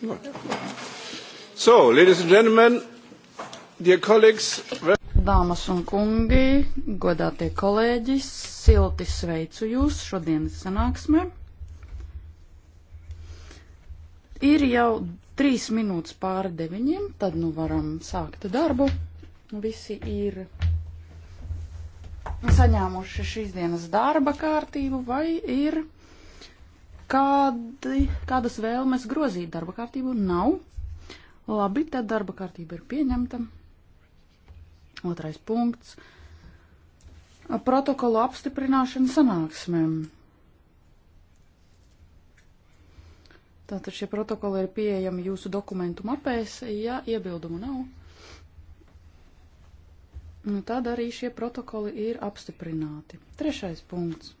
Good. So, ladies and gentlemen, dear colleagues. Dāmas un kungi, godātie kolēģi, silti sveicu jūs šodienas sanāksmē. Ir jau trīs minūtes pāri deviņiem, tad nu varam sākt darbu. Visi ir saņēmuši šīs dienas darba kārtību vai ir Kādi, kādas vēlmes grozīt darba kārtību nav? Labi, tad darba kārtība ir pieņemta. Otrais punkts. Protokolu apstiprināšana sanāksmēm. Tātad šie protokoli ir pieejami jūsu dokumentu mapēs, ja iebildumu nav. Nu, tad arī šie protokoli ir apstiprināti. Trešais punkts.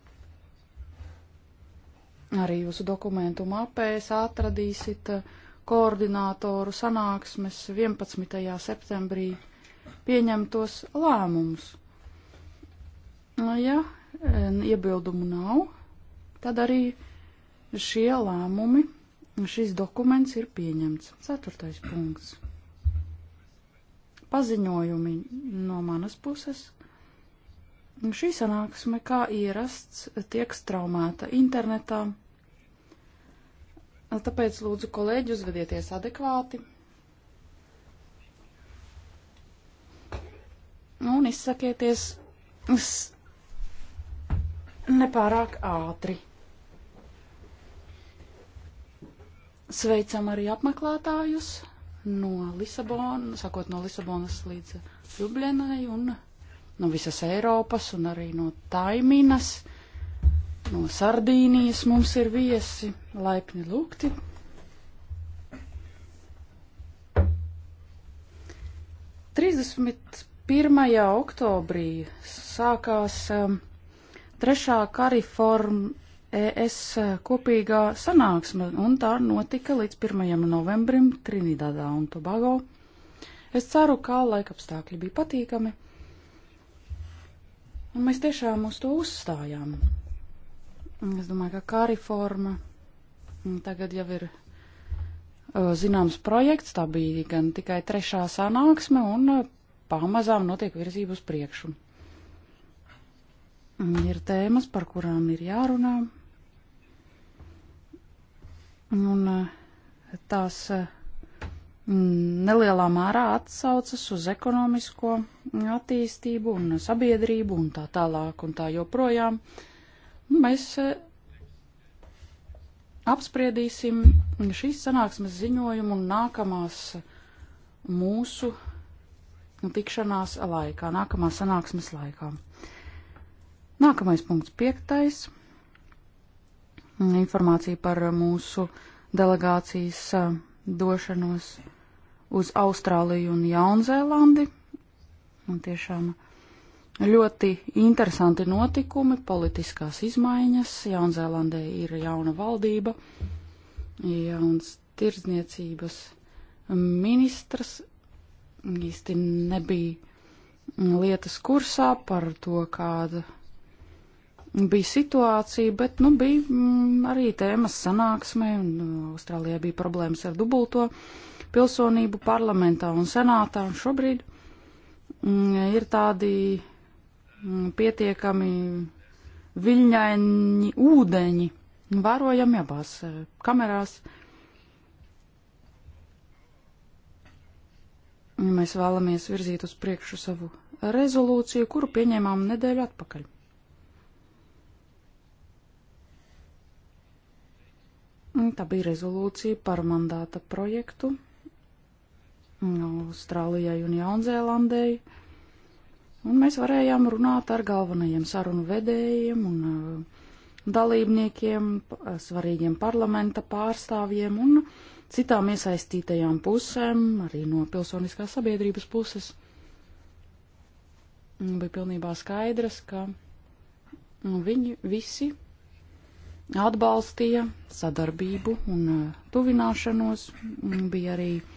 Arī jūsu dokumentu mapēs atradīsit eh, koordinātoru sanāksmes 11. septembrī pieņemtos lēmumus. Nu, ja eh, iebildumu nav, tad arī šie lēmumi, šis dokuments ir pieņemts. Ceturtais punkts. Paziņojumi no manas puses. Šī sanāksme, kā ierasts, tiek straumēta internetā. Tāpēc lūdzu kolēģi uzvedieties adekvāti un izsakieties nepārāk ātri. Sveicam arī apmeklētājus no Lisabonas, sakot no Lisabonas līdz Ljubljanai un Ljubljanai no visas Eiropas un arī no Taiminas, no Sardīnijas mums ir viesi laipni lūgti. Trīsdesmit 1. oktobrī sākās um, trešā kariforma ES uh, kopīgā sanāksme, un tā notika līdz 1. novembrim Trinidadā un Tobago. Es ceru, ka laika apstākļi bija patīkami. Un mēs tiešām uz to uzstājām. Es domāju, ka kā reforma tagad jau ir zināms projekts, tā bija gan tikai trešā sanāksme un pamazām notiek virzība uz priekšu. Ir tēmas, par kurām ir jārunā, un tās Mm, nelielā mērā atsaucas uz ekonomisko attīstību un sabiedrību un tā tālāk un tā joprojām. Mēs e, apspriedīsim šīs sanāksmes ziņojumu un nākamās mūsu tikšanās laikā, nākamā sanāksmes laikā. Nākamais punkts piektais. Informācija par mūsu delegācijas e, došanos uz Austrāliju un Jaunzēlandi. Un tiešām ļoti interesanti notikumi, politiskās izmaiņas. Jaunzēlandē ir jauna valdība, jauns tirdzniecības ministrs. Īsti nebija lietas kursā par to, kāda bija situācija, bet nu, bija mm, arī tēmas sanāksme. Austrālijā bija problēmas ar dubulto uh, pilsonību parlamentā un senātā. Un šobrīd mm, ir tādi mm, pietiekami viļņaini ūdeņi, vērojami abās eh, kamerās. Mēs vēlamies virzīt uz priekšu savu rezolūciju, kuru pieņēmām nedēļu atpakaļ. Tā bija rezolūcija par mandāta projektu Austrālijai un Jaunzēlandei. Un mēs varējām runāt ar galvenajiem sarunu vedējiem un uh, dalībniekiem, uh, svarīgiem parlamenta pārstāvjiem un citām iesaistītajām pusēm, arī no pilsoniskās sabiedrības puses. Bija pilnībā skaidrs, ka nu, viņi visi atbalstīja sadarbību un uh, tuvināšanos. Bija arī uh,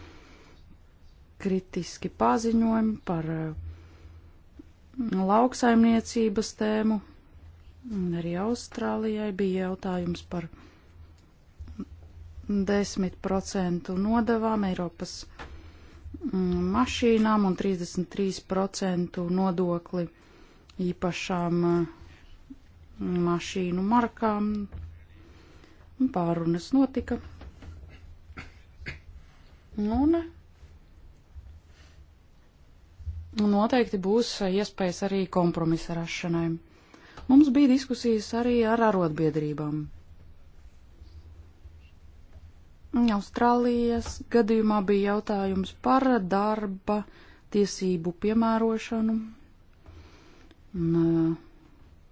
kritiski paziņojumi par eh, lauksaimniecības tēmu. Arī Austrālijai bija jautājums par 10% nodevām Eiropas mm, mašīnām un 33% nodokli īpašām eh, mašīnu markām. Pārunas notika. Nu, un noteikti būs iespējas arī kompromisa rašanai. Mums bija diskusijas arī ar arotbiedrībām. Austrālijas gadījumā bija jautājums par darba tiesību piemērošanu. Notika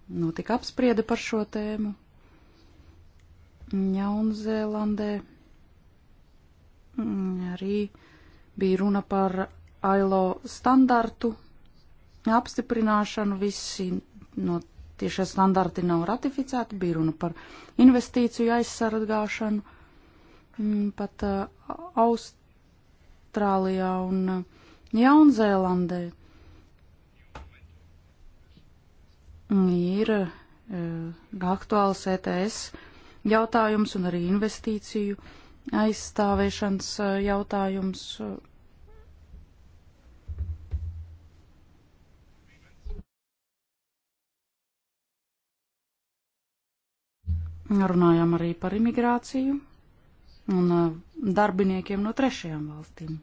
uh, nu, apspriede par šo tēmu. Jaunzēlandē mm, arī bija runa par AILO standartu apstiprināšanu. Visi no tie šie standarti nav ratificēti, bija runa par investīciju aizsargāšanu. Mm, pat uh, Austrālijā un uh, Jaunzēlandē ir uh, aktuāls ETS jautājums un arī investīciju aizstāvēšanas uh, jautājums. Uh, Runājām arī par imigrāciju un eh, darbiniekiem no trešajām valstīm.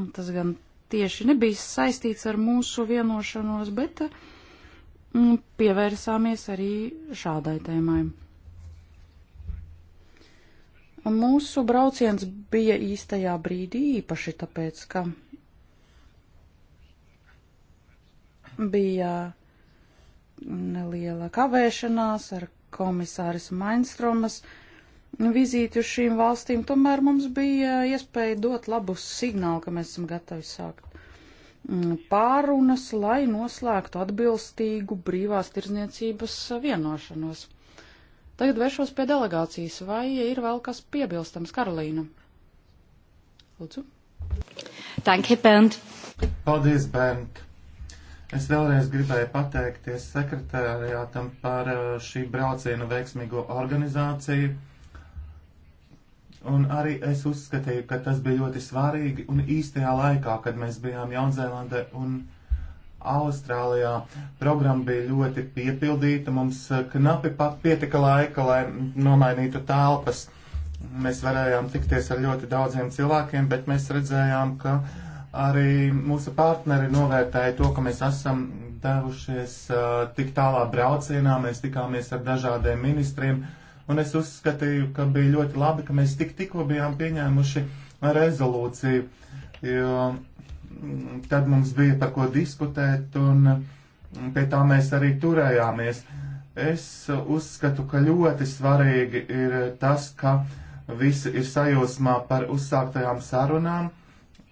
Un tas gan tieši nebija saistīts ar mūsu vienošanos, bet mm, pievērsāmies arī šādai tēmai. Un mūsu brauciens bija īstajā brīdī īpaši tāpēc, ka bija neliela kavēšanās ar komisāris Mainstromas vizīti uz šīm valstīm, tomēr mums bija iespēja dot labu signālu, ka mēs esam gatavi sākt mm, pārunas, lai noslēgtu atbilstīgu brīvās tirzniecības vienošanos. Tagad vēršos pie delegācijas. Vai ir vēl kas piebilstams, Karolīna? Lūdzu. Danke, Bernd. Paldies, Bernd. Es vēlreiz gribēju pateikties sekretariātam par uh, šī brauciena veiksmīgo organizāciju. Un arī es uzskatīju, ka tas bija ļoti svarīgi un īstajā laikā, kad mēs bijām Jaunzēlandē un Austrālijā. Programma bija ļoti piepildīta, mums uh, knapi pat pietika laika, lai nomainītu telpas. Mēs varējām tikties ar ļoti daudziem cilvēkiem, bet mēs redzējām, ka uh, Arī mūsu partneri novērtēja to, ka mēs esam devušies uh, tik tālā braucienā, mēs tikāmies ar dažādiem ministriem, un es uzskatīju, ka bija ļoti labi, ka mēs tik tikko bijām pieņēmuši rezolūciju, jo mm, tad mums bija par ko diskutēt, un mm, pie tā mēs arī turējāmies. Es uzskatu, ka ļoti svarīgi ir tas, ka visi ir sajūsmā par uzsāktajām sarunām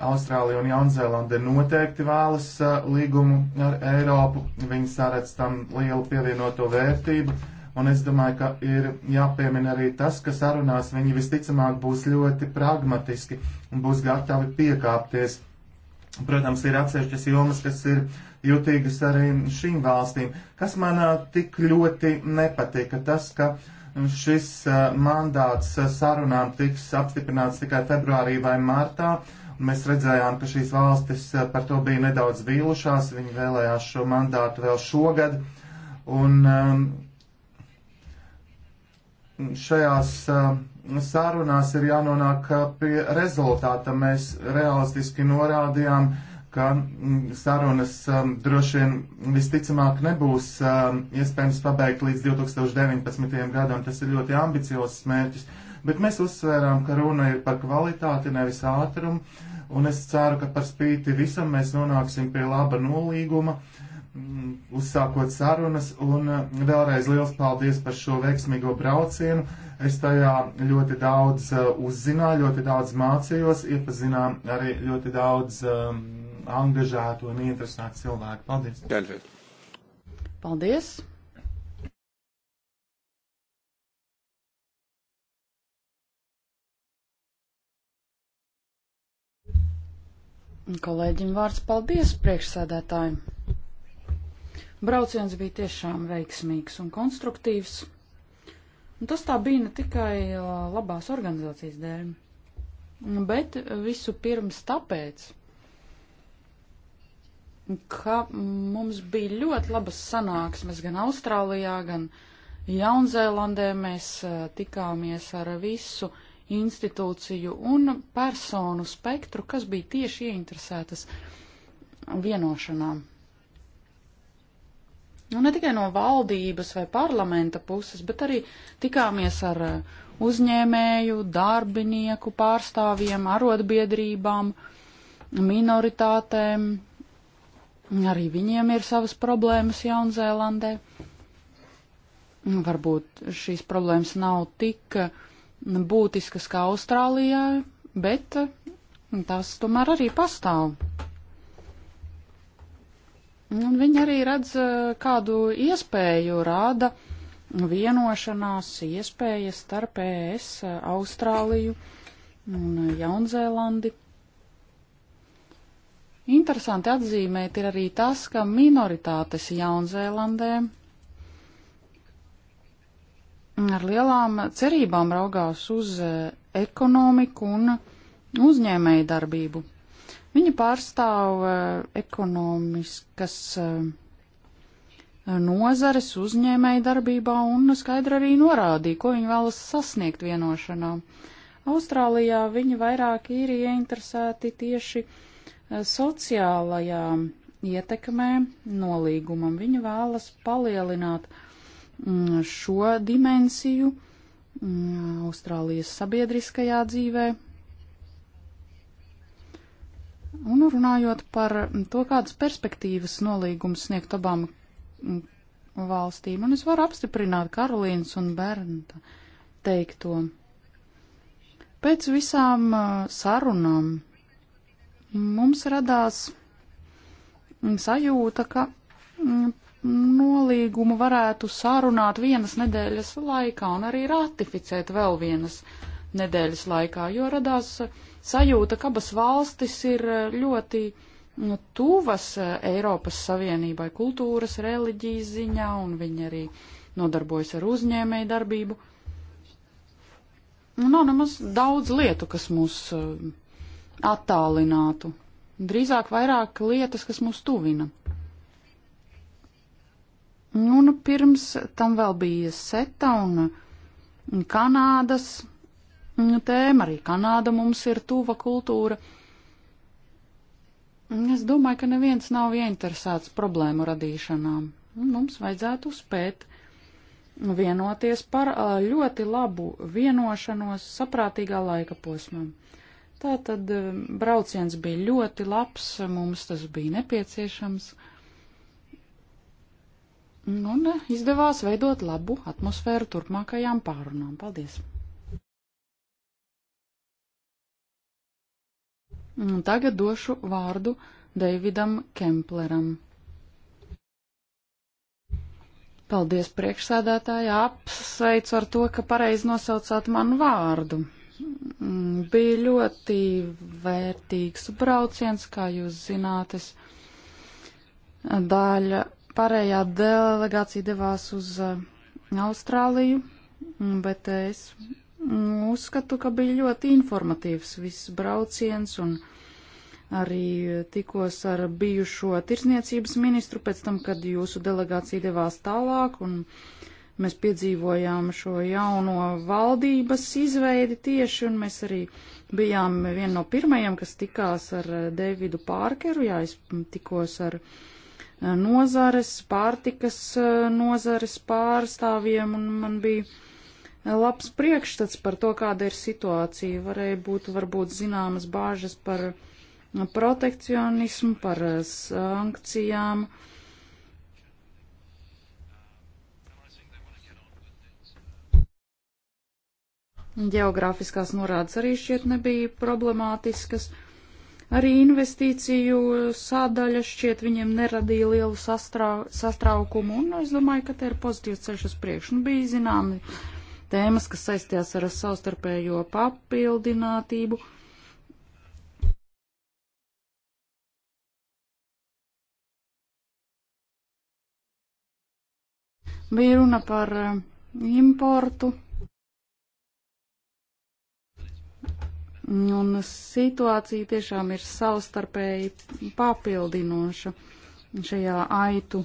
Austrālija un Jaunzēlande noteikti vēlas uh, līgumu ar Eiropu. Viņi sāredz tam lielu pievienoto vērtību. Un es domāju, ka ir jāpiemina arī tas, ka sarunās viņi visticamāk būs ļoti pragmatiski un būs gatavi piekāpties. Protams, ir atsevišķas jomas, kas ir jutīgas arī šīm valstīm. Kas manā tik ļoti nepatika, tas, ka šis uh, mandāts uh, sarunām tiks apstiprināts tikai februārī vai martā, Mēs redzējām, ka šīs valstis eh, par to bija nedaudz vīlušās, viņi vēlējās šo mandātu vēl šogad. Un ehm, šajās eh, sarunās ir jānonāk eh, pie rezultāta. Mēs realistiski norādījām, ka mm, sarunas ehm, droši vien visticamāk nebūs ehm, iespējams pabeigt līdz 2019. gadam. Tas ir ļoti ambiciozs mērķis, bet mēs uzsvērām, ka runa ir par kvalitāti, nevis ātrumu un es ceru, ka par spīti visam mēs nonāksim pie laba nolīguma, mm, uzsākot sarunas, un mm, vēlreiz liels paldies par šo veiksmīgo braucienu. Es tajā ļoti daudz mm, uzzināju, ļoti daudz mācījos, iepazinām arī ļoti daudz um, angažētu un interesētu cilvēku. Paldies! Paldies! Kolēģim vārds paldies priekšsēdētājiem. Brauciens bija tiešām veiksmīgs un konstruktīvs. Un tas tā bija ne tikai labās organizācijas dēļ, bet visu pirms tāpēc, ka mums bija ļoti labas sanāksmes gan Austrālijā, gan Jaunzēlandē. Mēs tikāmies ar visu uh, institūciju un personu spektru, kas bija tieši ieinteresētas vienošanām. Nu, ne tikai no valdības vai parlamenta puses, bet arī tikāmies ar uzņēmēju, darbinieku pārstāvjiem, arotbiedrībām, minoritātēm. Arī viņiem ir savas problēmas Jaunzēlandē. Varbūt šīs problēmas nav tik uh, būtiskas kā Austrālijā, bet tās tomēr arī pastāv. Un viņi arī redz eh, kādu iespēju, rāda vienošanās iespējas starp ES, Austrāliju un Jaunzēlandi. Interesanti atzīmēt ir arī tas, ka minoritātes Jaunzēlandē ar lielām cerībām raugās uz e, ekonomiku un uzņēmēju darbību. Viņa pārstāv e, ekonomiskas e, nozares uzņēmēju darbībā un skaidri arī norādīja, ko viņa vēlas sasniegt vienošanā. Austrālijā viņi vairāk ir ieinteresēti tieši sociālajā ietekmē nolīgumam. Viņa vēlas palielināt uh, Mm, šo dimensiju mm, Austrālijas sabiedriskajā dzīvē. Un runājot par to, kādas perspektīvas nolīgums sniegt abām mm, valstīm, un es varu apstiprināt Karolīnas un Bernta teikto. Pēc visām uh, sarunām mums radās sajūta, ka nolīgumu varētu sārunāt vienas nedēļas laikā un arī ratificēt vēl vienas nedēļas laikā, jo radās sajūta, ka abas valstis ir ļoti tuvas Eiropas Savienībai kultūras, reliģijas ziņā, un viņi arī nodarbojas ar uzņēmēju darbību. Nav nemaz daudz lietu, kas mūs uh, attālinātu. Drīzāk vairāk lietas, kas mūs tuvina. Un nu, nu, pirms tam vēl bija SETA un Kanādas tēma. Arī Kanāda mums ir tuva kultūra. Es domāju, ka neviens nav ieinteresēts problēmu radīšanām. Mums vajadzētu spēt vienoties par ļoti labu vienošanos saprātīgā laika posmā. Tā tad brauciens bija ļoti labs, mums tas bija nepieciešams. Nu, un eh, izdevās veidot labu atmosfēru turpmākajām pārunām. Paldies! Un tagad došu vārdu Deividam Kempleram. Paldies priekšsēdētāji, apsveicu ar to, ka pareizi nosaucāt manu vārdu. Mm, bija ļoti vērtīgs brauciens, kā jūs zināt, es daļa Pārējā delegācija devās uz eh, Austrāliju, bet eh, es uzskatu, ka bija ļoti informatīvs viss brauciens un arī tikos ar bijušo tirsniecības ministru pēc tam, kad jūsu delegācija devās tālāk un mēs piedzīvojām šo jauno valdības izveidi tieši un mēs arī bijām viena no pirmajiem, kas tikās ar eh, Davidu Pārkeru, jā, es tikos ar uh, nozares, pārtikas eh, nozares pārstāvjiem, un man bija eh, labs priekšstats par to, kāda ir situācija. Varēja būt varbūt zināmas bāžas par eh, protekcionismu, par sankcijām. Geogrāfiskās norādes arī šķiet nebija problemātiskas. Uh, Arī investīciju sādaļa šķiet viņiem neradīja lielu sastrā, sastraukumu, un es domāju, ka te ir pozitīvs ceļš uz priekšu. Nu, bija zināmi tēmas, kas saistījās ar savstarpējo papildinātību. Bija runa par eh, importu Un situācija tiešām ir savstarpēji papildinoša šajā aitu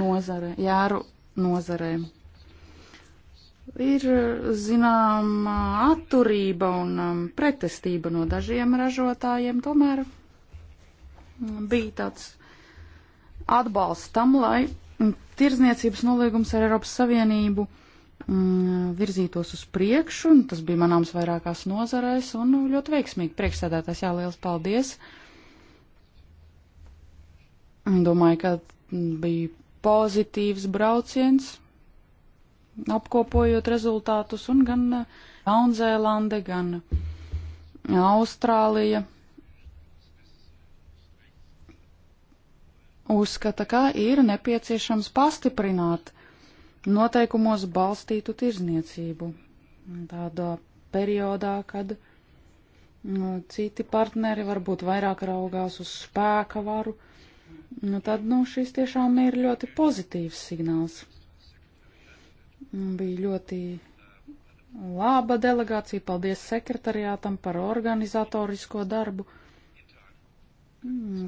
nozare, jēru nozarē. Ir zināma atturība un um, pretestība no dažiem ražotājiem, tomēr um, bija tāds atbalsts tam, lai tirzniecības nolīgums ar Eiropas Savienību Mm, virzītos uz priekšu, un tas bija manāms vairākās nozarēs, un nu, ļoti veiksmīgi priekšsēdētājs, jā, liels paldies. Domāju, ka bija pozitīvs brauciens, apkopojot rezultātus, un gan eh, Jaunzēlande, gan eh, Austrālija uzskata, ka ir nepieciešams pastiprināt noteikumos balstītu tirzniecību. Tādā periodā, kad nu, citi partneri varbūt vairāk raugās uz spēka varu, nu, tad nu, šis tiešām ir ļoti pozitīvs signāls. Nu, bija ļoti laba delegācija, paldies sekretariātam par organizatorisko darbu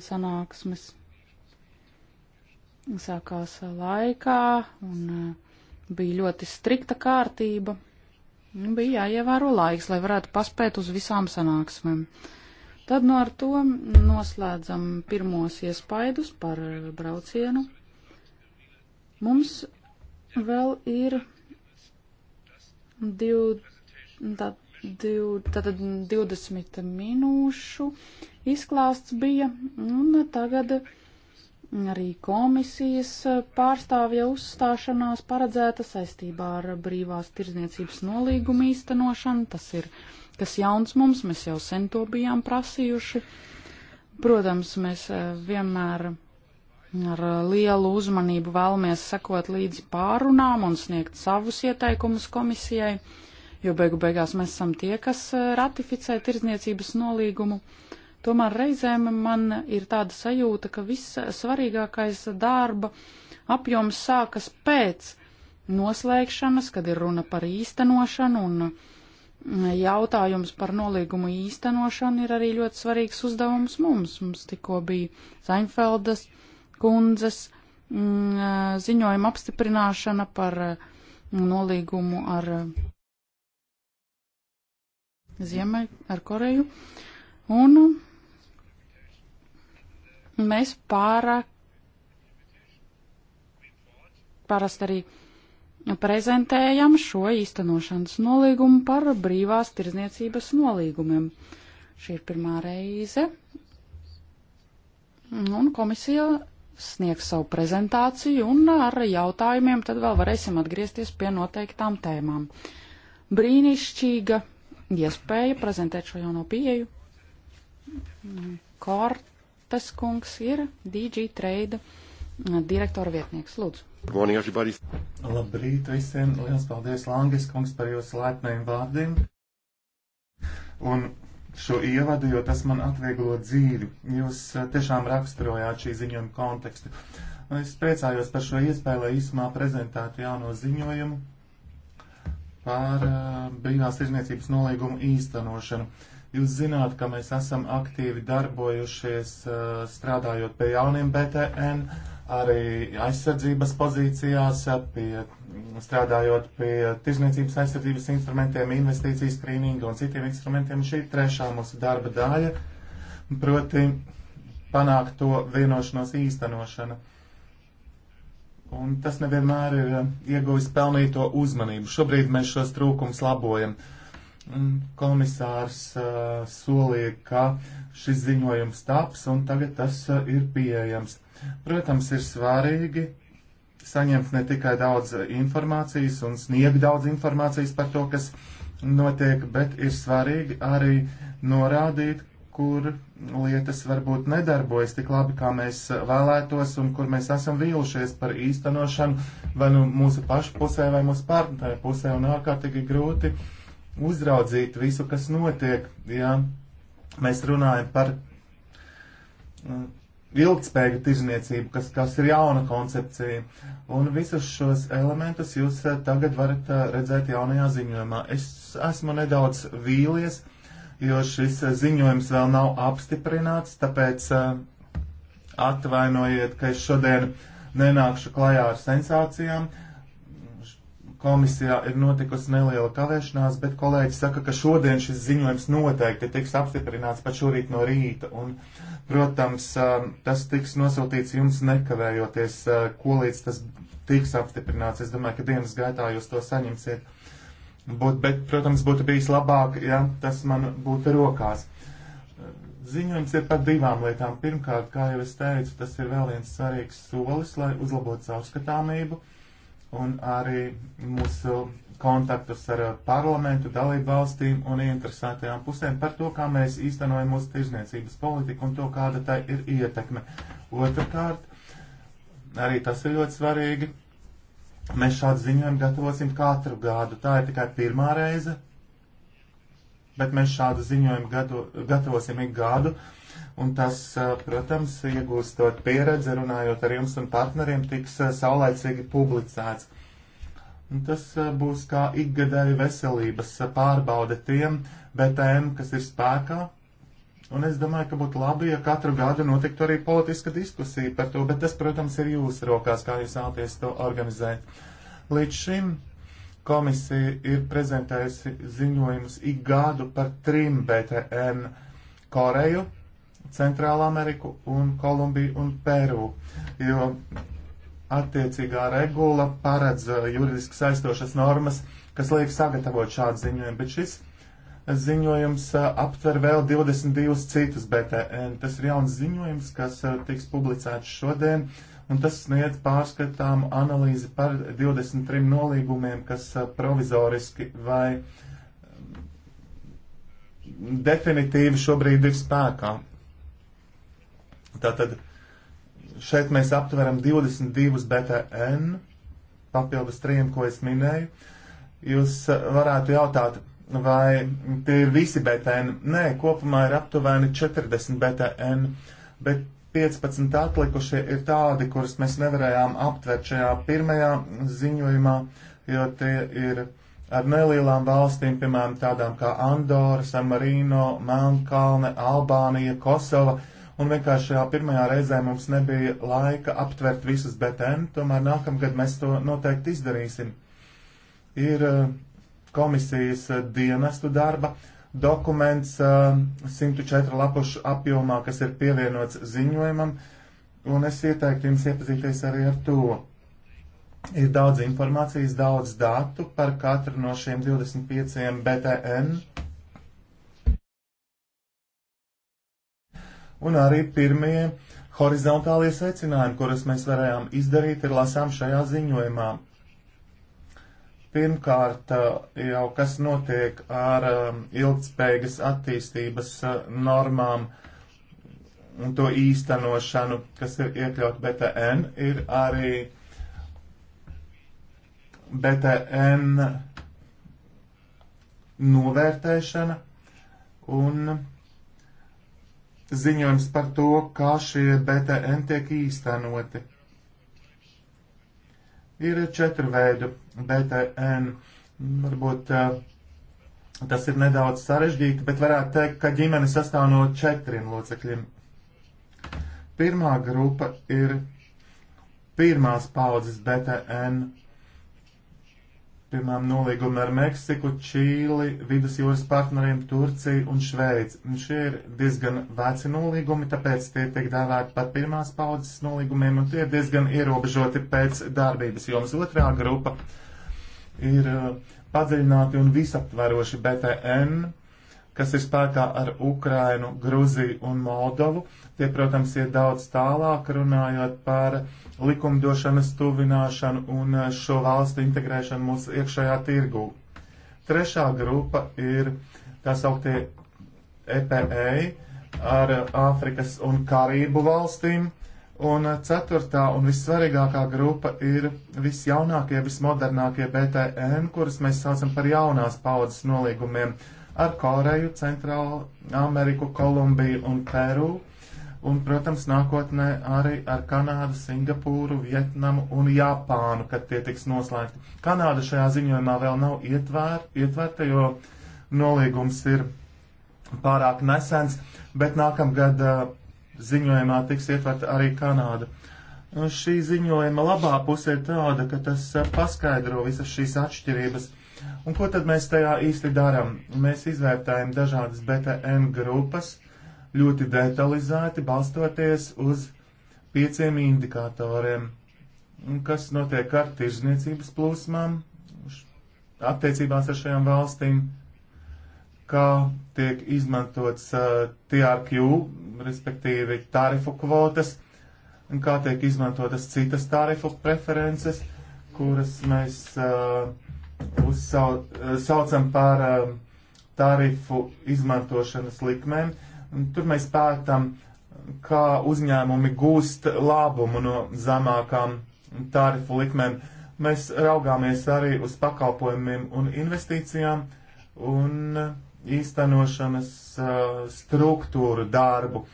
sanāksmes. Sākās laikā un bija ļoti strikta kārtība. Nu, bija jāievēro laiks, lai varētu paspēt uz visām sanāksmēm. Tad no ar to noslēdzam pirmos iespaidus par braucienu. Mums vēl ir div, tā, div, tātad 20 minūšu izklāsts bija, un tagad arī komisijas eh, pārstāvja uzstāšanās paredzēta saistībā ar brīvās tirdzniecības nolīgumu īstenošanu. Tas ir kas jauns mums, mēs jau sen to bijām prasījuši. Protams, mēs eh, vienmēr ar lielu uzmanību vēlamies sekot līdzi pārunām un sniegt savus ieteikumus komisijai, jo beigu beigās mēs esam tie, kas eh, ratificē tirdzniecības nolīgumu. Uh, Tomēr reizēm man ir tāda sajūta, ka viss svarīgākais darba apjoms sākas pēc noslēgšanas, kad ir runa par īstenošanu un mm, jautājums par nolīgumu īstenošanu ir arī ļoti svarīgs uzdevums mums. Mums tikko bija Zainfeldas kundzes mm, ziņojuma apstiprināšana par mm, nolīgumu ar Ziemai, ar Koreju. Un mēs pārāk parasti arī prezentējam šo īstenošanas nolīgumu par brīvās tirzniecības nolīgumiem. Šī ir pirmā reize, un komisija sniegs savu prezentāciju, un ar jautājumiem tad vēl varēsim atgriezties pie noteiktām tēmām. Brīnišķīga iespēja prezentēt šo jauno pieeju. Kort Lopes kungs ir DG Trade uh, direktora vietnieks. Lūdzu. Good morning, everybody. Labrīt visiem. Liels paldies, Langis kungs, par jūsu laipniem vārdiem. Un šo ievadu, jo tas man atvieglo dzīvi. Jūs uh, tiešām raksturojāt šī ziņojuma kontekstu. Es priecājos par šo iespēju, lai īsumā prezentētu jauno ziņojumu par uh, brīvās izniecības nolīgumu īstenošanu. Uh, Jūs zināt, ka mēs esam aktīvi darbojušies strādājot pie jauniem BTN, arī aizsardzības pozīcijās, pie, strādājot pie tirzniecības aizsardzības instrumentiem, investīciju skrīningu un citiem instrumentiem. Šī trešā mūsu darba daļa, proti panākt to vienošanos īstenošana. Un tas nevienmēr ir ieguvis pelnīto uzmanību. Šobrīd mēs šos trūkums labojam. Uh, Komisārs uh, solīja, ka šis ziņojums taps, un tagad tas uh, ir pieejams. Protams, ir svarīgi saņemt ne tikai daudz informācijas un sniegt daudz informācijas par to, kas notiek, bet ir svarīgi arī norādīt, kur lietas varbūt nedarbojas tik labi, kā mēs vēlētos, un kur mēs esam vīlušies par īstenošanu vai nu mūsu pašu pusē, vai mūsu partneru pusē, un ārkārtīgi grūti uzraudzīt visu, kas notiek. Ja mēs runājam par mm, ilgspējīgu tirzniecību, kas, kas ir jauna koncepcija. Un visus šos elementus jūs eh, tagad varat eh, redzēt jaunajā ziņojumā. Es esmu nedaudz vīlies, jo šis eh, ziņojums vēl nav apstiprināts, tāpēc atvainojiet, ka es šodien nenākšu klajā ar sensācijām. Uh, komisijā ir notikusi neliela kavēšanās, bet kolēģi saka, ka šodien šis ziņojums noteikti tiks apstiprināts pat šorīt no rīta. Un, protams, um, tas tiks nosūtīts jums nekavējoties, uh, ko līdz tas tiks apstiprināts. Es domāju, ka dienas gaitā jūs to saņemsiet. Būt, bet, protams, būtu bijis labāk, ja tas man būtu rokās. Ziņojums ir par divām lietām. Pirmkārt, kā jau es teicu, tas ir vēl viens svarīgs solis, lai uzlabotu savskatāmību. skatāmību un arī mūsu kontaktus ar uh, parlamentu, dalību valstīm un ieinteresētajām pusēm par to, kā mēs īstenojam mūsu tirzniecības politiku un to, kāda tai ir ietekme. Otrakārt, arī tas ir ļoti svarīgi, mēs šādu ziņojumu gatavosim katru gadu. Tā ir tikai pirmā reize, bet mēs šādu ziņojumu gadu, gatavosim ik gadu. Uh, Un tas, eh, protams, iegūstot pieredzi, runājot ar jums un partneriem, tiks eh, saulēcīgi publicēts. Un tas eh, būs kā ikgadēja veselības pārbaude tiem BTM, kas ir spēkā. Un es domāju, ka būtu labi, ja katru gadu notiktu arī politiska diskusija par to, bet tas, protams, ir jūsu rokās, kā jūs vēlaties to organizēt. Līdz šim komisija ir prezentējusi ziņojumus ik gadu par trim BTN - Koreju, Centrālā Ameriku un Kolumbiju un Peru, jo attiecīgā regula paredz uh, juridiski saistošas normas, kas liek sagatavot šādu ziņojumu, bet šis ziņojums uh, aptver vēl 22 citus BTN. Tas ir jauns ziņojums, kas uh, tiks publicēts šodien, un tas sniedz pārskatāmu analīzi par 23 nolīgumiem, kas provizoriski vai definitīvi šobrīd ir spēkā. Tātad šeit mēs aptveram 22 BTN papildus trim, ko es minēju. Jūs eh, varētu jautāt, vai tie ir visi BTN? Nē, kopumā ir aptuveni 40 BTN, bet 15 atlikušie ir tādi, kurus mēs nevarējām aptvert šajā pirmajā ziņojumā, jo tie ir ar nelielām valstīm, piemēram, tādām kā Andora, San Marino, Melnkalne, Albānija, Kosova. Uh, un vienkārši šajā pirmajā reizē mums nebija laika aptvert visas BTN, tomēr nākamgad mēs to noteikti izdarīsim. Ir eh, komisijas eh, dienestu darba dokuments 104 eh, lapušu apjomā, kas ir pievienots ziņojumam, un es ieteiktu jums iepazīties arī ar to. Ir daudz informācijas, daudz datu par katru no šiem 25 BTN un arī pirmie horizontālie secinājumi, kurus mēs varējām izdarīt, ir lasām šajā ziņojumā. Pirmkārt, eh, jau kas notiek ar eh, ilgspējīgas attīstības eh, normām un to īstenošanu, kas ir iekļaut BTN, ir arī BTN novērtēšana un ziņojums par to, kā šie BTN tiek īstenoti. Ir četru veidu BTN. Varbūt uh, tas ir nedaudz sarežģīti, bet varētu teikt, ka ģimene sastāv no četriem locekļiem. Pirmā grupa ir pirmās paudzes BTN piemēram, nolīgumi ar Meksiku, Čīli, Vidus jūras partneriem, Turciju un Šveici. Un šie ir diezgan veci nolīgumi, tāpēc tie tiek dēvēti par pirmās paudzes nolīgumiem, un tie ir diezgan ierobežoti pēc darbības jomas. Otrā grupa ir uh, padziļināti un visaptveroši BTN, kas ir spēkā ar Ukrainu, Gruziju un Moldovu. Tie, protams, ir daudz tālāk runājot par uh, likumdošanas tuvināšanu un eh, šo valstu integrēšanu mūsu iekšējā tirgū. Trešā grupa ir tā sauktie EPA e ar Āfrikas un Karību valstīm, un eh, ceturtā un vissvarīgākā grupa ir visjaunākie, vismodernākie BTN, kurus mēs saucam par jaunās paudzes nolīgumiem ar Koreju, Centrālu Ameriku, Kolumbiju un Peru un, protams, nākotnē arī ar Kanādu, Singapūru, Vietnamu un Japānu, kad tie tiks noslēgti. Kanāda šajā ziņojumā vēl nav ietvēr, ietvērta, jo nolīgums ir pārāk nesens, bet nākamgad uh, ziņojumā tiks ietverta arī Kanāda. Šī ziņojuma labā puse ir tāda, ka tas uh, paskaidro visas šīs atšķirības. Un ko tad mēs tajā īsti darām? Mēs izvērtējam dažādas BTN grupas, ļoti detalizēti balstoties uz pieciem indikatoriem, kas notiek ar tirzniecības plūsmām attiecībās ar šajām valstīm, kā tiek izmantots uh, TRQ, respektīvi tarifu kvotas, un kā tiek izmantotas citas tarifu preferences, kuras mēs uh, uzsau, uh, saucam par uh, tarifu izmantošanas likmēm. Uh, Tur mēs pētam, kā uzņēmumi gūst labumu no zemākām tarifu likmēm. Mēs raugāmies arī uz pakalpojumiem un investīcijām un īstenošanas uh, struktūru darbu,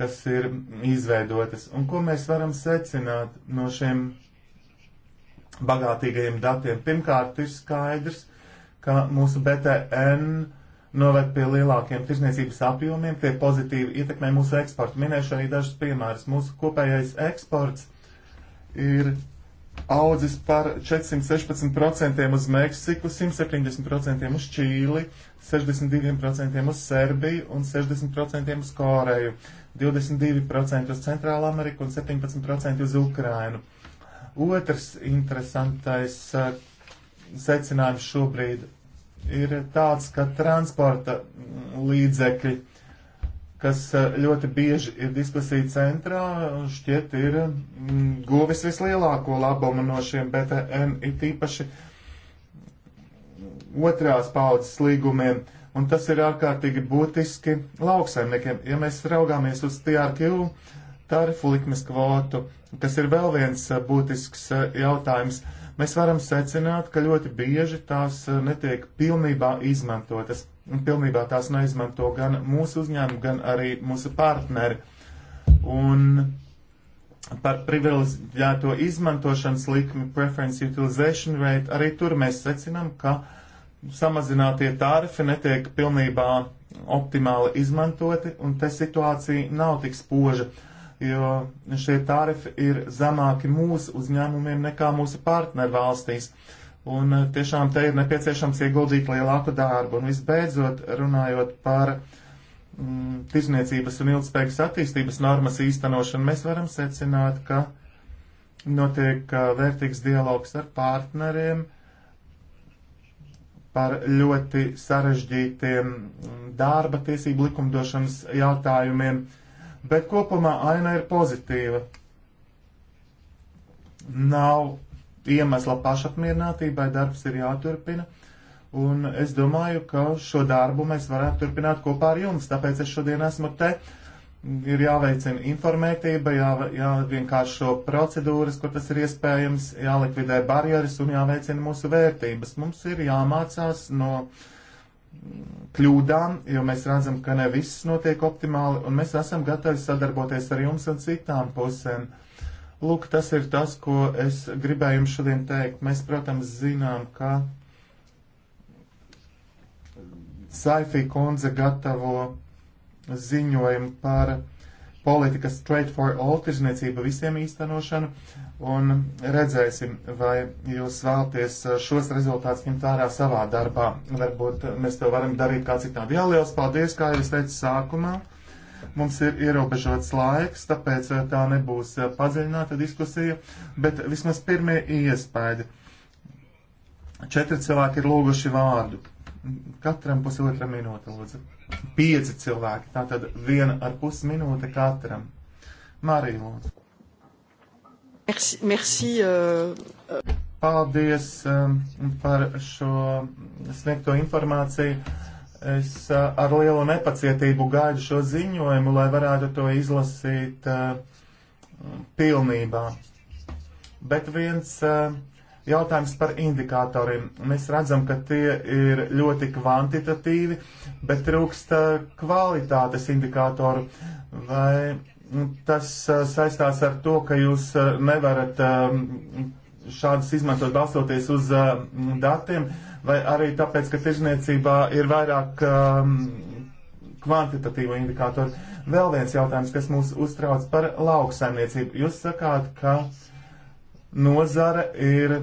kas ir izveidotas. Un ko mēs varam secināt no šiem bagātīgajiem datiem? Pirmkārt, ir skaidrs, ka mūsu BTN uh, noved pie lielākiem tirzniecības apjomiem, tie pozitīvi ietekmē mūsu eksportu. Minēšu arī dažus piemērus. Mūsu kopējais eksports ir audzis par 416% uz Meksiku, 170% uz Čīli, 62% uz Serbiju un 60% uz Koreju, 22% uz Centrālā Ameriku un 17% uz Ukrainu. Otrs interesantais eh, secinājums šobrīd ir tāds, ka transporta līdzekļi, kas e, ļoti bieži ir diskusija centrā, šķiet ir mm, guvis vislielāko labumu no šiem BTN, it īpaši otrās paudzes līgumiem, un tas ir ārkārtīgi būtiski lauksaimniekiem. Ja mēs raugāmies uz TRQ tarifu likmes kvotu, kas ir vēl viens e, būtisks e, jautājums, uh, mēs varam secināt, ka ļoti bieži tās eh, netiek pilnībā izmantotas. Un pilnībā tās neizmanto gan mūsu uzņēmumi, gan arī mūsu partneri. Un par privileģēto izmantošanas likmi, preference utilization rate, arī tur mēs secinām, ka samazinātie tārifi netiek pilnībā optimāli izmantoti, un te situācija nav tik spoža. Uh, jo šie tarifi ir zemāki mūsu uzņēmumiem nekā mūsu partnervalstīs. Un eh, tiešām te ir nepieciešams ieguldīt lielāku darbu. Un visbeidzot, runājot par mm, tirzniecības un ilgspējīgas attīstības normas īstenošanu, mēs varam secināt, ka notiek vērtīgs dialogs ar partneriem par ļoti sarežģītiem mm, darba tiesību likumdošanas jautājumiem. Uh, bet kopumā aina ir pozitīva. Nav iemesla pašapmierinātībai, darbs ir jāturpina. Un es domāju, ka šo darbu mēs varētu turpināt kopā ar jums, tāpēc es šodien esmu te. Ir jāveicina informētība, jā, jāvienkāršo procedūras, kur tas ir iespējams, jālikvidē barjeras un jāveicina mūsu vērtības. Mums ir jāmācās no uh, kļūdām, jo mēs redzam, ka ne viss notiek optimāli, un mēs esam gatavi sadarboties ar jums un citām pusēm. Lūk, tas ir tas, ko es gribēju jums šodien teikt. Mēs, protams, zinām, ka Saifī kundze gatavo ziņojumu par politikas straight for all, tirzniecība visiem īstenošanu, un redzēsim, vai jūs vēlaties uh, šos rezultātus ņemt vērā savā darbā. Varbūt mēs to varam darīt kā citādi. Jā, liels paldies, kā jūs teicu sākumā. Mums ir ierobežots laiks, tāpēc uh, tā nebūs uh, padziļināta diskusija, bet vismaz pirmie iespēja. Četri cilvēki ir lūguši vārdu. Katram pusotra minūte, lūdzu pieci cilvēki, tātad viena ar pus minūte katram. Marija Lūdzu. Merci, merci, uh, uh... Paldies um, par šo sniegto informāciju. Es uh, ar lielu nepacietību gaidu šo ziņojumu, lai varētu to izlasīt uh, pilnībā. Bet viens uh, Jautājums par indikatoriem. Mēs redzam, ka tie ir ļoti kvantitatīvi, bet trūkst uh, kvalitātes indikatoru. Vai mm, tas uh, saistās ar to, ka jūs uh, nevarat um, šādas izmantot balstoties uz datiem, vai arī tāpēc, ka tirzniecībā ir vairāk um, kvantitatīvu indikātoru? Vēl viens jautājums, kas mūs uztrauc par lauksaimniecību. Jūs sakāt, ka nozara ir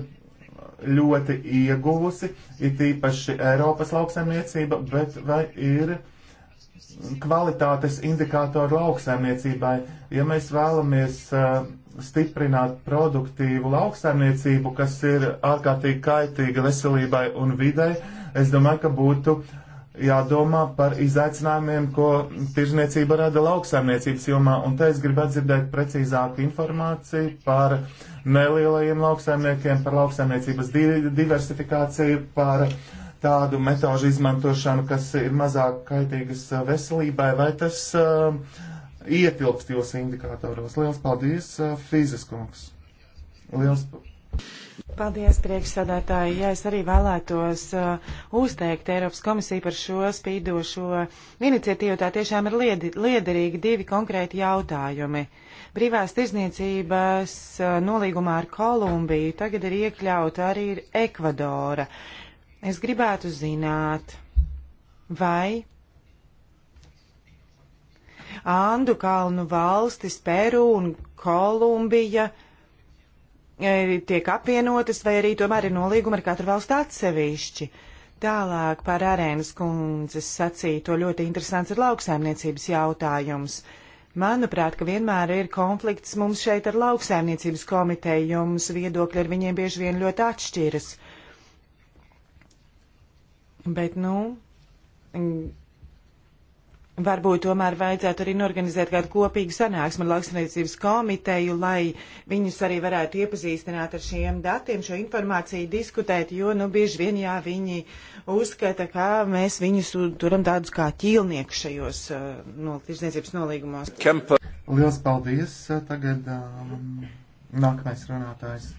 ļoti ieguvusi, it īpaši Eiropas lauksaimniecība, bet vai ir kvalitātes indikātori lauksaimniecībai? Ja mēs vēlamies uh, stiprināt produktīvu lauksaimniecību, kas ir ārkārtīgi kaitīga veselībai un videi, es domāju, ka būtu jādomā par izaicinājumiem, ko tirzniecība rada lauksaimniecības jomā, un te es gribētu dzirdēt precīzāku informāciju par uh, nelielajiem lauksaimniekiem, par lauksaimniecības diversifikāciju, par tādu metāžu izmantošanu, kas ir mazāk kaitīgas uh, veselībai, vai tas uh, ietilpst jūsu indikātoros. Liels paldies, uh, Fīziskungs! Liels paldies! Paldies, priekšsādātāji. Jā, es arī vēlētos uh, uzteikt Eiropas komisiju par šo spīdošo iniciatīvu. Tā tiešām ir liedi, liederīgi divi konkrēti jautājumi. Uh, Brīvās tirzniecības nolīgumā ar Kolumbiju tagad ir iekļauta arī ir Ekvadora. Es gribētu zināt, vai Andu kalnu valstis Peru un Kolumbija tiek apvienotas, vai arī tomēr ir nolīguma ar katru valstu atsevišķi. Tālāk par arēnas kundzes sacīto ļoti interesants ir lauksaimniecības jautājums. Uh, Manuprāt, ka vienmēr ir konflikts mums šeit ar lauksaimniecības komiteju, jo mums viedokļi ar viņiem bieži vien ļoti atšķiras. Bet, nu, Varbūt tomēr vajadzētu arī norganizēt kādu kopīgu sanāksmu lauksaimniecības komiteju, lai viņus arī varētu iepazīstināt ar šiem datiem, šo informāciju diskutēt, jo, nu, bieži vien, jā, viņi uzskata, ka mēs viņus turam tādus kā ķīlnieku šajos eh, no, tirsniecības nolīgumos. Kempa. Liels paldies! Tagad um, nākamais runātājs.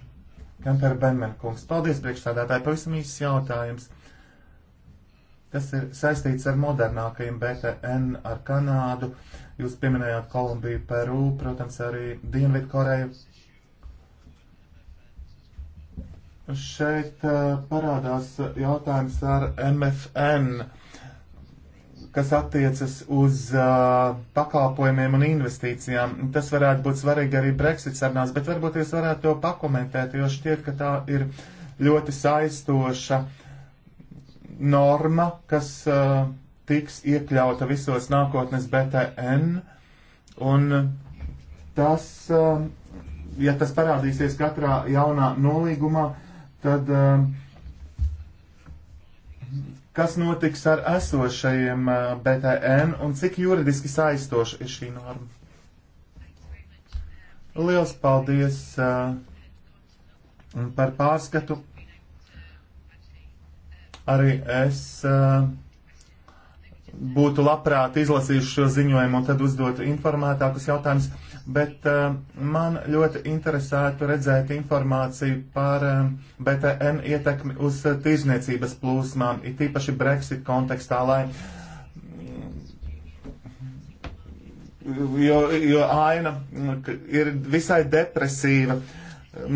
Kempera Benmenkungs. Paldies, priekšstādātāji. Pavisam īsts jautājums. Tas ir saistīts ar modernākajiem BTN, ar Kanādu. Jūs pieminējāt Kolumbiju, Peru, protams, arī Dienvidkoreju. Šeit uh, parādās jautājums ar MFN, kas attiecas uz uh, pakalpojumiem un investīcijām. Tas varētu būt svarīgi arī Brexit sarunās, bet varbūt jūs varētu to pakomentēt, jo šķiet, ka tā ir ļoti saistoša uh, norma, kas uh, tiks iekļauta visos nākotnes BTN, un tas, uh, ja tas parādīsies katrā jaunā nolīgumā, tad uh, kas notiks ar esošajiem uh, BTN un cik juridiski saistoša ir šī norma. Liels paldies uh, par pārskatu. Arī es uh, būtu labprāt izlasījuši šo ziņojumu un tad uzdotu informētākus jautājumus, bet uh, man ļoti interesētu redzēt informāciju par uh, eh, BTN ietekmi uz uh, tirzniecības plūsmām, it īpaši Brexit kontekstā, lai jo, jo aina mm, ir visai depresīva. Uh,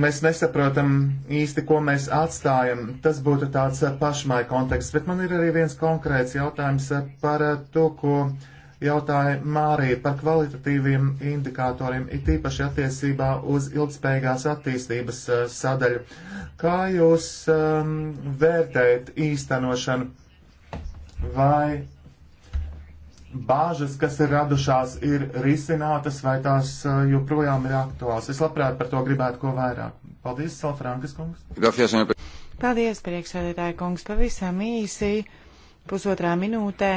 mēs nesaprotam īsti, ko mēs atstājam. Tas būtu tāds eh, pašmai konteksts, bet man ir arī viens konkrēts jautājums eh, par eh, to, ko jautāja Mārija par kvalitatīviem indikatoriem, it īpaši attiecībā uz ilgspējīgās attīstības sadaļu. Kā jūs um, vērtējat īstenošanu? Vai bāžas, kas ir radušās, ir risinātas vai tās uh, joprojām ir aktuāls. Es labprāt par to gribētu ko vairāk. Paldies, Salfrankas kungs. Paldies, priekšsēdētāja kungs, pavisam īsi, pusotrā minūtē.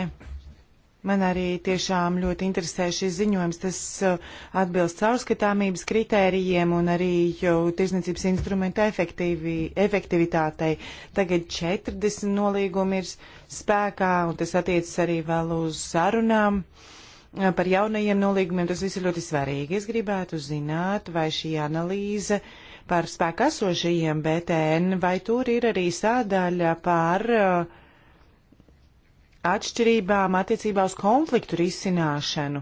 Man arī tiešām ļoti interesē šis ziņojums. Tas uh, atbilst caurskatāmības kritērijiem un arī tirsniecības instrumenta efektīvi, efektivitātei. Tagad 40 nolīgumi ir spēkā un tas attiecas arī vēl uz sarunām. Uh, par jaunajiem nolīgumiem tas viss ir ļoti svarīgi. Es gribētu zināt, vai šī analīze par spēku esošajiem BTN, vai tur ir arī sādaļa par uh, atšķirībām attiecībā uz konfliktu risināšanu,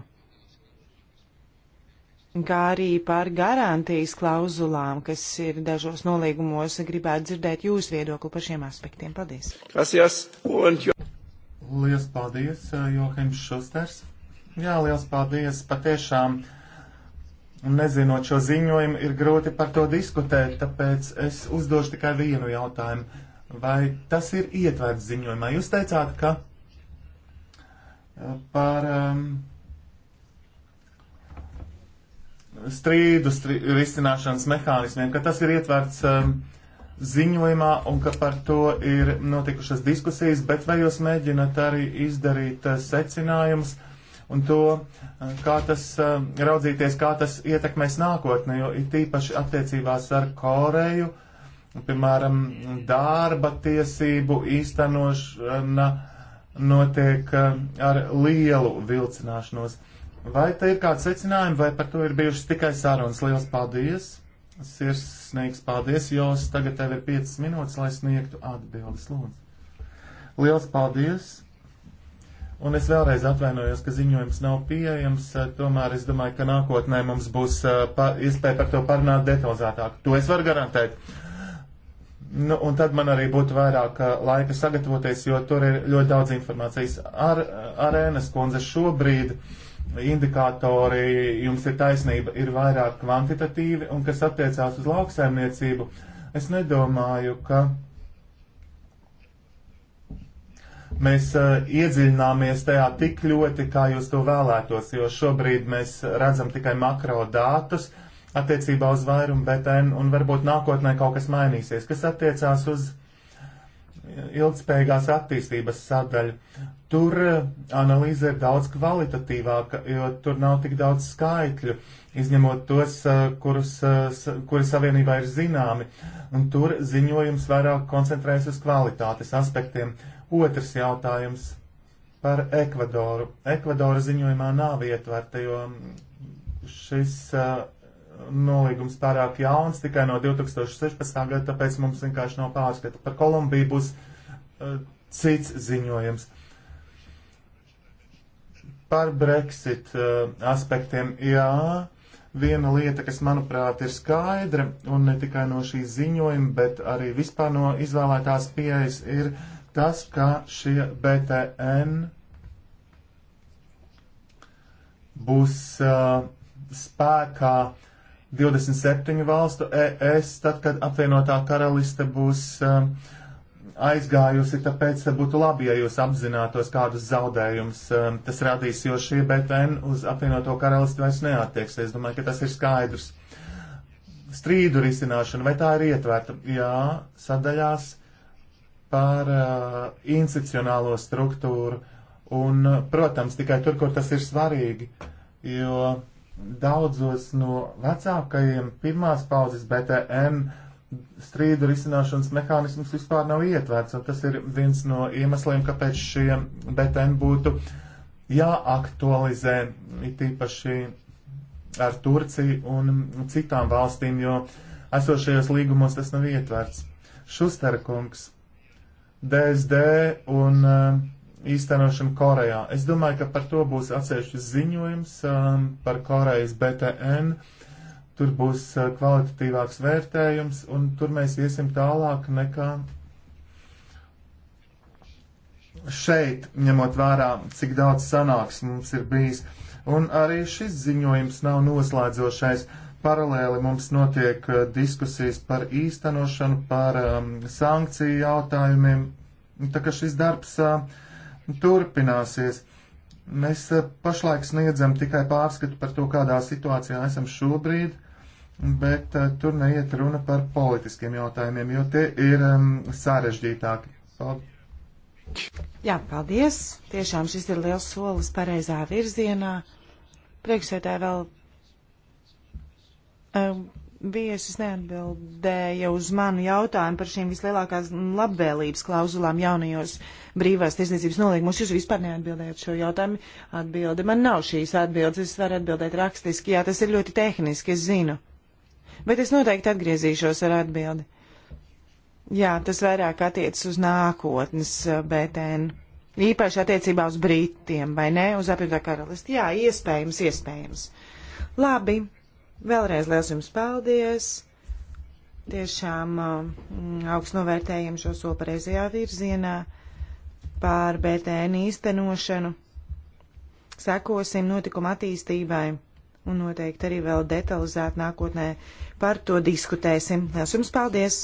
kā arī par garantijas klauzulām, kas ir dažos nolīgumos. Gribētu dzirdēt jūsu viedokli par šiem aspektiem. Paldies! Gracias, un... Lielas paldies, uh, Johims Šusters! Jā, liels paldies! Patiešām, nezinot šo ziņojumu, ir grūti par to diskutēt, tāpēc es uzdošu tikai vienu jautājumu. Vai tas ir ietverts ziņojumā? Jūs teicāt, ka par um, strīdu strī, risināšanas mehānismiem, ka tas ir ietverts um, ziņojumā un ka par to ir notikušas diskusijas, bet vai jūs mēģināt arī izdarīt uh, secinājumus un to, uh, kā tas uh, raudzīties, kā tas ietekmēs nākotnē, jo it īpaši attiecībās ar Koreju, piemēram, darba tiesību īstenošana. Uh, notiek eh, ar lielu vilcināšanos. Vai te ir kāds secinājums, vai par to ir bijušas tikai sarunas? Liels paldies! Sirsnīgs paldies, Jos! Tagad tev ir 5 minūtes, lai sniegtu atbildes, lūdzu. Liels paldies! Un es vēlreiz atvainojos, ka ziņojums nav pieejams, eh, tomēr es domāju, ka nākotnē mums būs eh, iespēja par to parunāt detalizētāk. To es varu garantēt. Nu, un tad man arī būtu vairāk uh, laika sagatavoties, jo tur ir ļoti daudz informācijas. Ar arēnas kundze šobrīd indikātori, jums ir taisnība, ir vairāk kvantitatīvi, un kas attiecās uz lauksaimniecību, es nedomāju, ka mēs uh, iedziļināmies tajā tik ļoti, kā jūs to vēlētos, jo šobrīd mēs redzam tikai makro datus. Uh, attiecībā uz vairumu BTN, eh, un varbūt nākotnē kaut kas mainīsies, kas attiecās uz ilgspējīgās attīstības sadaļu. Tur eh, analīze ir daudz kvalitatīvāka, jo tur nav tik daudz skaitļu, izņemot tos, eh, kurus, kuri savienībā ir zināmi, un tur ziņojums vairāk koncentrējas uz kvalitātes aspektiem. Otrs jautājums par Ekvadoru. Ekvadora ziņojumā nav ietverta, jo šis uh, nolīgums pārāk jauns, tikai no 2016. gada, tāpēc mums vienkārši nav pārskata. Par Kolumbiju būs uh, cits ziņojums. Par Brexit uh, aspektiem, jā, viena lieta, kas manuprāt ir skaidra, un ne tikai no šī ziņojuma, bet arī vispār no izvēlētās pieejas, ir tas, ka šie BTN būs uh, spēkā uh, 27 valstu e- ES, tad, kad apvienotā karaliste būs um, aizgājusi, tāpēc būtu labi, ja jūs apzinātos, kādus zaudējumus um, tas radīs, jo šie BTN uz apvienoto karalisti vairs neattieksies. Es domāju, ka tas ir skaidrs. Strīdu risināšana, vai tā ir ietverta? Jā, sadaļās par uh, institucionālo struktūru un, protams, tikai tur, kur tas ir svarīgi, jo daudzos no vecākajiem pirmās paudzes BTN strīdu risināšanas mehānisms vispār nav ietverts, un tas ir viens no iemesliem, kāpēc šie BTN būtu jāaktualizē, it īpaši ar Turciju un citām valstīm, jo esošajos līgumos tas nav ietverts. Šusterkungs, DSD un uh, īstenošanu Korejā. Es domāju, ka par to būs atsevišķs ziņojums um, par Korejas BTN. Tur būs uh, kvalitatīvāks vērtējums, un tur mēs iesim tālāk nekā šeit, ņemot vērā, cik daudz sanāks mums ir bijis. Un arī šis ziņojums nav noslēdzošais. Paralēli mums notiek uh, diskusijas par īstenošanu, par um, sankciju jautājumiem. Tā kā šis darbs uh, turpināsies. Mēs eh, pašlaik sniedzam tikai pārskatu par to, kādā situācijā esam šobrīd, bet eh, tur neiet runa par politiskiem jautājumiem, jo tie ir um, sarežģītāki. Paldies! Jā, paldies! Tiešām šis ir liels solis pareizā virzienā. Priekšsēdē vēl um, viesis neatbildēja uz manu jautājumu par šīm vislielākās labvēlības klauzulām jaunajos brīvās tiesniecības nolīgumos. Jūs vispār neatbildējat šo jautājumu. Atbilde man nav šīs atbildes. Es varu atbildēt rakstiski. Jā, tas ir ļoti tehniski, es zinu. Bet es noteikti atgriezīšos ar atbildi. Jā, tas vairāk attiecas uz nākotnes eh, BTN. Īpaši attiecībā uz Brītiem, vai ne? Uz apvienotā karalisti. Jā, iespējams, iespējams. Labi. Vēlreiz liels jums paldies! Tiešām uh, augstu novērtējam šo sopareizajā virzienā pār BTN īstenošanu. Sekosim notikuma attīstībai un noteikti arī vēl detalizēt nākotnē par to diskutēsim. Liels jums paldies!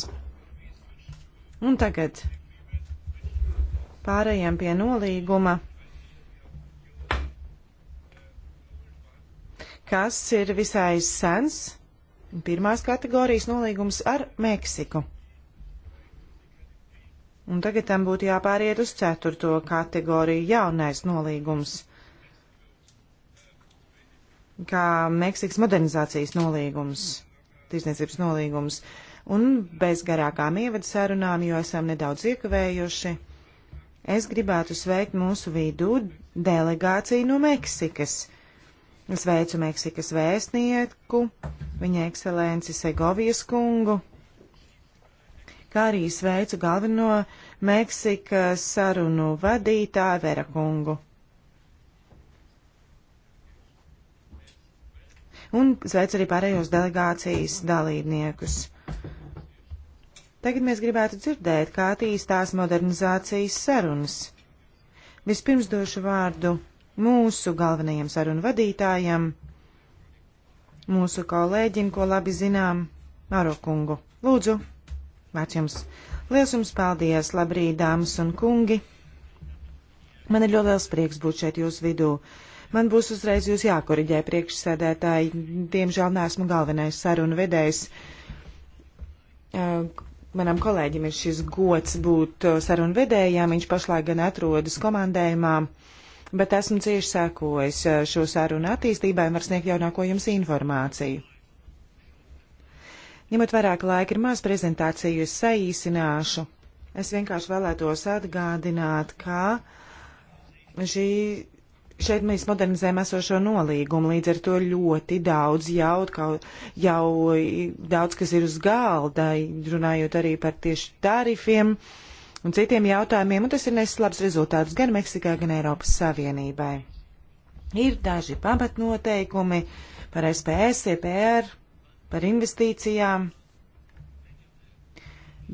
Un tagad pārējiem pie nolīguma. kas ir visai sens, pirmās kategorijas nolīgums ar Meksiku. Un tagad tam būtu jāpāriet uz ceturto kategoriju jaunais nolīgums, kā Meksikas modernizācijas nolīgums, tirsniecības nolīgums. Un bez garākām ievadsarunām, jo esam nedaudz iekavējuši, es gribētu sveikt mūsu vidū delegāciju no Meksikas Sveicu Meksikas vēstnieku, viņa ekscelenci Segovijas kungu, kā arī sveicu galveno Meksikas sarunu vadītāju Vera kungu. Un sveicu arī pārējos delegācijas dalībniekus. Tagad mēs gribētu dzirdēt, kā attīstās modernizācijas sarunas. Vispirms došu vārdu mūsu galvenajam sarunu vadītājam, mūsu kolēģim, ko labi zinām, Marokungu. Lūdzu, vārds jums. Liels jums paldies, labrīt, dāmas un kungi. Man ir ļoti liels prieks būt šeit jūsu vidū. Man būs uzreiz jūs jākoriģē priekšsēdētāji. Diemžēl neesmu galvenais sarunu vedējs. Uh, manam kolēģim ir šis gods būt uh, sarunu vedējām. Viņš pašlaik gan atrodas komandējumā bet esmu cieši sēkojis eh, šo sarunu attīstībai un var sniegt jaunāko jums informāciju. Ņemot vairāk laika ir maz prezentāciju, es saīsināšu. Es vienkārši vēlētos atgādināt, ka šī šeit mēs modernizējam esošo nolīgumu, līdz ar to ļoti daudz jau, jau daudz, kas ir uz galda, runājot arī par tieši tarifiem. Uh, un citiem jautājumiem, un tas ir nesis labs rezultāts gan Meksikā, gan Eiropas Savienībai. Ir daži pamatnoteikumi par SPS, EPR, par investīcijām,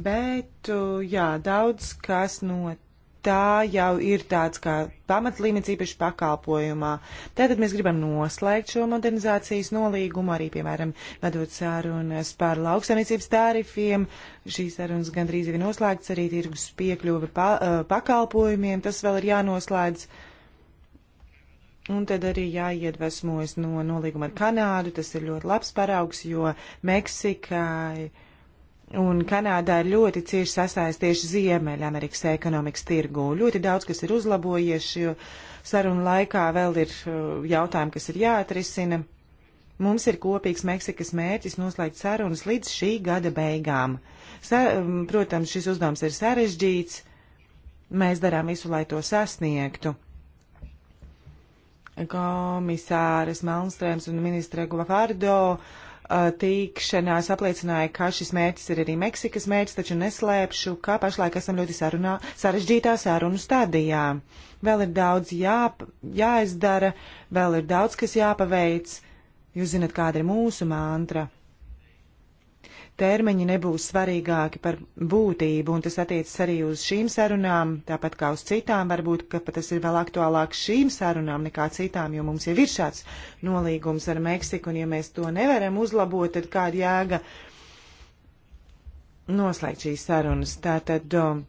bet, jā, daudz kas notiek tā jau ir tāds kā pamatlīmenis īpaši pakalpojumā. Tātad mēs gribam noslēgt šo modernizācijas nolīgumu, arī, piemēram, vedot sarunas par lauksaimniecības tarifiem. Šīs sarunas gandrīz ir noslēgts, arī tirgus piekļuve pa, uh, pakalpojumiem, tas vēl ir jānoslēdz. Un tad arī jāiedvesmojas no nolīguma ar Kanādu, tas ir ļoti labs paraugs, jo Meksikai. Uh, Un Kanādā ir ļoti cieši sasaistīts tieši Ziemeļamerikas ekonomikas tirgū. Ļoti daudz, kas ir uzlabojies šī saruna laikā, vēl ir uh, jautājumi, kas ir jāatrisina. Mums ir kopīgs Meksikas mērķis noslēgt sarunas līdz šī gada beigām. Sa um, protams, šis uzdevums ir sarežģīts. Mēs darām visu, lai to sasniegtu. Komisāres Malmstrēms un ministra Guafardo uh, tīkšanās apliecināja, ka šis mērķis ir arī Meksikas mērķis, taču neslēpšu, ka pašlaik esam ļoti sarunā, sarežģītā sarunu stadijā. Vēl ir daudz jā, jāizdara, vēl ir daudz, kas jāpaveic. Jūs zinat, kāda ir mūsu mantra termiņi nebūs svarīgāki par būtību, un tas attiecas arī uz šīm sarunām, tāpat kā uz citām, varbūt, ka tas ir vēl aktuālāk šīm sarunām nekā citām, jo mums jau ir šāds nolīgums ar Meksiku, un ja mēs to nevaram uzlabot, tad kāda jēga noslēgt šīs sarunas. Tātad um,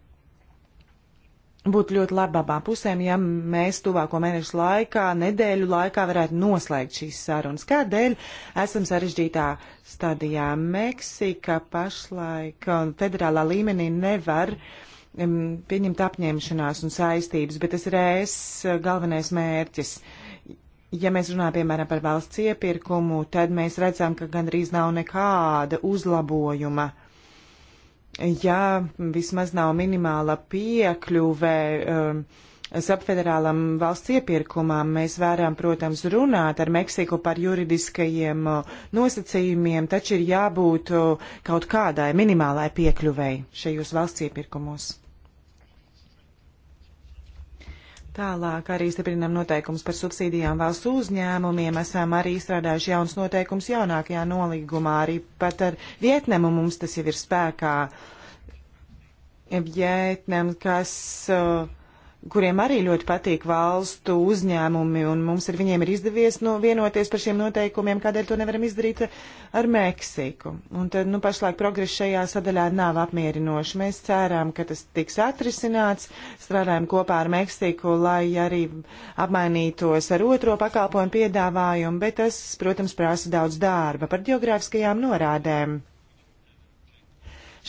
būtu ļoti labi abām pusēm, ja mēs tuvāko mēnešu laikā, nedēļu laikā varētu noslēgt šīs sarunas. Kādēļ esam sarežģītā stadijā? Meksika pašlaik federālā līmenī nevar um, pieņemt apņemšanās un saistības, bet tas ir es eh, galvenais mērķis. Ja mēs runājam, piemēram, par valsts iepirkumu, tad mēs redzam, ka gandrīz nav nekāda uzlabojuma ja vismaz nav minimāla piekļuve um, subfederālam valsts iepirkumam, mēs varam, protams, runāt ar Meksiku par juridiskajiem uh, nosacījumiem, taču ir jābūt uh, kaut kādai minimālai piekļuvei šajos valsts iepirkumos. Tālāk arī stiprinam noteikums par subsīdijām valsts uzņēmumiem. Esam arī izstrādājuši jaunas noteikums jaunākajā nolīgumā. Arī pat ar Vietnamu mums tas jau ir spēkā. Vietnam, kas uh, kuriem arī ļoti patīk valstu uzņēmumi, un mums ar viņiem ir izdevies no, vienoties par šiem noteikumiem, kādēļ to nevaram izdarīt ar Meksiku. Un tad, nu, pašlaik progress šajā sadaļā nav apmierinoši. Mēs cerām, ka tas tiks atrisināts, strādājam kopā ar Meksiku, lai arī apmainītos ar otro pakalpojumu piedāvājumu, bet tas, protams, prasa daudz darba par geogrāfiskajām norādēm.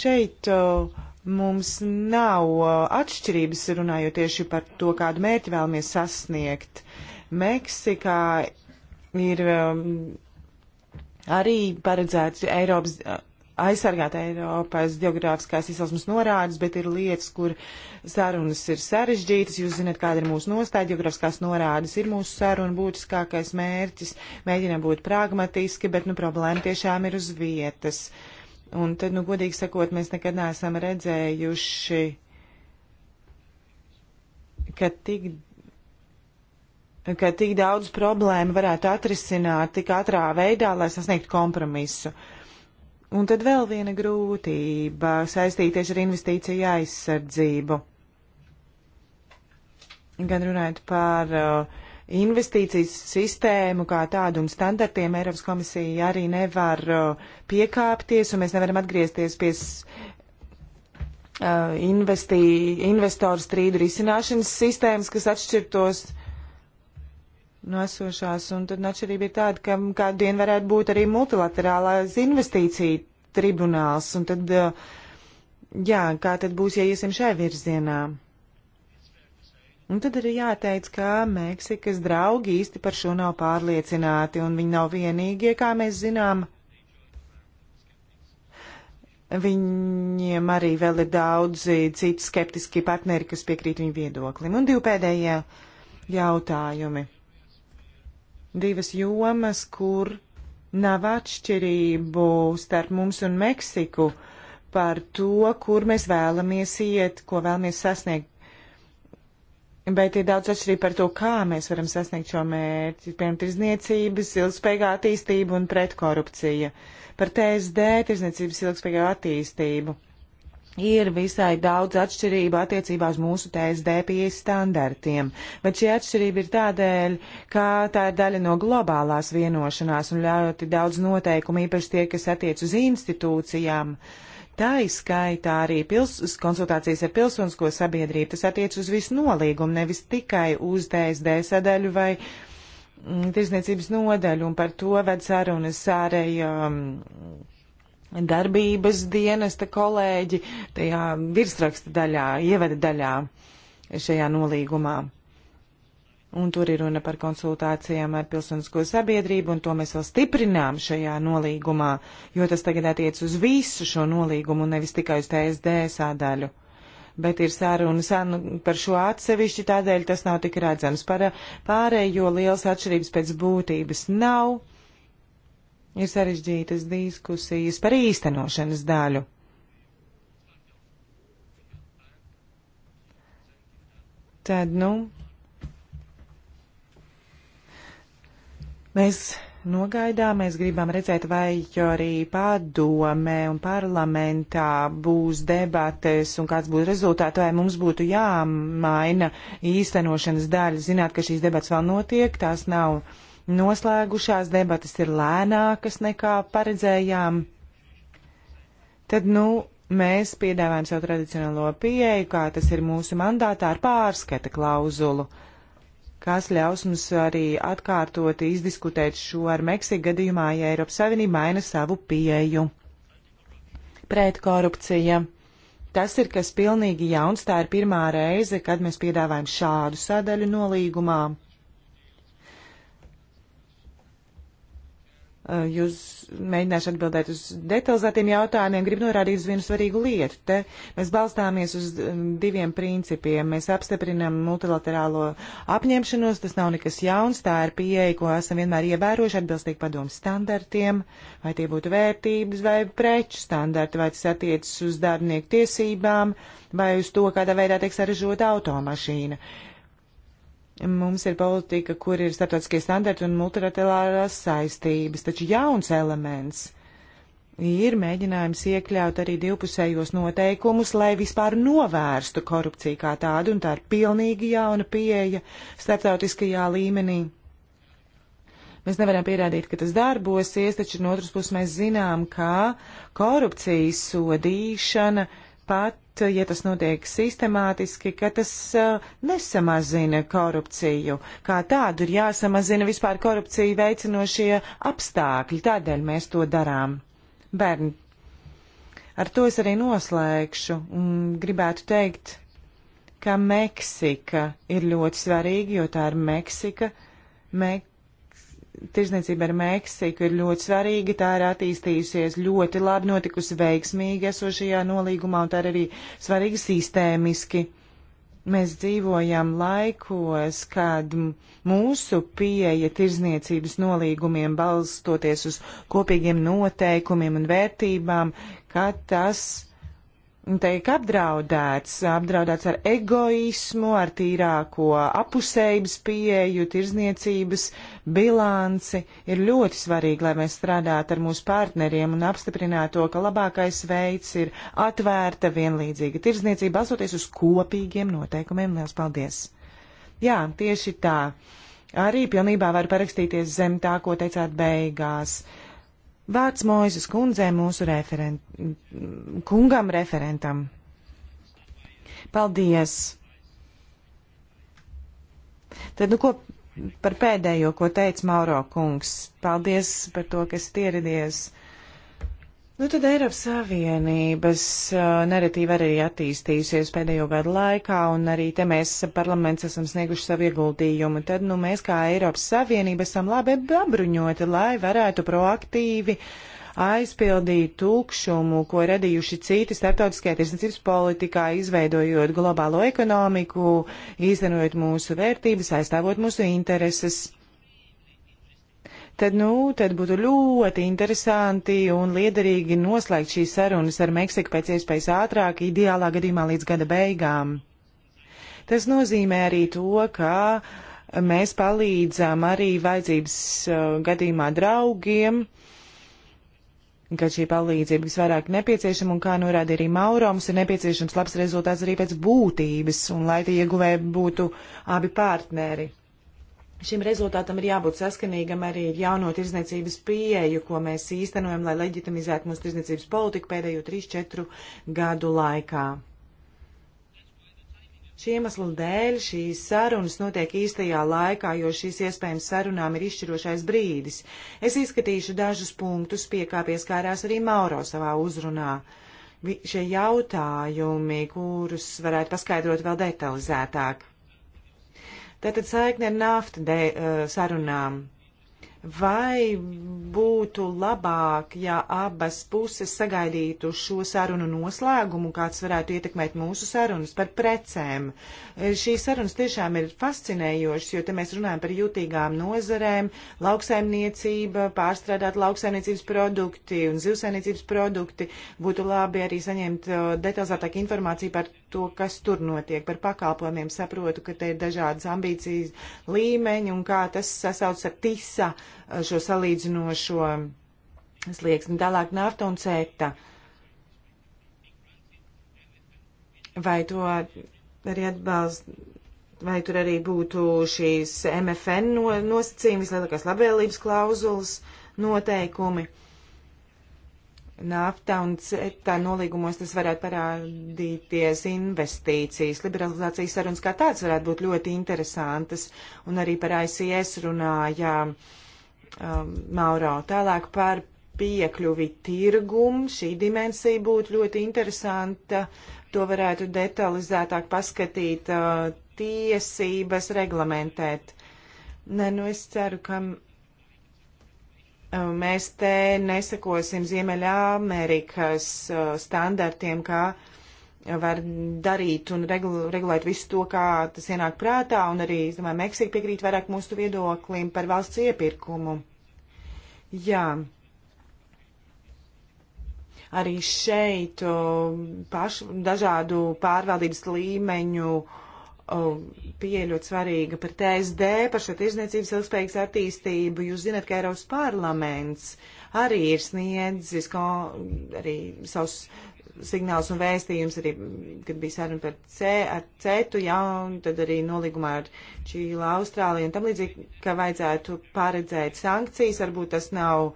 Šeit uh, Mums nav uh, atšķirības runājot tieši par to, kādu mērķi vēlamies sasniegt. Meksikā ir um, arī paredzēts Eiropas uh, aizsargāt Eiropas geogrāfiskās izcelsmes norādes, bet ir lietas, kur sarunas ir sarežģītas. Jūs zināt, kāda ir mūsu nostāja. Geogrāfiskās norādes ir mūsu saruna būtiskākais mērķis. Mēģinām būt pragmatiski, bet nu, problēma tiešām ir uz vietas. Uh, Un tad, nu, godīgi sakot, mēs nekad neesam redzējuši, ka tik, ka tik daudz problēmu varētu atrisināt tik ātrā veidā, lai sasniegtu kompromisu. Un tad vēl viena grūtība saistīties ar investīciju aizsardzību. Gan runājot par uh, investīcijas sistēmu kā tādu un standartiem Eiropas komisija arī nevar uh, piekāpties, un mēs nevaram atgriezties pie uh, investī, investoru strīdu risināšanas sistēmas, kas atšķirtos no esošās. Un tad atšķirība ir tāda, ka kādu dienu varētu būt arī multilaterālās investīcija tribunāls. Un tad, uh, jā, kā tad būs, ja iesim šai virzienā? Un tad arī jāteic, ka Meksikas draugi īsti par šo nav pārliecināti, un viņi nav vienīgie, kā mēs zinām. Viņiem arī vēl ir daudzi citi skeptiski partneri, kas piekrīt viņu viedoklim. Un divi pēdējie jautājumi. Divas jomas, kur nav atšķirību starp mums un Meksiku par to, kur mēs vēlamies iet, ko vēlamies sasniegt Bet ir daudz atšķirība par to, kā mēs varam sasniegt šo mērķi, piemēram, tirzniecības, ilgspējīgā attīstība un pretkorupcija. Par TSD tirzniecības ilgspējīgā attīstību ir visai daudz atšķirība attiecībā uz mūsu TSD pieejas standartiem, bet šī atšķirība ir tādēļ, ka tā ir daļa no globālās vienošanās un ļoti daudz noteikumu, īpaši tie, kas attiec uz institūcijām. Uh, Tā izskaitā arī pils, konsultācijas ar pilsonsko sabiedrību. Tas attiec uz visu nolīgumu, nevis tikai uz DSD sadaļu vai mm, tirsniecības nodaļu, un par to ved sarunas ārēji um, darbības dienesta kolēģi tajā virsraksta daļā, ievada daļā šajā nolīgumā. Un tur ir runa par konsultācijām ar pilsonisko sabiedrību, un to mēs vēl stiprinām šajā nolīgumā, jo tas tagad attiec uz visu šo nolīgumu, nevis tikai uz TSD sādaļu. Bet ir sāruna sānu par šo atsevišķi, tādēļ tas nav tik redzams. Par pārējo liels atšķirības pēc būtības nav. Ir sarežģītas diskusijas par īstenošanas daļu. Tad, nu, Mēs Nogaidām mēs gribam redzēt, vai arī padome un parlamentā būs debates un kāds būs rezultāts, vai mums būtu jāmaina īstenošanas daļa. Zināt, ka šīs debatas vēl notiek, tās nav noslēgušās, debatas ir lēnākas nekā paredzējām. Tad, nu, mēs piedāvājam savu tradicionālo pieeju, kā tas ir mūsu mandātā ar pārskata klauzulu. Uh, kas ļaus mums arī atkārtot izdiskutēt šo ar Meksiku gadījumā, ja Eiropas Savienība maina savu pieeju pret korupciju. Tas ir kas pilnīgi jauns, tā ir pirmā reize, kad mēs piedāvājam šādu sadaļu nolīgumā. Jūs mēģināšu atbildēt uz detalizētiem jautājumiem, gribu norādīt uz vienu svarīgu lietu. Te mēs balstāmies uz diviem principiem. Mēs apstiprinam multilaterālo apņemšanos, tas nav nekas jauns, tā ir pieeja, ko esam vienmēr ievērojuši atbilstīgi padomu standartiem, vai tie būtu vērtības vai preču standarti, vai tas attiecas uz darbinieku tiesībām, vai uz to, kādā veidā tiek saražota automašīna. Uh, Mums ir politika, kur ir starptautiskie standarti un multilaterālās saistības, taču jauns elements ir mēģinājums iekļaut arī divpusējos noteikumus, lai vispār novērstu korupciju kā tādu, un tā ir pilnīgi jauna pieeja starptautiskajā līmenī. Mēs nevaram pierādīt, ka tas darbosies, taču no otras puses mēs zinām, ka korupcijas sodīšana pat Eh, ja tas notiek sistemātiski, ka tas uh, nesamazina korupciju. Kā tādu ir jāsamazina vispār korupciju veicinošie apstākļi, tādēļ mēs to darām. Bērni, ar to es arī noslēgšu. Mm, gribētu teikt, ka Meksika ir ļoti svarīga, jo tā ir Meksika. Mek tirzniecība ar Meksiku ir ļoti svarīga, tā ir attīstījusies ļoti labi, notikusi veiksmīgi esošajā nolīgumā, un tā ir arī svarīga sistēmiski. Mēs dzīvojam laikos, kad mūsu pieeja tirzniecības nolīgumiem balstoties uz kopīgiem noteikumiem un vērtībām, ka tas teik apdraudēts, apdraudēts ar egoismu, ar tīrāko apusējības pieeju, tirzniecības bilanci. Ir ļoti svarīgi, lai mēs strādātu ar mūsu partneriem un apstiprinātu to, ka labākais veids ir atvērta, vienlīdzīga tirzniecība, balstoties uz kopīgiem noteikumiem. Lielas paldies! Jā, tieši tā. Arī pilnībā var parakstīties zem tā, ko teicāt beigās. Uh, Vārds Moizes kundzē mūsu referent, kungam referentam. Paldies! Tad, nu, ko par pēdējo, ko teica Mauro kungs. Paldies par to, kas ieradies Nu, tad Eiropas Savienības narratīva arī attīstījusies pēdējo gadu laikā, un arī te mēs parlaments esam snieguši savu ieguldījumu. Tad, nu, mēs kā Eiropas Savienība esam labi apbruņoti, lai varētu proaktīvi aizpildīt tukšumu, ko radījuši citi starptautiskajā tirsniecības politikā, izveidojot globālo ekonomiku, īstenojot mūsu vērtības, aizstāvot mūsu intereses tad, nu, tad būtu ļoti interesanti un liederīgi noslēgt šīs sarunas ar Meksiku pēc iespējas ātrāk, ideālā gadījumā līdz gada beigām. Tas nozīmē arī to, ka mēs palīdzam arī vajadzības uh, gadījumā draugiem, ka šī palīdzība visvairāk nepieciešama un, kā norāda arī Mauro, mums ir nepieciešams labs rezultāts arī pēc būtības un lai tie ieguvēji būtu abi partneri. Šim rezultātam ir jābūt saskanīgam arī ar jauno tirzniecības pieeju, ko mēs īstenojam, lai leģitimizētu mūsu tirzniecības politiku pēdējo 3-4 gadu laikā. Šī iemesla dēļ šīs sarunas notiek īstajā laikā, jo šīs iespējams sarunām ir izšķirošais brīdis. Es izskatīšu dažus punktus, pie kā pieskārās arī Mauro savā uzrunā. Vi šie jautājumi, kurus varētu paskaidrot vēl detalizētāk. Tātad saikne ar nafta de, uh, sarunām. Vai būtu labāk, ja abas puses sagaidītu šo sarunu noslēgumu, kāds varētu ietekmēt mūsu sarunas par precēm? Eh, šīs sarunas tiešām ir fascinējošas, jo te mēs runājam par jūtīgām nozarēm, lauksaimniecība, pārstrādāt lauksaimniecības produkti un zivsaimniecības produkti. Būtu labi arī saņemt eh, detalizētāk informāciju par to, kas tur notiek par pakalpojumiem. Saprotu, ka te ir dažādas ambīcijas līmeņi un kā tas sasauc ar TISA eh, šo salīdzinošo slieksni. Tālāk nafta un cēta. Vai to arī atbalst, vai tur arī būtu šīs MFN nosacījumi, vislielākās labvēlības klauzulas noteikumi? nafta un cetā nolīgumos tas varētu parādīties investīcijas. Liberalizācijas sarunas kā tāds varētu būt ļoti interesantas un arī par ICS runāja um, Mauro. Tālāk par piekļuvi tirgumu. Šī dimensija būtu ļoti interesanta. To varētu detalizētāk paskatīt, uh, tiesības reglamentēt. Nē, nu es ceru, ka Eh, mēs te nesekosim Ziemeļa Amerikas eh, standartiem, kā var darīt un regulēt visu to, kā tas ienāk prātā, un arī, es domāju, Meksika piekrīt vairāk mūsu viedoklim par valsts iepirkumu. Jā arī šeit eh, pašu dažādu pārvaldības līmeņu Um, pieeja ļoti svarīga par TSD, par šo tirzniecības ilgspējīgas attīstību. Jūs zināt, ka Eiropas parlaments arī ir sniedzis ko, arī savus signāls un vēstījums, arī, kad bija saruna par C, ar CETU, jā, un tad arī nolīgumā ar Čīlu, Austrāliju un tam līdzīgi, ka vajadzētu paredzēt sankcijas, varbūt tas nav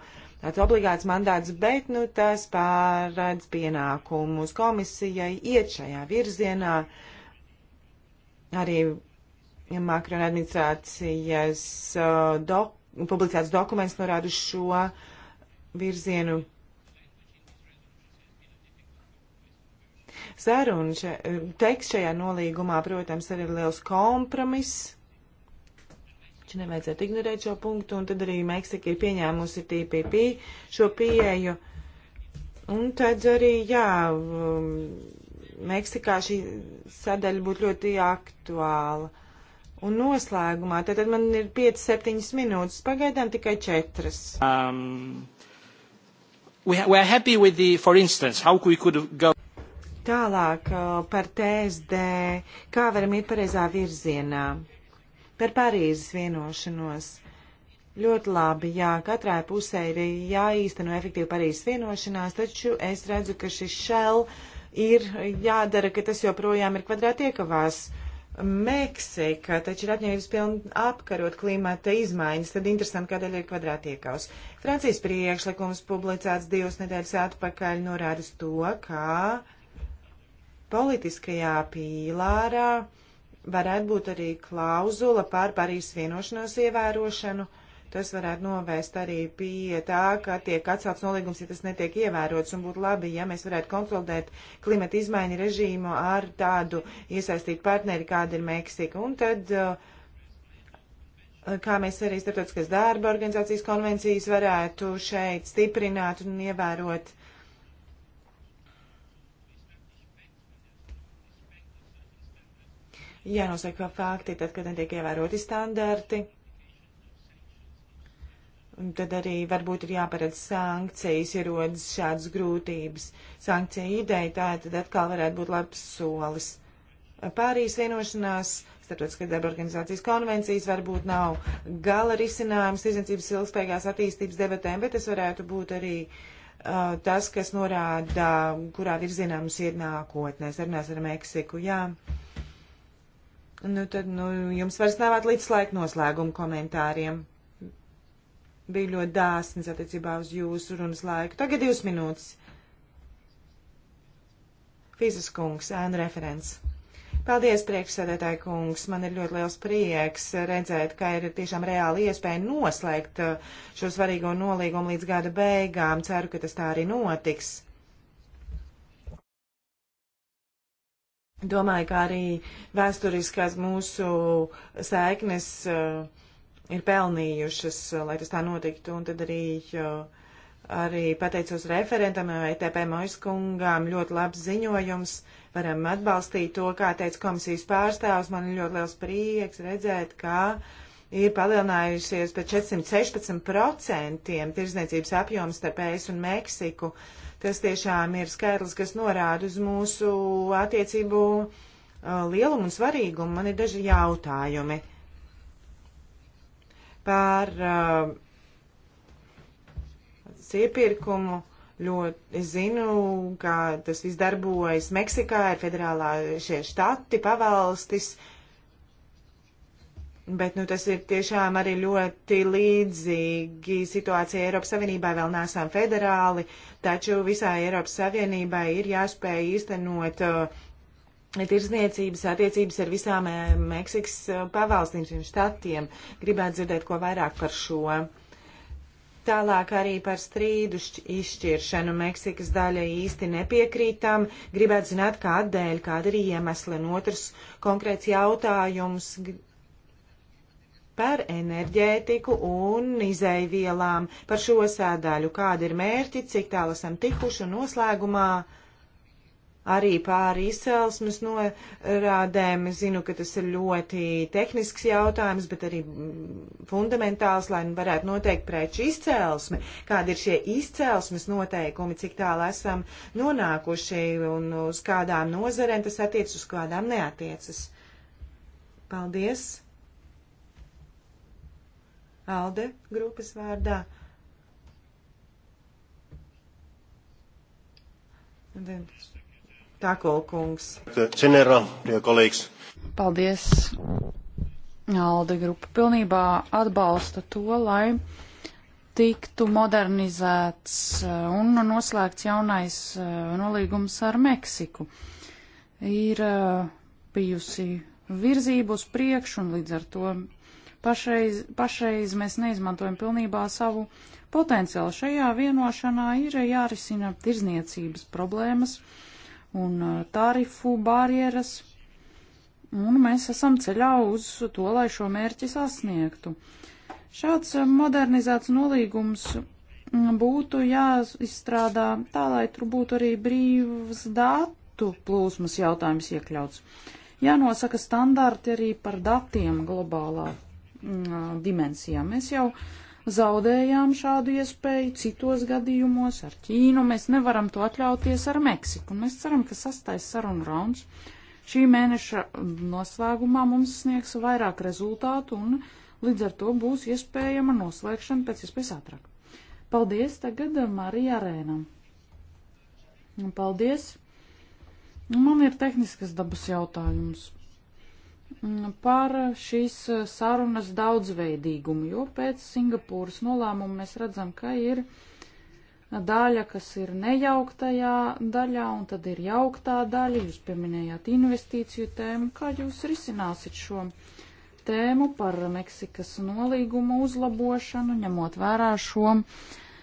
tāds obligāts mandāts, bet, nu, tas pārredz pienākumus komisijai iet šajā virzienā. Uh, arī Makrona administrācijas uh, dok publicēts dokuments norāda šo virzienu. Saruna še, teksts šajā nolīgumā, protams, arī ir liels kompromiss. Čia nevajadzētu ignorēt šo punktu, un tad arī Meksika ir pieņēmusi TPP šo pieeju. Un tad arī, jā, um, Meksikā šī sadaļa būtu ļoti aktuāla. Un noslēgumā, tad, tad man ir 5-7 minūtes, pagaidām tikai 4. Um, we, we are happy with the, for instance, how we could go. Tālāk uh, par TSD, kā varam iet pareizā virzienā. Par Parīzes vienošanos. Ļoti labi, jā, katrai pusē ir jāīsteno efektīva Parīzes vienošanās, taču es redzu, ka šis šel. Shell ir jādara, ka tas joprojām ir kvadrātiekavās. Meksika taču ir apņēmības pilna apkarot klimata izmaiņas, tad interesanti, kādēļ ir kvadrātiekaus. Francijas priekšlikums publicēts divas nedēļas atpakaļ norāda uz to, ka politiskajā pīlārā varētu būt arī klauzula pār Parīzes vienošanos ievērošanu. Uh, Tas varētu novērst arī pie tā, ka tiek atcelts nolīgums, ja tas netiek ievērots, un būtu labi, ja mēs varētu konsolidēt klimata izmaiņu režīmu ar tādu iesaistītu partneri, kāda ir Meksika. Un tad, uh, kā mēs arī starptautiskās darba organizācijas konvencijas varētu šeit stiprināt un ievērot. Jānosaka fakti, tad, kad netiek ievēroti standarti. Un tad arī varbūt ir jāparedz sankcijas, ja rodas šādas grūtības. Sankcija ideja tā tad atkal varētu būt labs solis. Pārīs vienošanās, starptautiskā darba organizācijas konvencijas varbūt nav gala risinājums tirdzniecības ilgspējīgās attīstības debatēm, bet tas varētu būt arī uh, tas, kas norāda, kurā virzienā mums ir nākotnē. Sarunās ar Meksiku, jā. Nu, tad, nu, jums vairs nav atlīdz laika noslēguma komentāriem bija ļoti dāsnas attiecībā uz jūsu runas laiku. Tagad divas minūtes. Fizas kungs, ēna referents. Paldies, priekšsēdētāji kungs. Man ir ļoti liels prieks redzēt, ka ir tiešām reāli iespēja noslēgt uh, šo svarīgo nolīgumu līdz gada beigām. Ceru, ka tas tā arī notiks. Domāju, ka arī vēsturiskās mūsu saiknes uh, ir pelnījušas, eh, lai tas tā notiktu. Un tad arī, arī pateicos referentam ETP Moiskungām, ļoti labs ziņojums, varam atbalstīt to, kā teica komisijas pārstāvs. Man ir ļoti liels prieks redzēt, kā ir palielinājusies par 416% tirzniecības apjoms starp ES un Meksiku. Tas tiešām ir skaidrs, kas norāda uz mūsu attiecību eh, lielumu un svarīgumu. Man ir daži jautājumi. Uh, par uh, iepirkumu. Ļoti zinu, ka tas viss darbojas Meksikā, ir federālā šie štati, pavalstis, bet nu, tas ir tiešām arī ļoti līdzīgi situācija Eiropas Savienībā, vēl nesam federāli, taču visā Eiropas Savienībā ir jāspēj īstenot uh, tirzniecības attiecības ar visām eh, Meksikas eh, pavalstīm, štatiem. Gribētu dzirdēt ko vairāk par šo. Tālāk arī par strīdu izšķiršanu Meksikas daļa īsti nepiekrītam. Gribētu zināt, kādēļ, kāda ir iemesli. Un otrs konkrēts jautājums par enerģētiku un izēvielām, par šo sēdaļu, kāda ir mērķi, cik tālu esam tikuši un noslēgumā. Uh, arī pāri izcelsmes norādēm. Es zinu, ka tas ir ļoti tehnisks jautājums, bet arī fundamentāls, lai varētu noteikt preču izcelsmi. Kādi ir šie izcelsmes noteikumi, cik tālu esam nonākuši un uz kādām nozarēm tas attiec, uz kādām neatiecas. Paldies! Alde grupas vārdā. Dentist. Tākolkungs. Cenera, ja kolēģis. Paldies. Alde grupa pilnībā atbalsta to, lai tiktu modernizēts uh, un noslēgts jaunais uh, nolīgums ar Meksiku. Ir uh, bijusi virzība uz priekšu un līdz ar to pašreiz, pašreiz mēs neizmantojam pilnībā savu potenciālu. Šajā vienošanā ir jārisina tirzniecības problēmas. Uh, un uh, tarifu barjeras. Un mēs esam ceļā uz to, lai šo mērķi sasniegtu. Šāds uh, modernizēts nolīgums mm, būtu jāizstrādā tā, lai tur būtu arī brīvs datu plūsmas jautājums iekļauts. Jānosaka standarti arī par datiem globālā mm, uh, dimensijā. Mēs jau uh, zaudējām šādu iespēju, citos gadījumos ar Ķīnu mēs nevaram to atļauties ar Meksiku. Un mēs ceram, ka sastais sarunu rauns šī mēneša noslēgumā mums sniegs vairāk rezultātu un līdz ar to būs iespējama noslēgšana pēc iespējas ātrāk. Paldies tagad Marija Arēnam. Paldies! Man ir tehniskas dabas jautājums. Mm, par šīs eh, sarunas daudzveidīgumu, jo pēc Singapūras nolēmuma mēs redzam, ka ir daļa, kas ir nejauktajā daļā, un tad ir jauktā daļa. Jūs pieminējāt investīciju tēmu. Kā jūs risināsiet šo tēmu par Meksikas nolīgumu uzlabošanu, ņemot vērā šo eh,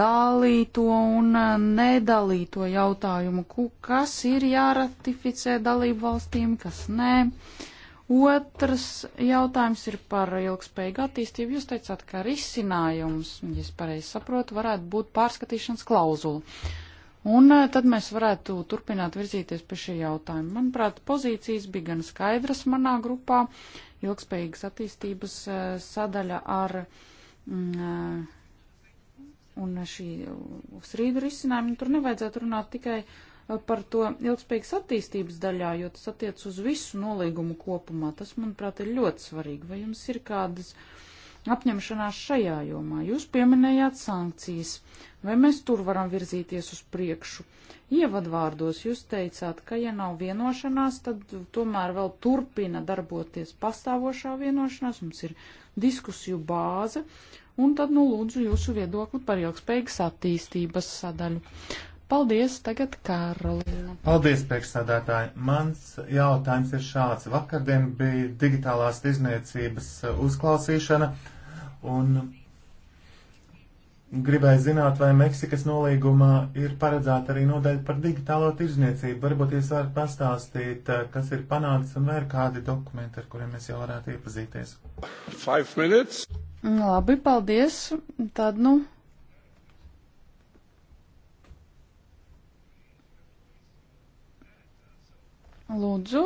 dalīto un eh, nedalīto jautājumu, kas ir jāratificē dalību valstīm, kas nē? Uh, Otrs jautājums ir par ilgspējīgu attīstību. Jūs teicāt, ka risinājums, ja es pareizi saprotu, varētu būt pārskatīšanas klauzula. Un eh, tad mēs varētu turpināt virzīties pie šī jautājuma. Manuprāt, pozīcijas bija gan skaidras manā grupā, ilgspējīgas attīstības eh, sadaļa ar mm, eh, un šī uz uh, rīdu risinājumu. Tur nevajadzētu runāt tikai par par to ilgspējīgas attīstības daļā, jo tas attiec uz visu nolīgumu kopumā. Tas, manuprāt, ir ļoti svarīgi. Vai jums ir kādas apņemšanās šajā jomā? Jūs pieminējāt sankcijas. Vai mēs tur varam virzīties uz priekšu? Ievadvārdos jūs teicāt, ka ja nav vienošanās, tad tomēr vēl turpina darboties pastāvošā vienošanās. Mums ir diskusiju bāze. Un tad, nu, lūdzu jūsu viedokli par ilgspējīgas attīstības sadaļu. Paldies, tagad Karolina. Paldies, priekšsādātāji. Mans jautājums ir šāds. Vakardien bija digitālās izniecības eh, uzklausīšana, un gribēju zināt, vai Meksikas nolīgumā ir paredzēta arī nodaļa par digitālo tirzniecību. Varbūt jūs varat pastāstīt, eh, kas ir panākts un vai ir kādi dokumenti, ar kuriem mēs jau varētu iepazīties. Labi, paldies. Tad nu Lūdzu,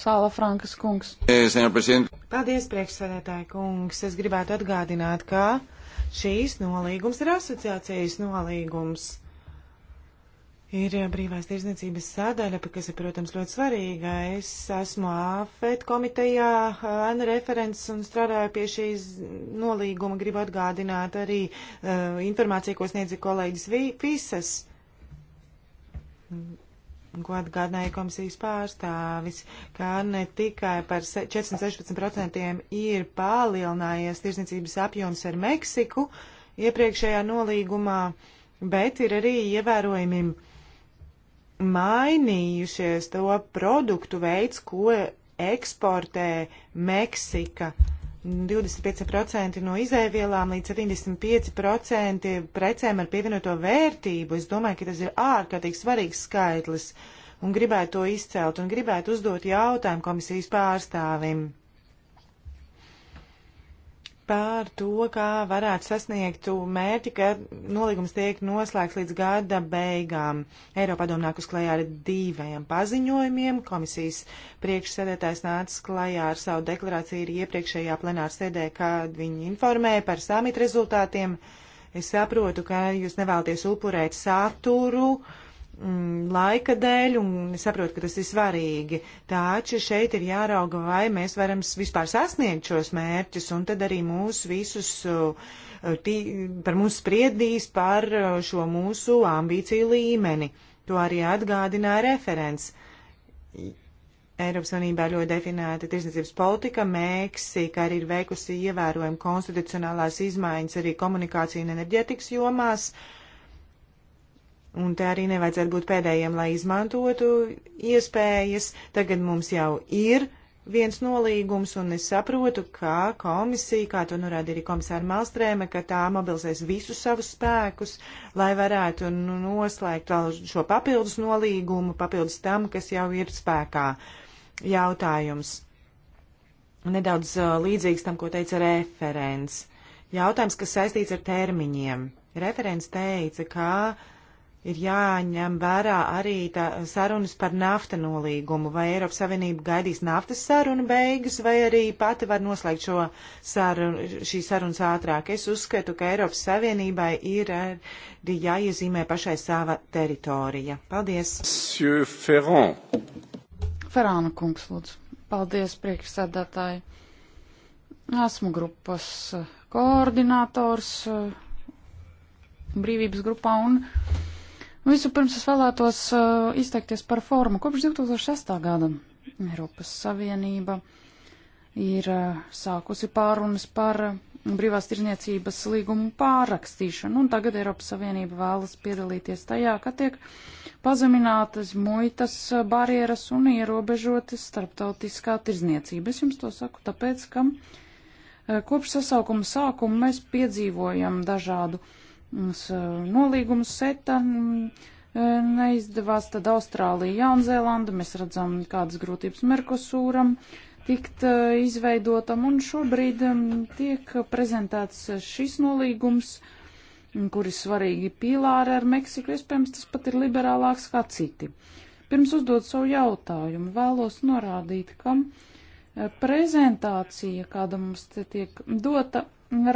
Sāla Frankas kungs. Paldies, priekšsēdētāji kungs. Es gribētu atgādināt, ka šīs nolīgums ir asociācijas nolīgums. Ir brīvās tirzniecības sādaļa, kas ir, protams, ļoti svarīga. Es esmu AFET komitejā, ANA referents un strādāju pie šīs nolīguma. Gribu atgādināt arī uh, informāciju, ko sniedza kolēģis Fisas. Vi ko atgādināja komisijas pārstāvis, ka ne tikai par 416% ir palielinājies tirsniecības apjoms ar Meksiku iepriekšējā nolīgumā, bet ir arī ievērojami mainījušies to produktu veids, ko eksportē Meksika. Uh, 25% no izēvielām līdz 75% precēm ar pievienoto vērtību. Es domāju, ka tas ir ārkārtīgi svarīgs skaitlis un gribētu to izcelt un gribētu uzdot jautājumu komisijas pārstāvim par to, kā varētu sasniegt mērķi, ka nolīgums tiek noslēgts līdz gada beigām. Eiropadomu nāk uz klajā ar diviem paziņojumiem. Komisijas priekšsēdētājs nāca klajā ar savu deklarāciju arī iepriekšējā plenāra sēdē, kad viņi informēja par samita rezultātiem. Es saprotu, ka jūs nevēlaties upurēt saturu. Uh, Mm, laika dēļ, un es saprotu, ka tas ir svarīgi. Taču šeit ir jārauga, vai mēs varam vispār sasniegt šos mērķus, un tad arī mūs visus tī, par mums spriedīs par šo mūsu ambīciju līmeni. To arī atgādināja referents. Eiropas Savienībā ļoti definēta tirsniecības politika. Meksika arī ir veikusi ievērojami konstitucionālās izmaiņas arī komunikācija un enerģetikas jomās. Uh, Un te arī nevajadzētu būt pēdējiem, lai izmantotu iespējas. Tagad mums jau ir viens nolīgums, un es saprotu, ka komisija, kā to norāda arī komisāra Malstrēma, ka tā mobilizēs visus savus spēkus, lai varētu nu, noslēgt vēl šo papildus nolīgumu, papildus tam, kas jau ir spēkā. Jautājums. Nedaudz uh, līdzīgs tam, ko teica referents. Jautājums, kas saistīts ar termiņiem. Referents teica, ka ir jāņem vērā arī tā, sarunas par nafta nolīgumu, vai Eiropas Savienība gaidīs naftas sarunu beigas, vai arī pati var noslēgt šo sarunu, šī sarunas ātrāk. Es uzskatu, ka Eiropas Savienībai ir arī jāiezīmē pašai sava teritorija. Paldies! Ferāna kungs, lūdzu. Paldies, priekšsēdētāji. Esmu grupas koordinators eh, brīvības grupā un Vispirms es vēlētos uh, izteikties par formu. Kopš 2006. gada Eiropas Savienība ir uh, sākusi pārunas par uh, brīvās tirzniecības līgumu pārrakstīšanu, un tagad Eiropas Savienība vēlas piedalīties tajā, ka tiek pazeminātas muitas uh, barjeras un ierobežotas starptautiskā tirzniecība. Es jums to saku tāpēc, ka uh, kopš sasaukuma sākuma mēs piedzīvojam dažādu uh, mums nolīgums seta neizdevās, tad Austrālija, Jaunzēlanda, mēs redzam, kādas grūtības Merkosūram tikt izveidotam, un šobrīd tiek prezentēts šis nolīgums, kur ir svarīgi pīlāri ar Meksiku, iespējams, tas pat ir liberālāks kā citi. Pirms uzdot savu jautājumu, vēlos norādīt, ka prezentācija, kāda mums te tiek dota,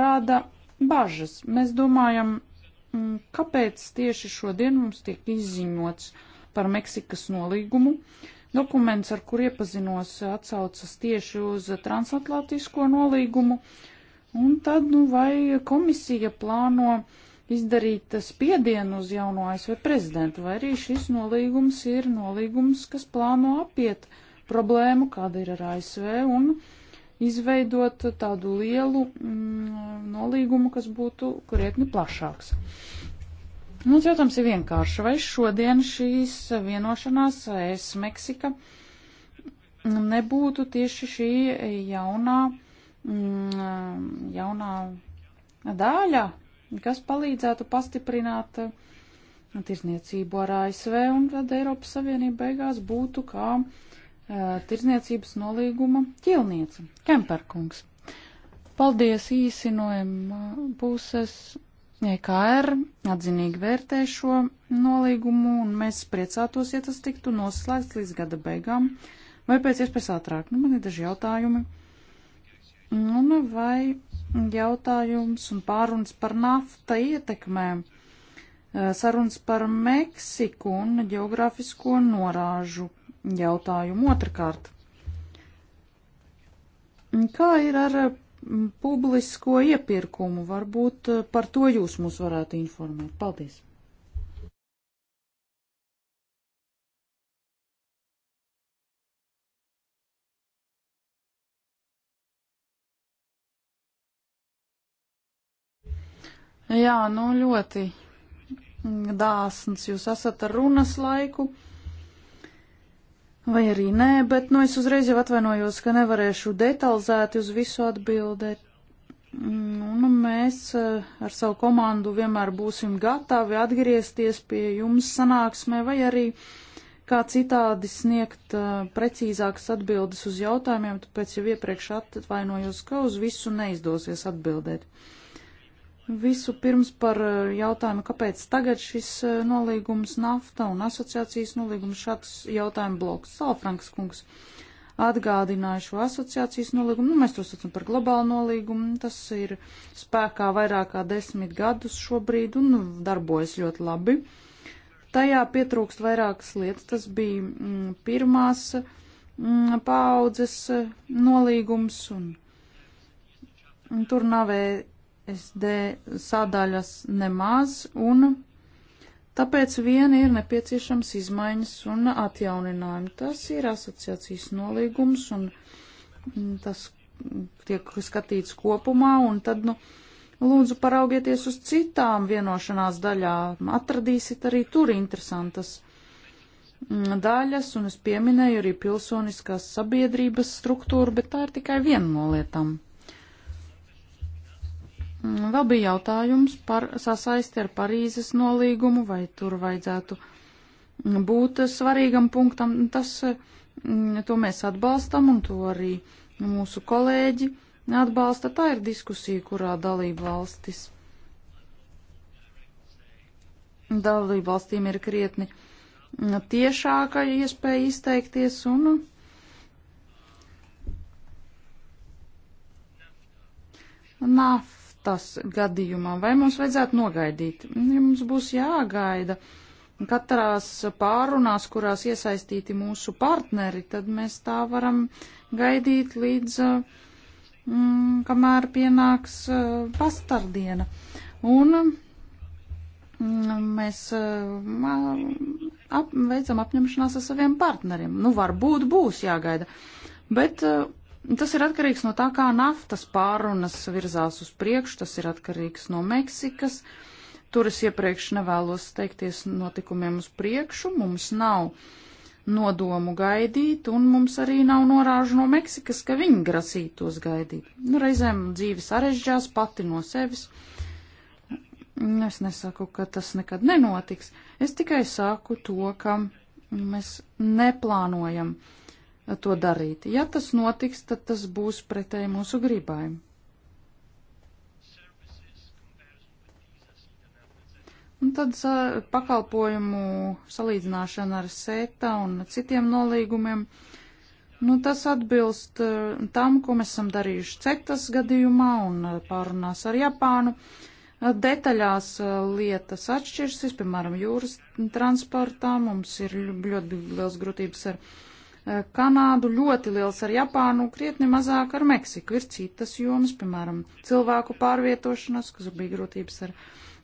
rāda bažas. Mēs domājam, mm, kāpēc tieši šodien mums tiek izziņots par Meksikas nolīgumu. Dokuments, ar kur iepazinos, atsaucas tieši uz transatlantisko nolīgumu. Un tad, nu, vai komisija plāno izdarīt spiedienu uz jauno ASV prezidentu, vai arī šis nolīgums ir nolīgums, kas plāno apiet problēmu, kāda ir ar ASV, un izveidot tādu lielu mm, nolīgumu, kas būtu krietni plašāks. Mums jautājums ir vienkārši, vai šodien šīs vienošanās es Meksika nebūtu tieši šī jaunā, mm, jaunā daļa, kas palīdzētu pastiprināt tirsniecību ar ASV un tad Eiropas Savienība beigās būtu kā uh, Uh, tirzniecības nolīguma ķilniece Kemperkungs. Paldies īsi no puses. EKR atzinīgi vērtē šo nolīgumu un mēs priecātos, ja tas tiktu noslēgts līdz gada beigām vai pēc iespējas ātrāk. Nu, man ir daži jautājumi. Un nu, nu, vai jautājums un pārunas par nafta ietekmēm, uh, sarunas par Meksiku un geogrāfisko norāžu jautājumu otrkārt. Kā ir ar publisko iepirkumu? Varbūt eh, par to jūs mūs varētu informēt. Paldies! Jā, nu ļoti dāsns jūs esat ar runas laiku vai arī nē, bet nu, es uzreiz jau atvainojos, ka nevarēšu detalizēti uz visu atbildēt. Un nu, nu, mēs eh, ar savu komandu vienmēr būsim gatavi atgriezties pie jums sanāksmē vai arī kā citādi sniegt eh, precīzākas atbildes uz jautājumiem, tāpēc jau iepriekš atvainojos, ka uz visu neizdosies atbildēt. Visu pirms par eh, jautājumu, kāpēc tagad šis eh, nolīgums nafta un asociācijas nolīgums šāds jautājumu bloks. Salafrankas kungs atgādināja šo asociācijas nolīgumu. Nu, mēs to saucam par globālu nolīgumu. Tas ir spēkā vairāk kā desmit gadus šobrīd un nu, darbojas ļoti labi. Tajā pietrūkst vairākas lietas. Tas bija mm, pirmās mm, paudzes eh, nolīgums un, un tur nav SD sadaļas nemaz, un tāpēc vien ir nepieciešams izmaiņas un atjauninājumi. Tas ir asociācijas nolīgums, un tas tiek skatīts kopumā, un tad, nu, lūdzu paraugieties uz citām vienošanās daļām, atradīsiet arī tur interesantas daļas, un es pieminēju arī pilsoniskās sabiedrības struktūru, bet tā ir tikai viena no lietām. Mm, vēl bija jautājums par sasaisti ar Parīzes nolīgumu, vai tur vajadzētu būt svarīgam punktam. Tas, mm, to mēs atbalstam, un to arī mūsu kolēģi atbalsta. Tā ir diskusija, kurā dalība valstis. Dalība valstīm ir krietni tiešāka iespēja izteikties un. Nafta tas gadījumā, vai mums vajadzētu nogaidīt? Ja mums būs jāgaida katrās pārunās, kurās iesaistīti mūsu partneri, tad mēs tā varam gaidīt līdz, mm, kamēr pienāks eh, pastardiena. Un mm, mēs mm, ap, veicam apņemšanās ar saviem partneriem. Nu, varbūt būs jāgaida. Bet eh, Tas ir atkarīgs no tā, kā naftas pārunas virzās uz priekšu, tas ir atkarīgs no Meksikas. Tur es iepriekš nevēlos steigties notikumiem uz priekšu, mums nav nodomu gaidīt, un mums arī nav norāžu no Meksikas, ka viņi grasītos gaidīt. Nu, reizēm dzīve sarežģās pati no sevis. Es nesaku, ka tas nekad nenotiks. Es tikai saku to, ka mēs neplānojam uh, to darīt. Ja tas notiks, tad tas būs pretēji mūsu gribai. Un tad sa, pakalpojumu salīdzināšana ar SETA un citiem nolīgumiem, nu, tas atbilst eh, tam, ko mēs esam darījuši CETAS gadījumā un eh, pārunās ar Japānu. Eh, detaļās lietas atšķirsies, piemēram, jūras transportā mums ir ļoti liels grūtības ar Eh, Kanādu, ļoti liels ar Japānu, krietni mazāk ar Meksiku. Ir citas jomas, piemēram, cilvēku pārvietošanas, kas bija grūtības ar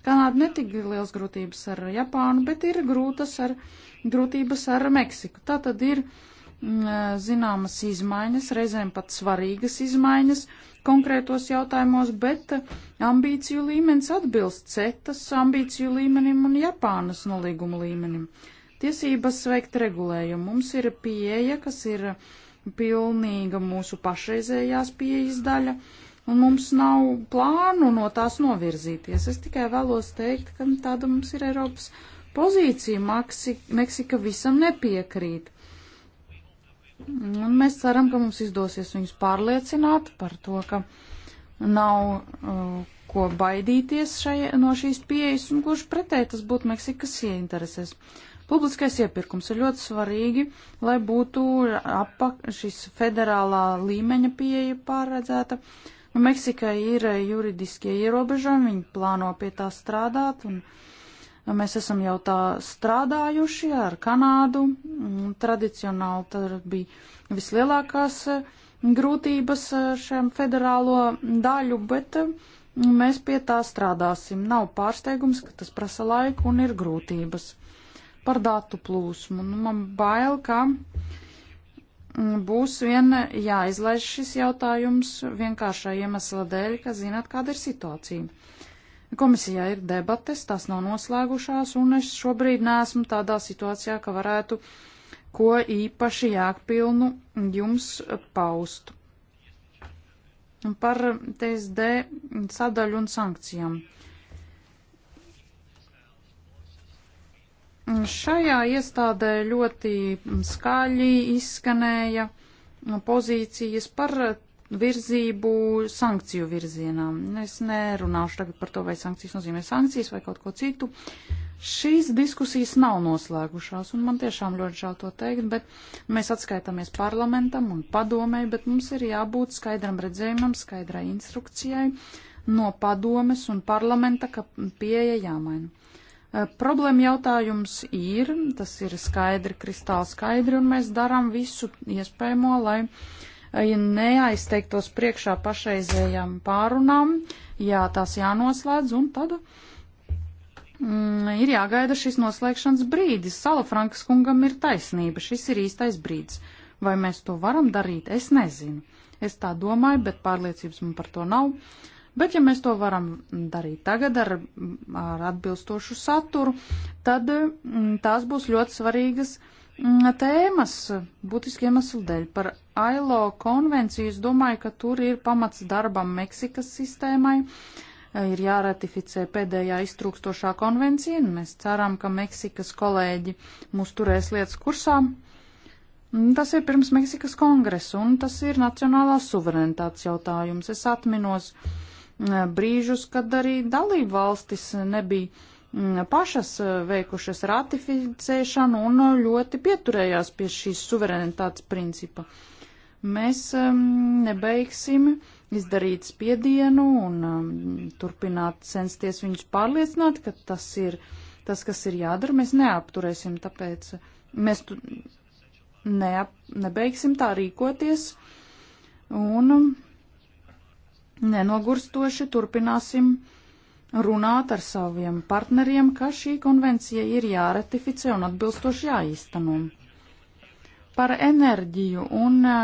Kanādu, netika liels grūtības ar Japānu, bet ir grūtas ar, grūtības ar Meksiku. Tā tad ir mm, eh, zināmas izmaiņas, reizēm pat svarīgas izmaiņas konkrētos jautājumos, bet eh, ambīciju līmenis atbilst CETAS ambīciju līmenim un Japānas nolīguma līmenim. Uh, tiesības veikt regulējumu. Mums ir pieeja, kas ir pilnīga mūsu pašreizējās pieejas daļa, un mums nav plānu no tās novirzīties. Es tikai vēlos teikt, ka tāda mums ir Eiropas pozīcija. Maksi, Meksika visam nepiekrīt. Un mēs ceram, ka mums izdosies viņus pārliecināt par to, ka nav uh, ko baidīties šai, no šīs pieejas, un kurš pretēji tas būtu Meksikas ieinteresēs. Ja Publiskais iepirkums ir ļoti svarīgi, lai būtu apa, šis federālā līmeņa pieeja pārredzēta. Nu, Meksikai ir eh, juridiskie ierobežojumi, viņi plāno pie tā strādāt, un nu, mēs esam jau tā strādājuši ar Kanādu. Tradicionāli tad bija vislielākās eh, grūtības eh, šiem federālo daļu, bet mēs pie tā strādāsim. Nav pārsteigums, ka tas prasa laiku un ir grūtības par datu plūsmu. Nu, man bail, ka mm, būs vien jāizlaiž šis jautājums vienkāršā iemesla dēļ, ka zināt, kāda ir situācija. Komisijā ir debates, tās nav noslēgušās, un es šobrīd neesmu tādā situācijā, ka varētu ko īpaši jākpilnu jums paust. Par TSD sadaļu un sankcijām. Uh, Šajā iestādē ļoti skaļi izskanēja pozīcijas par virzību sankciju virzienā. Es nerunāšu tagad par to, vai sankcijas nozīmē sankcijas vai kaut ko citu. Šīs diskusijas nav noslēgušās, un man tiešām ļoti žēl to teikt, bet mēs atskaitāmies parlamentam un padomēji, bet mums ir jābūt skaidram redzējumam, skaidrai instrukcijai no padomes un parlamenta, ka pieeja jāmaina. Problēma jautājums ir, tas ir skaidri, kristāli skaidri, un mēs darām visu iespējamo, lai neaizteiktos priekšā pašreizējām pārunām, jā, tās jānoslēdz, un tad mm, ir jāgaida šis noslēgšanas brīdis. Sala Frankas kungam ir taisnība, šis ir īstais brīdis. Vai mēs to varam darīt, es nezinu. Es tā domāju, bet pārliecības man par to nav. Uh, Bet, ja mēs to varam darīt tagad ar, ar atbilstošu saturu, tad mm, tās būs ļoti svarīgas mm, tēmas būtiski iemeslu dēļ. Par ILO konvenciju es domāju, ka tur ir pamats darbam Meksikas sistēmai. E, ir jāratificē pēdējā iztrūkstošā konvencija, un mēs ceram, ka Meksikas kolēģi mūs turēs lietas kursā. Mm, tas ir pirms Meksikas kongresa, un tas ir nacionālās suverenitātes jautājums. Es atminos, uh, Eh, brīžus, kad arī dalību valstis nebija mm, pašas eh, veikušas ratificēšanu un ļoti pieturējās pie šīs suverenitātes principa. Mēs nebeigsim izdarīt spiedienu un turpināt censties viņus pārliecināt, ka tas ir tas, kas ir jādara. Mēs neapturēsim, tāpēc eh, mēs neap, nebeigsim tā rīkoties. Un nenogurstoši turpināsim runāt ar saviem partneriem, ka šī konvencija ir jāratificē un atbilstoši jāīsteno. Par enerģiju un e,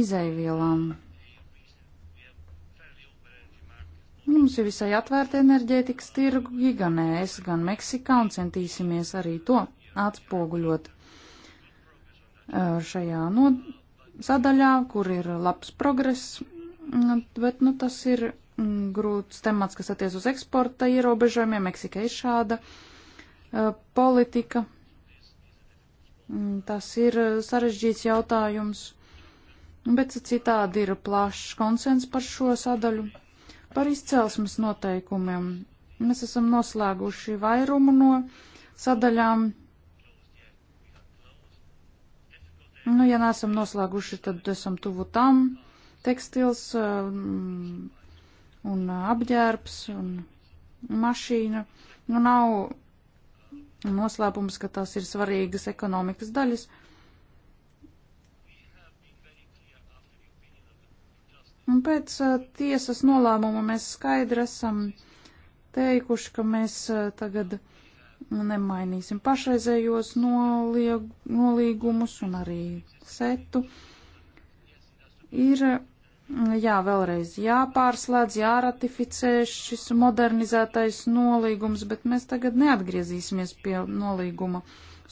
izaivielām. Mums ir visai atvērta enerģētikas tirgi, gan ES, gan Meksikā, un centīsimies arī to atspoguļot e, šajā no sadaļā, kur ir labs progress Mm, bet nu, tas ir mm, grūts temats, kas attiec uz eksporta ierobežojumiem. Meksika ir šāda e, politika. Mm, tas ir e, sarežģīts jautājums, bet citādi ir plašs konsens par šo sadaļu, par izcelsmes noteikumiem. Mēs esam noslēguši vairumu no sadaļām. Nu, ja neesam noslēguši, tad esam tuvu tam tekstils um, un apģērbs un mašīna. Nu, nav noslēpums, ka tās ir svarīgas ekonomikas daļas. Un pēc uh, tiesas nolēmuma mēs skaidri esam teikuši, ka mēs uh, tagad nemainīsim pašreizējos noliegumus un arī setu. Uh, ir mm, jā, vēlreiz jāpārslēdz, jāratificē šis modernizētais nolīgums, bet mēs tagad neatgriezīsimies pie nolīguma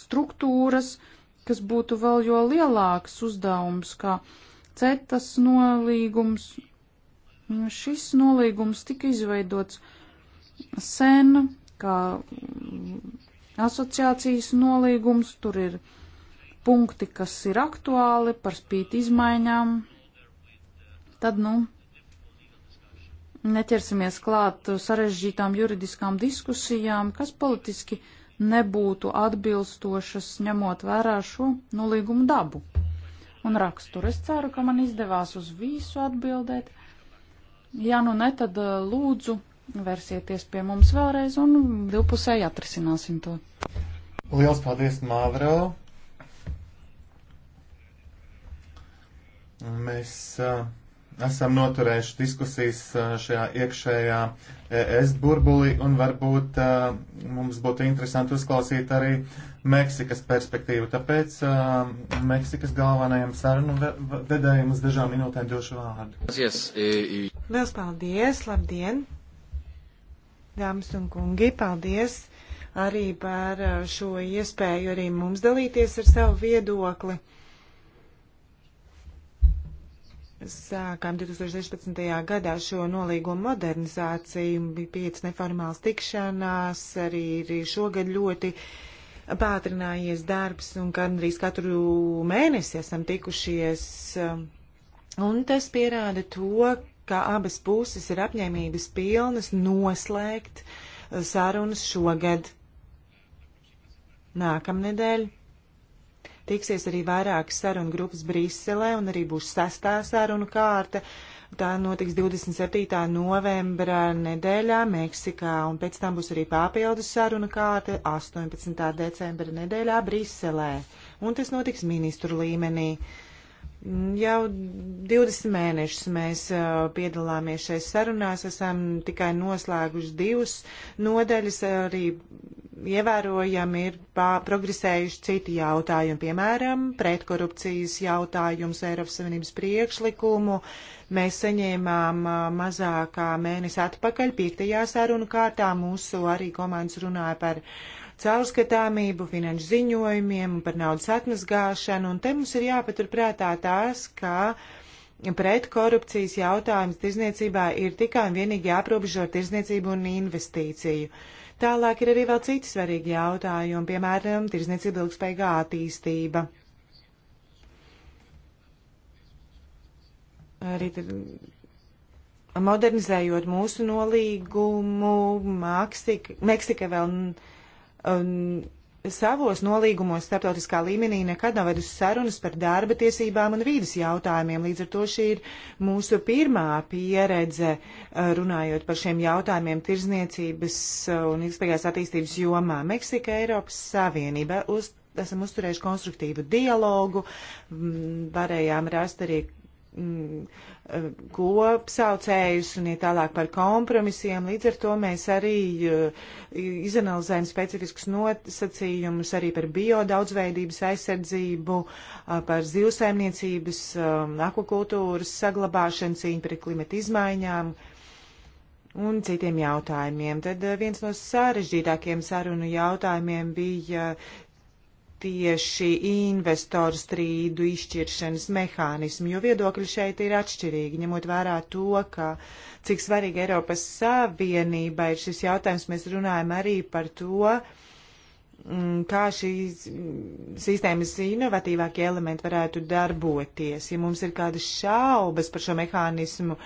struktūras, kas būtu vēl jo lielāks uzdevums, kā cetas nolīgums. Mm, šis nolīgums tika izveidots sen, kā mm, asociācijas nolīgums, tur ir punkti, kas ir aktuāli par spīti izmaiņām, tad, nu, neķersimies klāt sarežģītām juridiskām diskusijām, kas politiski nebūtu atbilstošas ņemot vērā šo nolīgumu dabu un raksturu. Es ceru, ka man izdevās uz visu atbildēt. Ja nu ne, tad uh, lūdzu vērsieties pie mums vēlreiz un divpusēji atrisināsim to. Liels paldies, Māvro! Mēs uh, esam noturējuši diskusijas šajā iekšējā ES burbulī, un varbūt uh, mums būtu interesanti uzklausīt arī Meksikas perspektīvu. Tāpēc uh, Meksikas galvenajam sarunu vedējiem uz dažām minūtēm došu vārdu. Liels paldies, labdien! Dāmas un kungi, paldies arī par šo iespēju arī mums dalīties ar savu viedokli. Sākām 2016. gadā šo nolīgumu modernizāciju, bija piecas neformālas tikšanās, arī, arī šogad ļoti pātrinājies darbs, un gandrīz katru mēnesi esam tikušies. Un tas pierāda to, ka abas puses ir apņēmības pilnas noslēgt sarunas šogad. Nākamnedēļ Tiksies arī vairākas sarunu grupas Briselē un arī būs sestā sarunu kārta. Tā notiks 27. novembra nedēļā Meksikā, un pēc tam būs arī papildus saruna kārta 18. decembra nedēļā Briselē. Un tas notiks ministru līmenī. Jau 20 mēnešus mēs piedalāmies šajās sarunās, esam tikai noslēguši divas nodaļas, arī ievērojami ir progresējuši citi jautājumi, piemēram, pretkorupcijas jautājums Eiropas Savienības priekšlikumu. Mēs saņēmām mazākā mēnesi atpakaļ piektajā sarunu kārtā. Mūsu arī komandas runāja par caurskatāmību, finanšu ziņojumiem un par naudas atmazgāšanu. Un te mums ir jāpaturprātā tās, ka pretkorupcijas jautājums tirzniecībā ir tikai un vienīgi jāprobežo ar tirzniecību un investīciju. Uh, Tālāk ir arī vēl citi svarīgi jautājumi, piemēram, tirzniecība ilgspējīgā attīstība. Arī modernizējot mūsu nolīgumu, Meksika, Meksika vēl. Um, savos nolīgumos starptautiskā līmenī nekad nav vedusi sarunas par darba tiesībām un vīdas jautājumiem. Līdz ar to šī ir mūsu pirmā pieredze uh, runājot par šiem jautājumiem tirzniecības uh, un ilgspējās attīstības jomā. Meksika, Eiropas Savienība. Uz esam uzturējuši konstruktīvu dialogu, mm, varējām rast arī Mm, eh, kopsaucējus un iet tālāk par kompromisiem. Līdz ar to mēs arī eh, izanalizējam specifiskus nosacījumus arī par biodaudzveidības aizsardzību, eh, par zivsaimniecības, akvakultūras saglabāšanu, cīņu pret klimata izmaiņām un citiem jautājumiem. Tad viens no sarežģītākiem sarunu jautājumiem bija tieši investoru strīdu izšķiršanas mehānismu, jo viedokļi šeit ir atšķirīgi, ņemot vērā to, ka cik svarīgi Eiropas Savienība ir šis jautājums, mēs runājam arī par to, mm, kā šīs sistēmas inovatīvākie elementi varētu darboties. Ja mums ir kādas šaubas par šo mehānismu,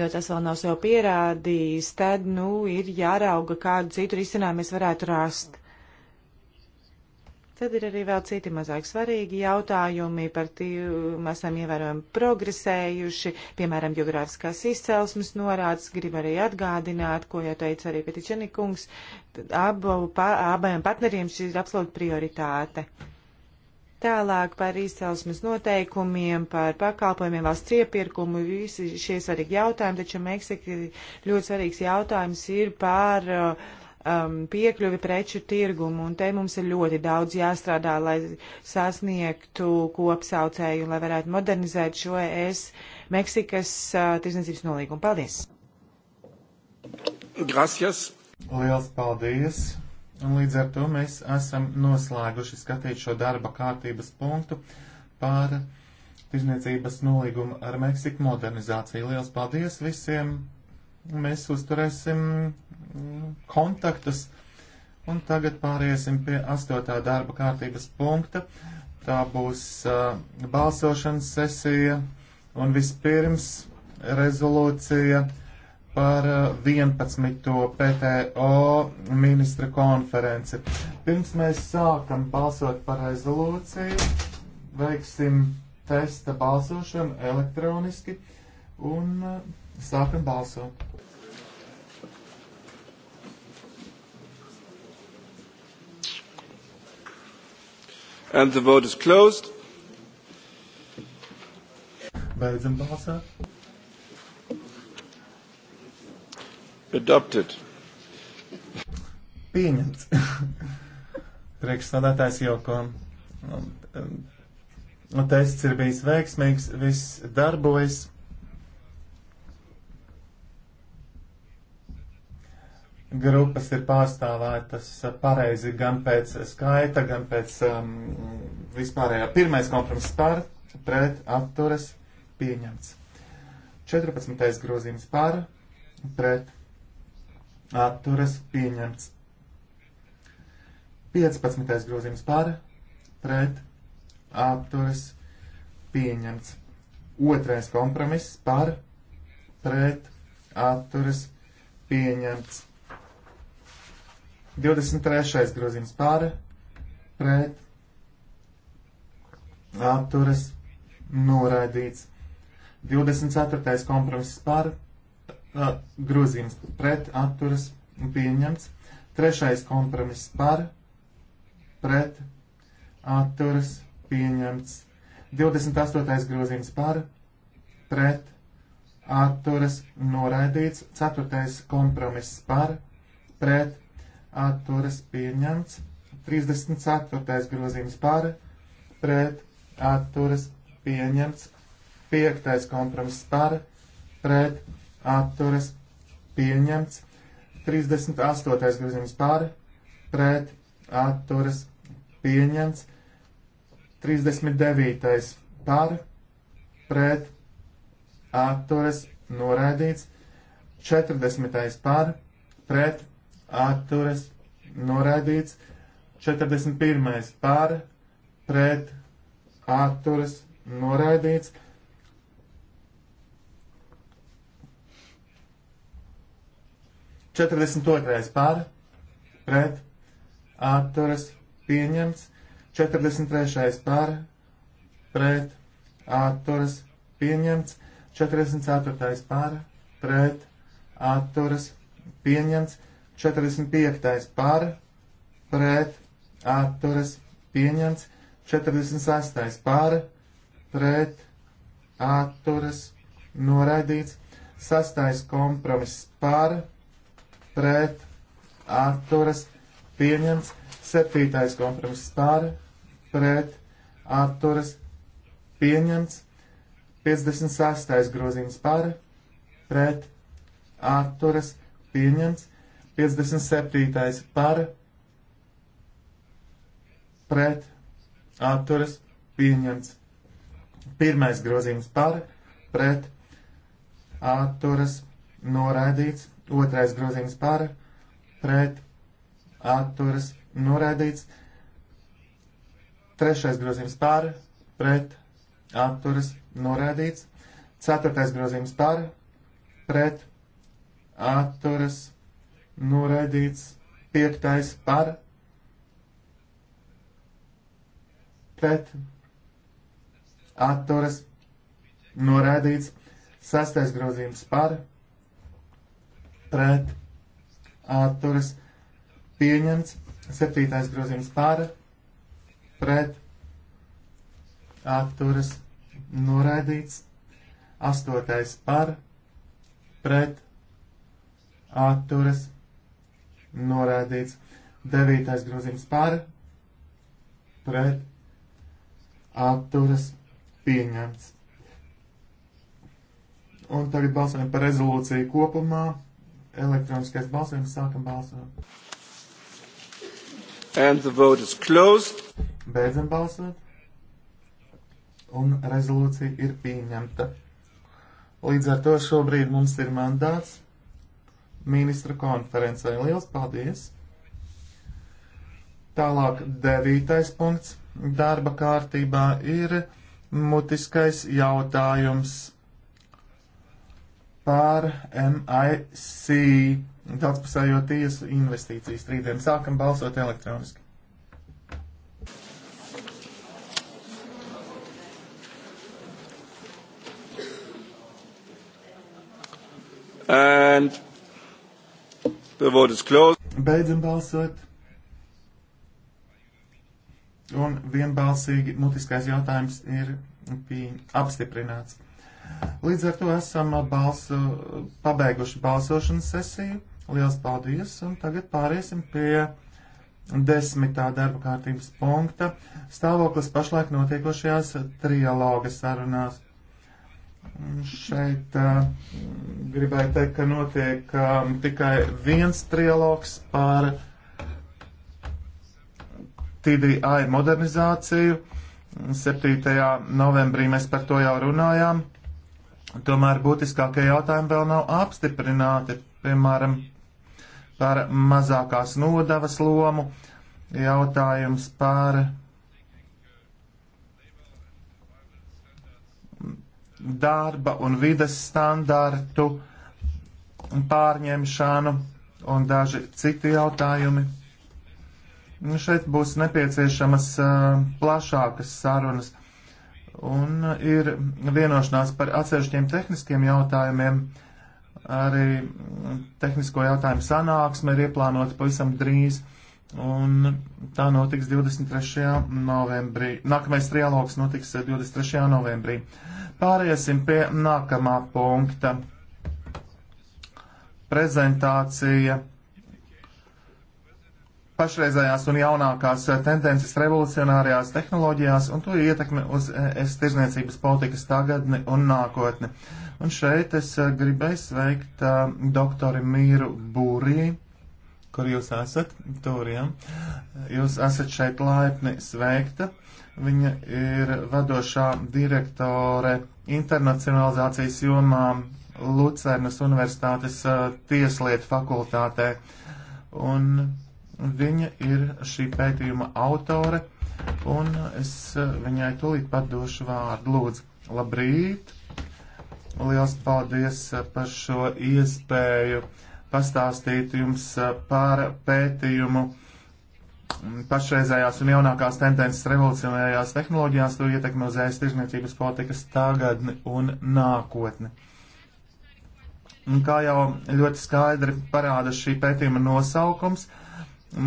jo tas vēl nav sev pierādījis, tad, nu, ir jārauga, kādu citu risinājumu mēs varētu rast Tad ir arī vēl citi mazāk svarīgi jautājumi, par tiem esam ievērojami progresējuši, piemēram, geogrāfiskās izcelsmes norādes, grib arī atgādināt, ko jau teica arī Petičenikungs, abu, pa, abajiem partneriem šī ir absolūta prioritāte tālāk par izcelsmes noteikumiem, par pakalpojumiem, valsts iepirkumu, visi šie svarīgi jautājumi, taču Meksika ļoti svarīgs jautājums ir par uh, um, piekļuvi preču tirgumu, un te mums ir ļoti daudz jāstrādā, lai sasniegtu kopsaucēju un lai varētu modernizēt šo ES Meksikas uh, tirsniecības nolīgumu. Paldies! Gracias! Liels paldies! Un līdz ar to mēs esam noslēguši skatīt šo darba kārtības punktu par tirzniecības nolīgumu ar Meksiku modernizāciju. Lielas paldies visiem! mēs uzturēsim mm, kontaktus. Un tagad pāriesim pie astotā darba kārtības punkta. Tā būs uh, balsošanas sesija un vispirms rezolūcija par 11. Uh, PTO ministra konferenci. Pirms mēs sākam balsot par rezolūciju, veiksim testa balsošanu elektroniski un uh, Sākam balsot. And the vote is closed. Beidzam balsot. Adopted. Pieņemts. Priekšstādātājs joko. Um, um, tests ir bijis veiksmīgs, viss darbojas. grupas ir pārstāvētas eh, pareizi gan pēc skaita, gan pēc um, vispārējā. Pirmais kompromiss par, pret, atturas, pieņemts. 14. grozījums par, pret, atturas, pieņemts. 15. grozījums par, pret, atturas, pieņemts. Otrais kompromiss par, pret, atturas, pieņemts. 23. grozījums pāri, pret, atturas, noraidīts. 24. kompromiss par grozījums pret atturas pieņemts. 3. kompromiss par pret atturas pieņemts. 28. grozījums par pret atturas noraidīts. 4. kompromiss par pret atturas pieņemts. 34. grozījums par, pret, atturas pieņemts. 5. kompromiss par, pret, atturas pieņemts. 38. grozījums par, pret, atturas pieņemts. 39. par, pret, atturas noraidīts. 40. par, pret, atturas noraidīts, 41. par pret atturas noraidīts. Četrdesmit otrais pār, pret, atturas, pieņemts. Četrdesmit trešais pār, pret, atturas, pieņemts. Četrdesmit ceturtais pār, pret, atturas, pieņemts. 45. par, pret, atturas, pieņemts. 46. par, pret, atturas, noraidīts. 6. kompromiss par, pret, atturas, pieņemts. 7. kompromiss par, pret, atturas, pieņemts. 56. grozījums par, pret, atturas, pieņemts. 57. par pret atturas pieņemts. Pirmais grozījums par pret atturas noraidīts. Otrais grozījums par pret atturas noraidīts. Trešais grozījums par pret atturas noraidīts. Ceturtais grozījums par pret atturas noraidīts noraidīts, piektais par, pret, atturas, noraidīts, sastais grozījums par, pret, atturas, pieņemts, septītais grozījums par, pret, atturas, noraidīts, astotais par, pret, atturas, norādīts. Devītais grozījums par, pret, atturas, pieņemts. Un tagad balsojam par rezolūciju kopumā. Elektroniskais balsojums sākam balsot. And the vote is closed. Beidzam balsot. Un rezolūcija ir pieņemta. Līdz ar to šobrīd mums ir mandāts ministra konferencē. Liels paldies! Tālāk devītais punkts darba kārtībā ir mutiskais jautājums par MIC daudzpusējo tiesu investīcijas strīdiem. Sākam balsot elektroniski. And The vote is closed. Beidzam balsot. Un vienbalsīgi mutiskais jautājums ir apstiprināts. Līdz ar to esam balsu, pabeiguši balsošanas sesiju. Liels paldies! Un tagad pāriesim pie desmitā darba kārtības punkta - stāvoklis pašlaik notiekošajās trialoga sarunās. Šeit gribēju teikt, ka notiek tikai viens trialogs par TDI modernizāciju. 7. novembrī mēs par to jau runājām. Tomēr būtiskākie jautājumi vēl nav apstiprināti, piemēram, par mazākās nodavas lomu, jautājums par darba un vides standartu pārņemšanu un daži citi jautājumi. Nu, šeit būs nepieciešamas uh, plašākas sarunas un ir vienošanās par atsevišķiem tehniskiem jautājumiem. Arī tehnisko jautājumu sanāksme ir ieplānota pavisam drīz. Un tā notiks 23. novembrī. Nākamais trialogs notiks 23. novembrī. Pāriesim pie nākamā punkta. Prezentācija pašreizējās un jaunākās tendences revolucionārajās tehnoloģijās un to ietekmi uz es tirzniecības politikas tagadni un nākotni. Un šeit es eh, gribēju sveikt uh, eh, doktori Mīru Būrī, kur jūs esat, tur, ja? Jūs esat šeit laipni sveikta. Uh, Viņa ir vadošā direktore internacionalizācijas jomā Lucernas Universitātes uh, Tieslietu fakultātē. Un viņa ir šī pētījuma autore, un es uh, viņai tūlīt pat došu vārdu. Lūdzu, labrīt! Liels paldies uh, par šo iespēju pastāstīt jums par pētījumu pašreizējās un jaunākās tendences revolucionējās tehnoloģijās, to ietekmē uz ēst tirzniecības politikas tagadni un nākotni. Un kā jau ļoti skaidri parāda šī pētījuma nosaukums,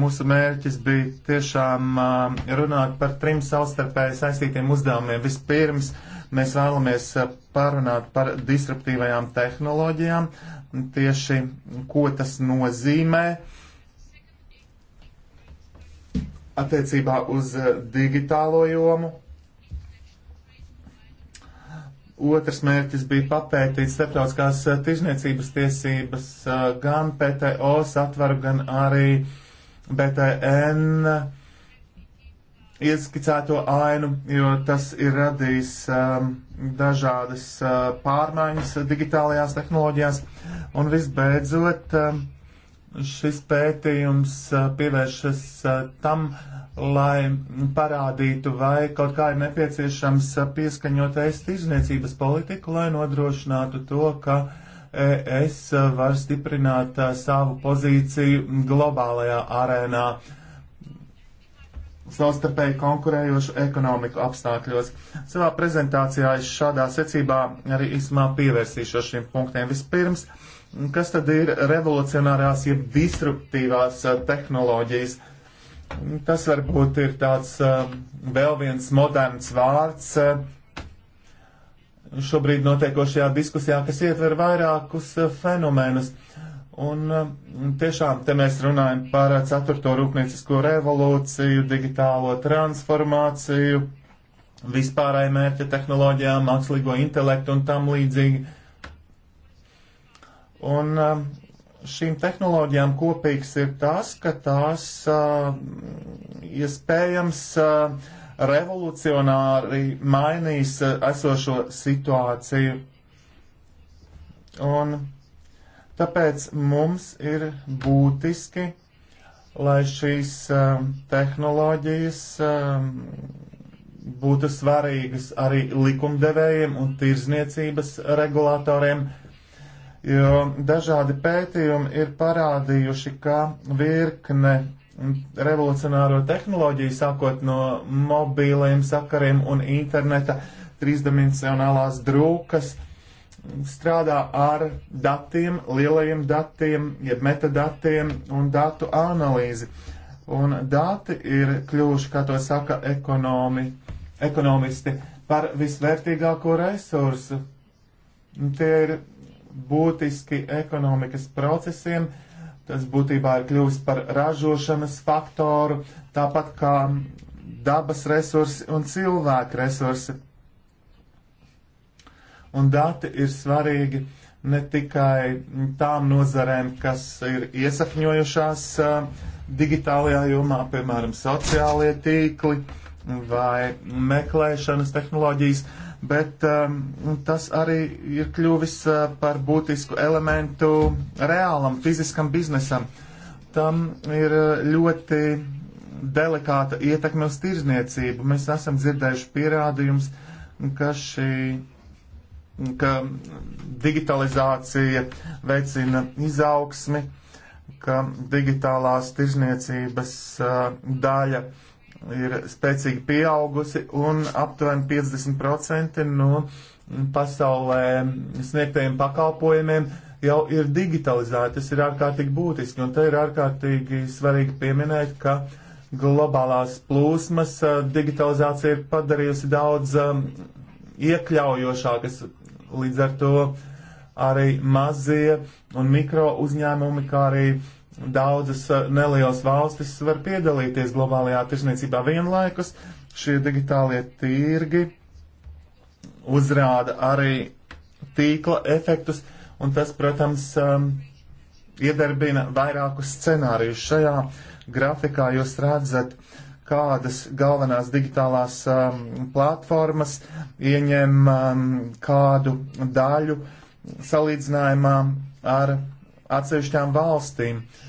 mūsu mērķis bija tiešām uh, runāt par trim savstarpēji saistītiem uzdevumiem. Vispirms mēs vēlamies parunāt par disruptīvajām tehnoloģijām, tieši ko tas nozīmē uh, attiecībā uz eh, digitālo jomu. Otrs mērķis bija papētīt starptautiskās eh, tirzniecības tiesības eh, gan PTO satvaru, gan arī BTN ieskicēto ainu, jo tas ir radījis um, dažādas uh, pārmaiņas digitālajās tehnoloģijās. Un visbeidzot, um, šis pētījums pievēršas tam, lai parādītu, vai kaut kā ir nepieciešams pieskaņot es tirzniecības politiku, lai nodrošinātu to, ka es varu stiprināt savu pozīciju globālajā arēnā savstarpēji konkurējošu ekonomiku apstākļos. Savā prezentācijā es šādā secībā arī īsumā pievērsīšos šiem punktiem. Vispirms, uh, Kas tad ir revolucionārās, jeb disruptīvās eh, tehnoloģijas? Tas varbūt ir tāds eh, vēl viens moderns vārds eh, šobrīd notiekošajā diskusijā, kas ietver vairākus fenomenus. Un tiešām te mēs runājam par ceturto rūpniecisko revolūciju, digitālo transformāciju, vispārēju mērķa tehnoloģijām, mākslīgo intelektu un tam līdzīgi. Un uh, šīm tehnoloģijām kopīgs ir tas, ka tās uh, iespējams ja uh, revolucionāri mainīs esošo situāciju. Un tāpēc mums ir būtiski, lai šīs tehnoloģijas būtu svarīgas arī likumdevējiem un tirzniecības regulātoriem, jo dažādi pētījumi ir parādījuši, ka virkne revolucionāro tehnoloģiju, sākot no mobīliem sakariem un interneta, trīsdimensionālās drūkas, strādā ar datiem, lielajiem datiem, jeb metadatiem un datu analīzi. Un dati ir kļuvuši, kā to saka ekonomi, ekonomisti, par visvērtīgāko resursu. Tie ir būtiski ekonomikas procesiem. Tas būtībā ir kļuvis par ražošanas faktoru, tāpat kā dabas resursi un cilvēku resursi. Un dati ir svarīgi ne tikai tām nozarēm, kas ir iesakņojušās uh, digitālajā jomā, piemēram, sociālie tīkli vai meklēšanas tehnoloģijas, uh, bet um, tas arī ir kļuvis uh, par būtisku elementu reālam fiziskam biznesam. Tam ir uh, ļoti delikāta ietekme uz tirzniecību. Mēs esam dzirdējuši pierādījums, ka šī ka digitalizācija veicina izaugsmi, ka digitālās tirzniecības uh, daļa uh, ir spēcīgi pieaugusi un aptuveni 50% no pasaulē sniegtajiem pakalpojumiem jau ir digitalizēti. Tas ir ārkārtīgi būtiski un te ir ārkārtīgi svarīgi pieminēt, ka globālās plūsmas digitalizācija ir padarījusi daudz iekļaujošākas līdz ar to arī mazie un mikro uzņēmumi, kā arī uh, daudzas eh, nelielas valstis var piedalīties globālajā tirzniecībā vienlaikus. Šie digitālie tirgi uzrāda arī tīkla efektus, un tas, protams, um, iedarbina vairākus scenārijus. Šajā grafikā jūs redzat, kādas galvenās digitālās um, platformas ieņem um, kādu daļu salīdzinājumā ar atsevišķām valstīm. Uh,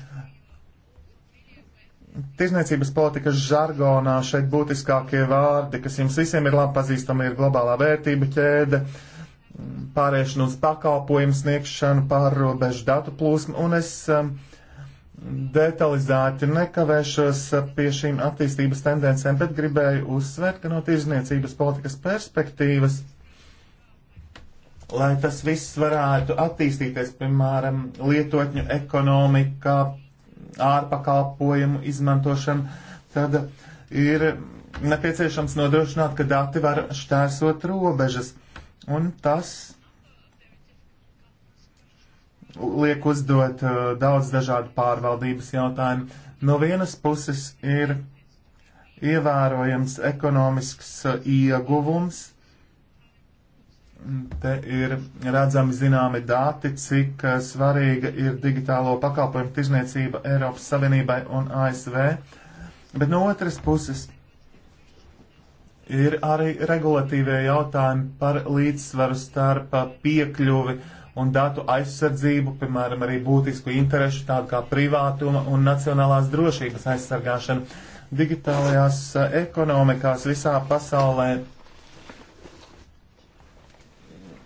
Tirzniecības politikas žargonā šeit būtiskākie vārdi, kas jums visiem ir labi pazīstami, ir globālā vērtība ķēde, pāriešana uz pakalpojumu sniegšanu, pārrobežu datu plūsmu, un es um, detalizēti nekavēšos pie šīm attīstības tendencēm, bet gribēju uzsvērt, ka no tirzniecības politikas perspektīvas, lai tas viss varētu attīstīties, piemēram, lietotņu ekonomikā, ārpakalpojumu izmantošanu, tad ir nepieciešams nodrošināt, ka dati var šķērsot robežas. Un tas liek uzdot uh, daudz dažādu pārvaldības jautājumu. No vienas puses ir ievērojams ekonomisks uh, ieguvums Te ir redzami zināmi dati, cik svarīga ir digitālo pakalpojumu tirzniecība Eiropas Savienībai un ASV, bet no otras puses ir arī regulatīvie jautājumi par līdzsvaru starp piekļuvi un datu aizsardzību, piemēram, arī būtisku interešu tādu kā privātuma un nacionālās drošības aizsargāšanu. Digitālajās ekonomikās visā pasaulē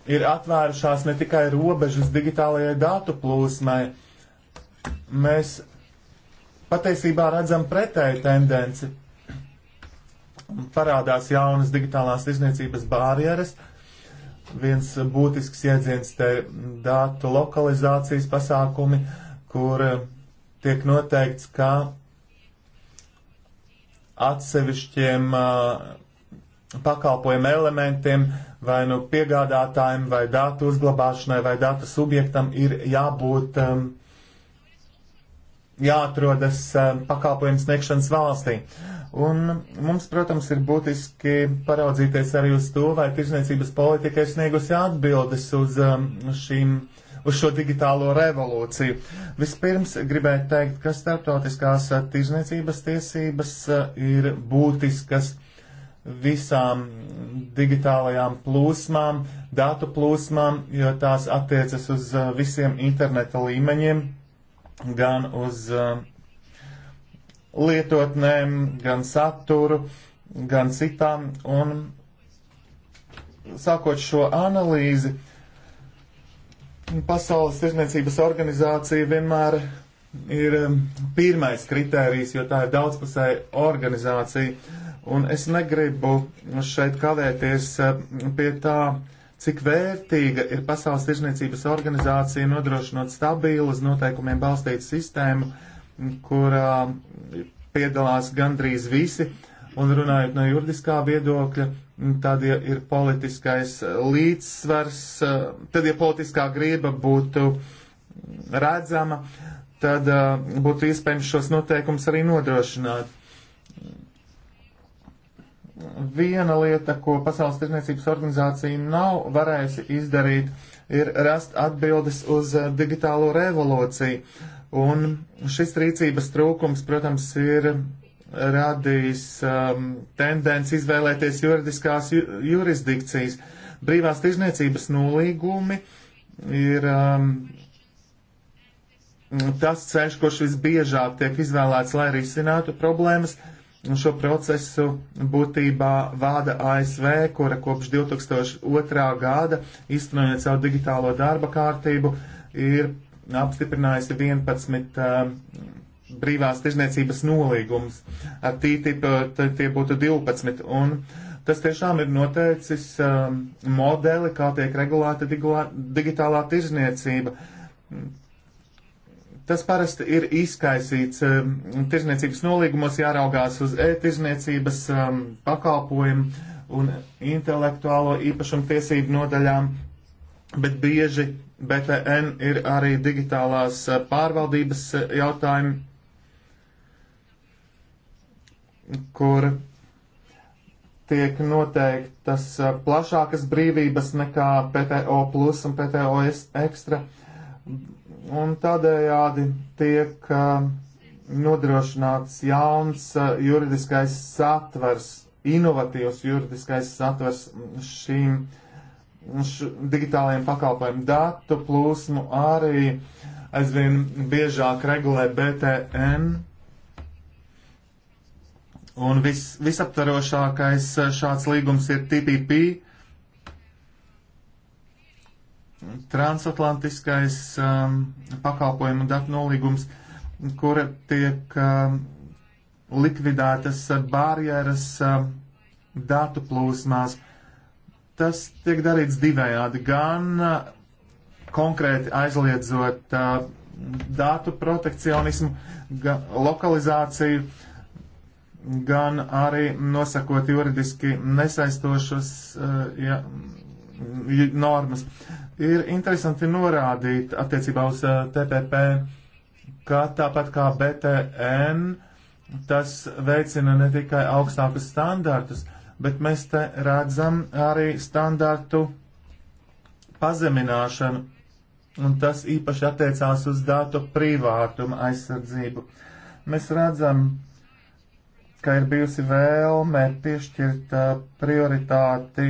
ir atvērušās ne tikai robežas digitālajai datu plūsmai. Mēs patiesībā redzam pretēju tendenci. Parādās jaunas digitālās izniecības barjeras. Viens būtisks iedziens te datu lokalizācijas pasākumi, kur eh, tiek noteikts, ka atsevišķiem uh, pakalpojumu elementiem uh, vai nu piegādātājiem, vai datu uzglabāšanai, vai datu subjektam ir jābūt, um, jāatrodas um, pakalpojums sniegšanas valstī. Un mums, protams, ir būtiski paraudzīties arī uz to, vai tirzniecības politika ir sniegusi atbildes uz um, šīm uz šo digitālo revolūciju. Vispirms gribētu teikt, ka starptautiskās tirzniecības tiesības uh, ir būtiskas visām digitālajām plūsmām, datu plūsmām, jo tās attiecas uz uh, visiem interneta līmeņiem, gan uz uh, lietotnēm, gan saturu, gan citām. Un sākot šo analīzi, Pasaules tirsniecības organizācija vienmēr ir um, pirmais kritērijs, jo tā ir daudzpusēja organizācija Un es negribu šeit kavēties eh, pie tā, cik vērtīga ir Pasaules tirzniecības organizācija nodrošinot stabilu, uz noteikumiem balstītu sistēmu, kurā piedalās gandrīz visi. Un runājot no juridiskā viedokļa, tad, ja ir politiskais līdzsvars, eh, tad, ja politiskā grība būtu redzama, tad eh, būtu iespējams šos noteikumus arī nodrošināt. Viena lieta, ko Pasaules tirdzniecības organizācija nav varējusi izdarīt, ir rast atbildes uz eh, digitālo revolūciju. Un šis rīcības trūkums, protams, ir radījis um, ehm, tendenci izvēlēties juridiskās ju jurisdikcijas. Brīvās tirdzniecības nolīgumi ir um, tas ceļš, kurš visbiežāk tiek izvēlēts, lai risinātu problēmas. Uh, Šo procesu būtībā vāda ASV, kura kopš 2002. gada, izstrādājot savu digitālo darba kārtību, ir apstiprinājusi 11 uh, um, brīvās tirzniecības nolīgumus. Ar TTIP tie būtu 12. Un tas tiešām ir noteicis um, modeli, kā tiek regulēta digitālā tirzniecība. Tas parasti ir izkaisīts um, tirzniecības nolīgumos, jāraugās uz e-tirzniecības um, pakalpojumu un intelektuālo īpašumu tiesību nodaļām, bet bieži BTN ir arī digitālās uh, pārvaldības uh, jautājumi, kur tiek noteiktas uh, plašākas brīvības nekā PTO plus un PTO ekstra un tādējādi tiek nodrošināts jauns juridiskais satvers, inovatīvs juridiskais satvers šīm š, digitālajiem pakalpojumiem. Datu plūsmu arī aizvien biežāk regulē BTN. Un vis, visaptvarošākais šāds līgums ir TPP, transatlantiskais um, pakalpojumu datu nolīgums, kura tiek um, likvidētas barjeras um, datu plūsmās. Tas tiek darīts divējādi, gan uh, konkrēti aizliedzot uh, datu protekcionismu, gan lokalizāciju, gan arī nosakot juridiski nesaistošas uh, ja, normas. Ir interesanti norādīt attiecībā uz eh, TPP, ka tāpat kā BTN, tas veicina ne tikai augstākus standartus, bet mēs te redzam arī standartu pazemināšanu, un tas īpaši attiecās uz datu privātuma aizsardzību. Mēs redzam, ka ir bijusi vēlme piešķirt eh, prioritāti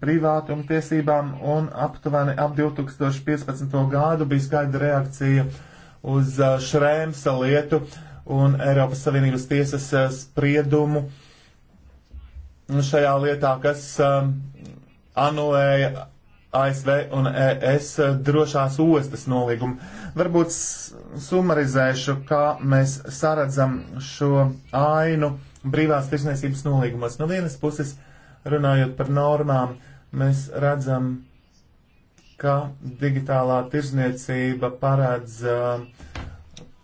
privātuma tiesībām un aptuveni ap 2015. gadu bija skaidra reakcija uz uh, Šrēmsa lietu un Eiropas Savienības tiesas uh, spriedumu šajā lietā, kas um, anulēja ASV un ES drošās ostas nolīgumu. Varbūt sumarizēšu, kā mēs saredzam šo ainu brīvās tirsniecības nolīgumos. No vienas puses, uh, Runājot par normām, mēs redzam, ka digitālā tirzniecība paredz uh,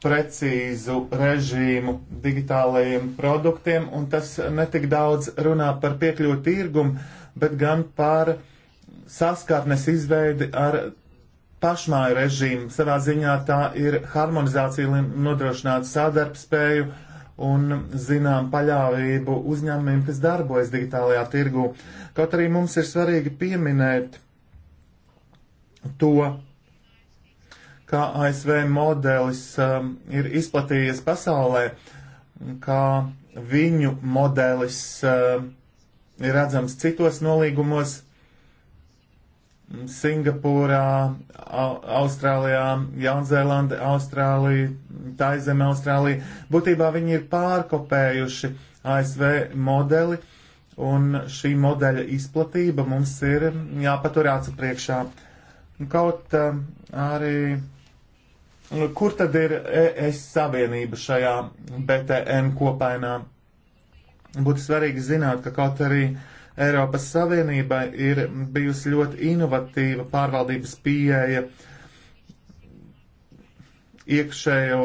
precīzu režīmu digitālajiem produktiem, un tas netik daudz runā par piekļuvu tirgumu, bet gan par saskārnes izveidi ar pašmāju režīmu. Savā ziņā tā ir harmonizācija, lai nodrošinātu sadarbspēju un zinām paļāvību uzņēmumiem, kas darbojas digitālajā tirgu. Kaut arī mums ir svarīgi pieminēt to, kā ASV modelis um, ir izplatījies pasaulē, kā viņu modelis um, ir redzams citos nolīgumos Singapūrā, Austrālijā, Jaunzēlande, Austrālija, Taizeme, Austrālija. Būtībā viņi ir pārkopējuši ASV modeli, un šī modeļa izplatība mums ir jāpatur acu priekšā. Kaut um, arī, kur tad ir ES savienība šajā BTN kopainā? Būtu svarīgi zināt, ka kaut arī uh, Eiropas Savienībai ir bijusi ļoti inovatīva pārvaldības pieeja iekšējo,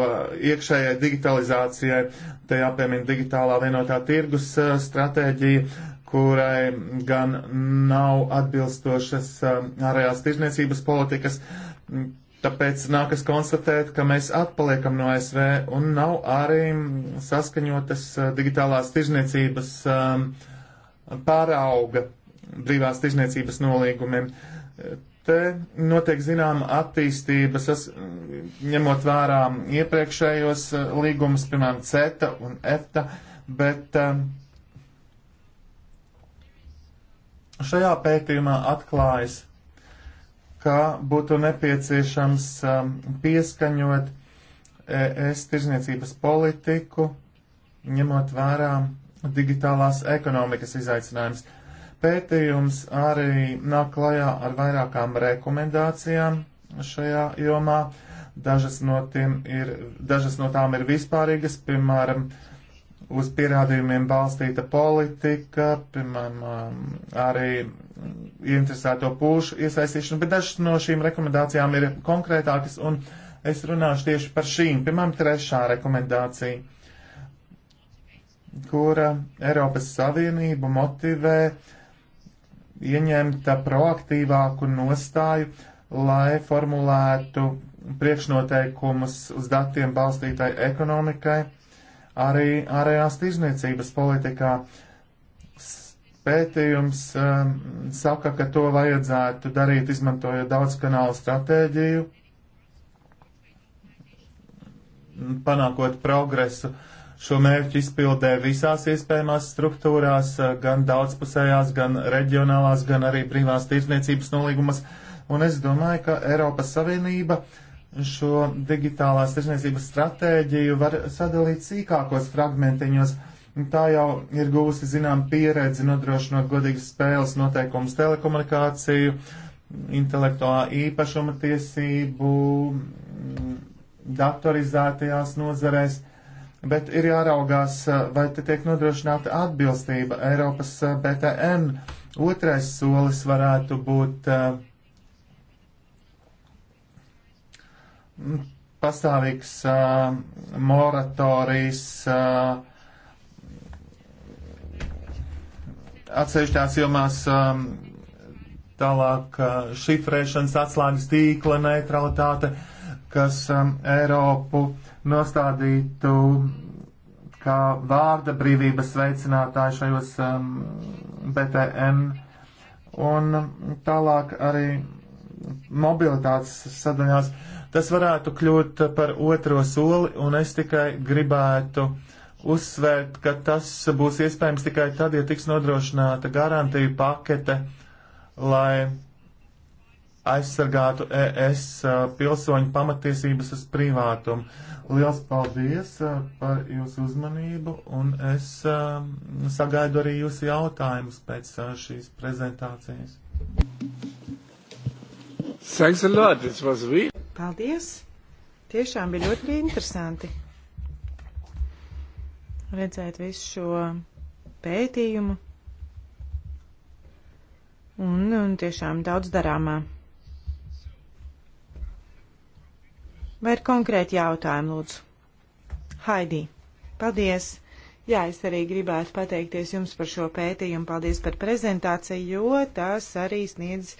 iekšējai digitalizācijai. Te jāpiemina digitālā vienotā tirgus uh, stratēģija, kurai gan nav atbilstošas um, ārējās tirzniecības politikas. Mm, tāpēc nākas konstatēt, ka mēs atpaliekam no ASV un nav arī saskaņotas uh, digitālās tirzniecības uh, pārauga brīvās tirzniecības nolīgumiem. Te notiek zināma attīstība, ņemot vērā iepriekšējos eh, līgumus, piemēram, CETA un EFTA, bet eh, šajā pētījumā atklājas, ka būtu nepieciešams eh, pieskaņot ES tirzniecības politiku, ņemot vērā digitālās ekonomikas izaicinājums. Pētījums arī nāk klajā ar vairākām rekomendācijām šajā jomā. Dažas no, ir, dažas no tām ir vispārīgas, piemēram, uz pierādījumiem balstīta politika, piemēram, arī interesēto pušu iesaistīšanu, bet dažas no šīm rekomendācijām ir konkrētākas, un es runāšu tieši par šīm. Piemēram, trešā rekomendācija kura Eiropas Savienību motivē ieņemta proaktīvāku nostāju, lai formulētu priekšnoteikumus uz datiem balstītai ekonomikai, arī ārējās tirzniecības politikā. Pētījums um, saka, ka to vajadzētu darīt, izmantojot daudzkanālu stratēģiju, panākot progresu uh, šo mērķu izpildē visās iespējamās struktūrās, eh, gan daudzpusējās, gan reģionālās, gan arī brīvās tirsniecības nolīgumas. Un es domāju, ka Eiropas Savienība šo digitālās tirsniecības stratēģiju var sadalīt sīkākos fragmentiņos. Tā jau ir gūsi zinām pieredzi nodrošinot godīgas spēles noteikumus telekomunikāciju, intelektuālā īpašuma tiesību, datorizētajās nozarēs. Uh, bet ir jāraugās, eh, vai te tiek nodrošināta atbilstība Eiropas eh, BTN. Otrais solis varētu būt uh, pastāvīgs uh, moratorijas uh, atsevišķās jomās um, tālāk šifrēšanas atslēgas tīkla neutralitāte, kas um, Eiropu uh, nostādītu kā vārda brīvības veicinātāju šajos um, BTN un tālāk arī mobilitātes sadaļās. Tas varētu kļūt par otro soli, un es tikai gribētu uzsvērt, ka tas būs iespējams tikai tad, ja tiks nodrošināta garantija pakete, lai aizsargātu ES pilsoņu pamatiesības uz privātumu. Liels paldies par jūsu uzmanību un es sagaidu arī jūsu jautājumus pēc šīs prezentācijas. Thanks a lot. This was real. Paldies. Tiešām bija ļoti interesanti redzēt visu šo pētījumu un, un tiešām daudz darāmā. Vai ir konkrēti jautājumi, lūdzu? Haidī, paldies! Jā, es arī gribētu pateikties jums par šo pētījumu, paldies par prezentāciju, jo tas arī sniedz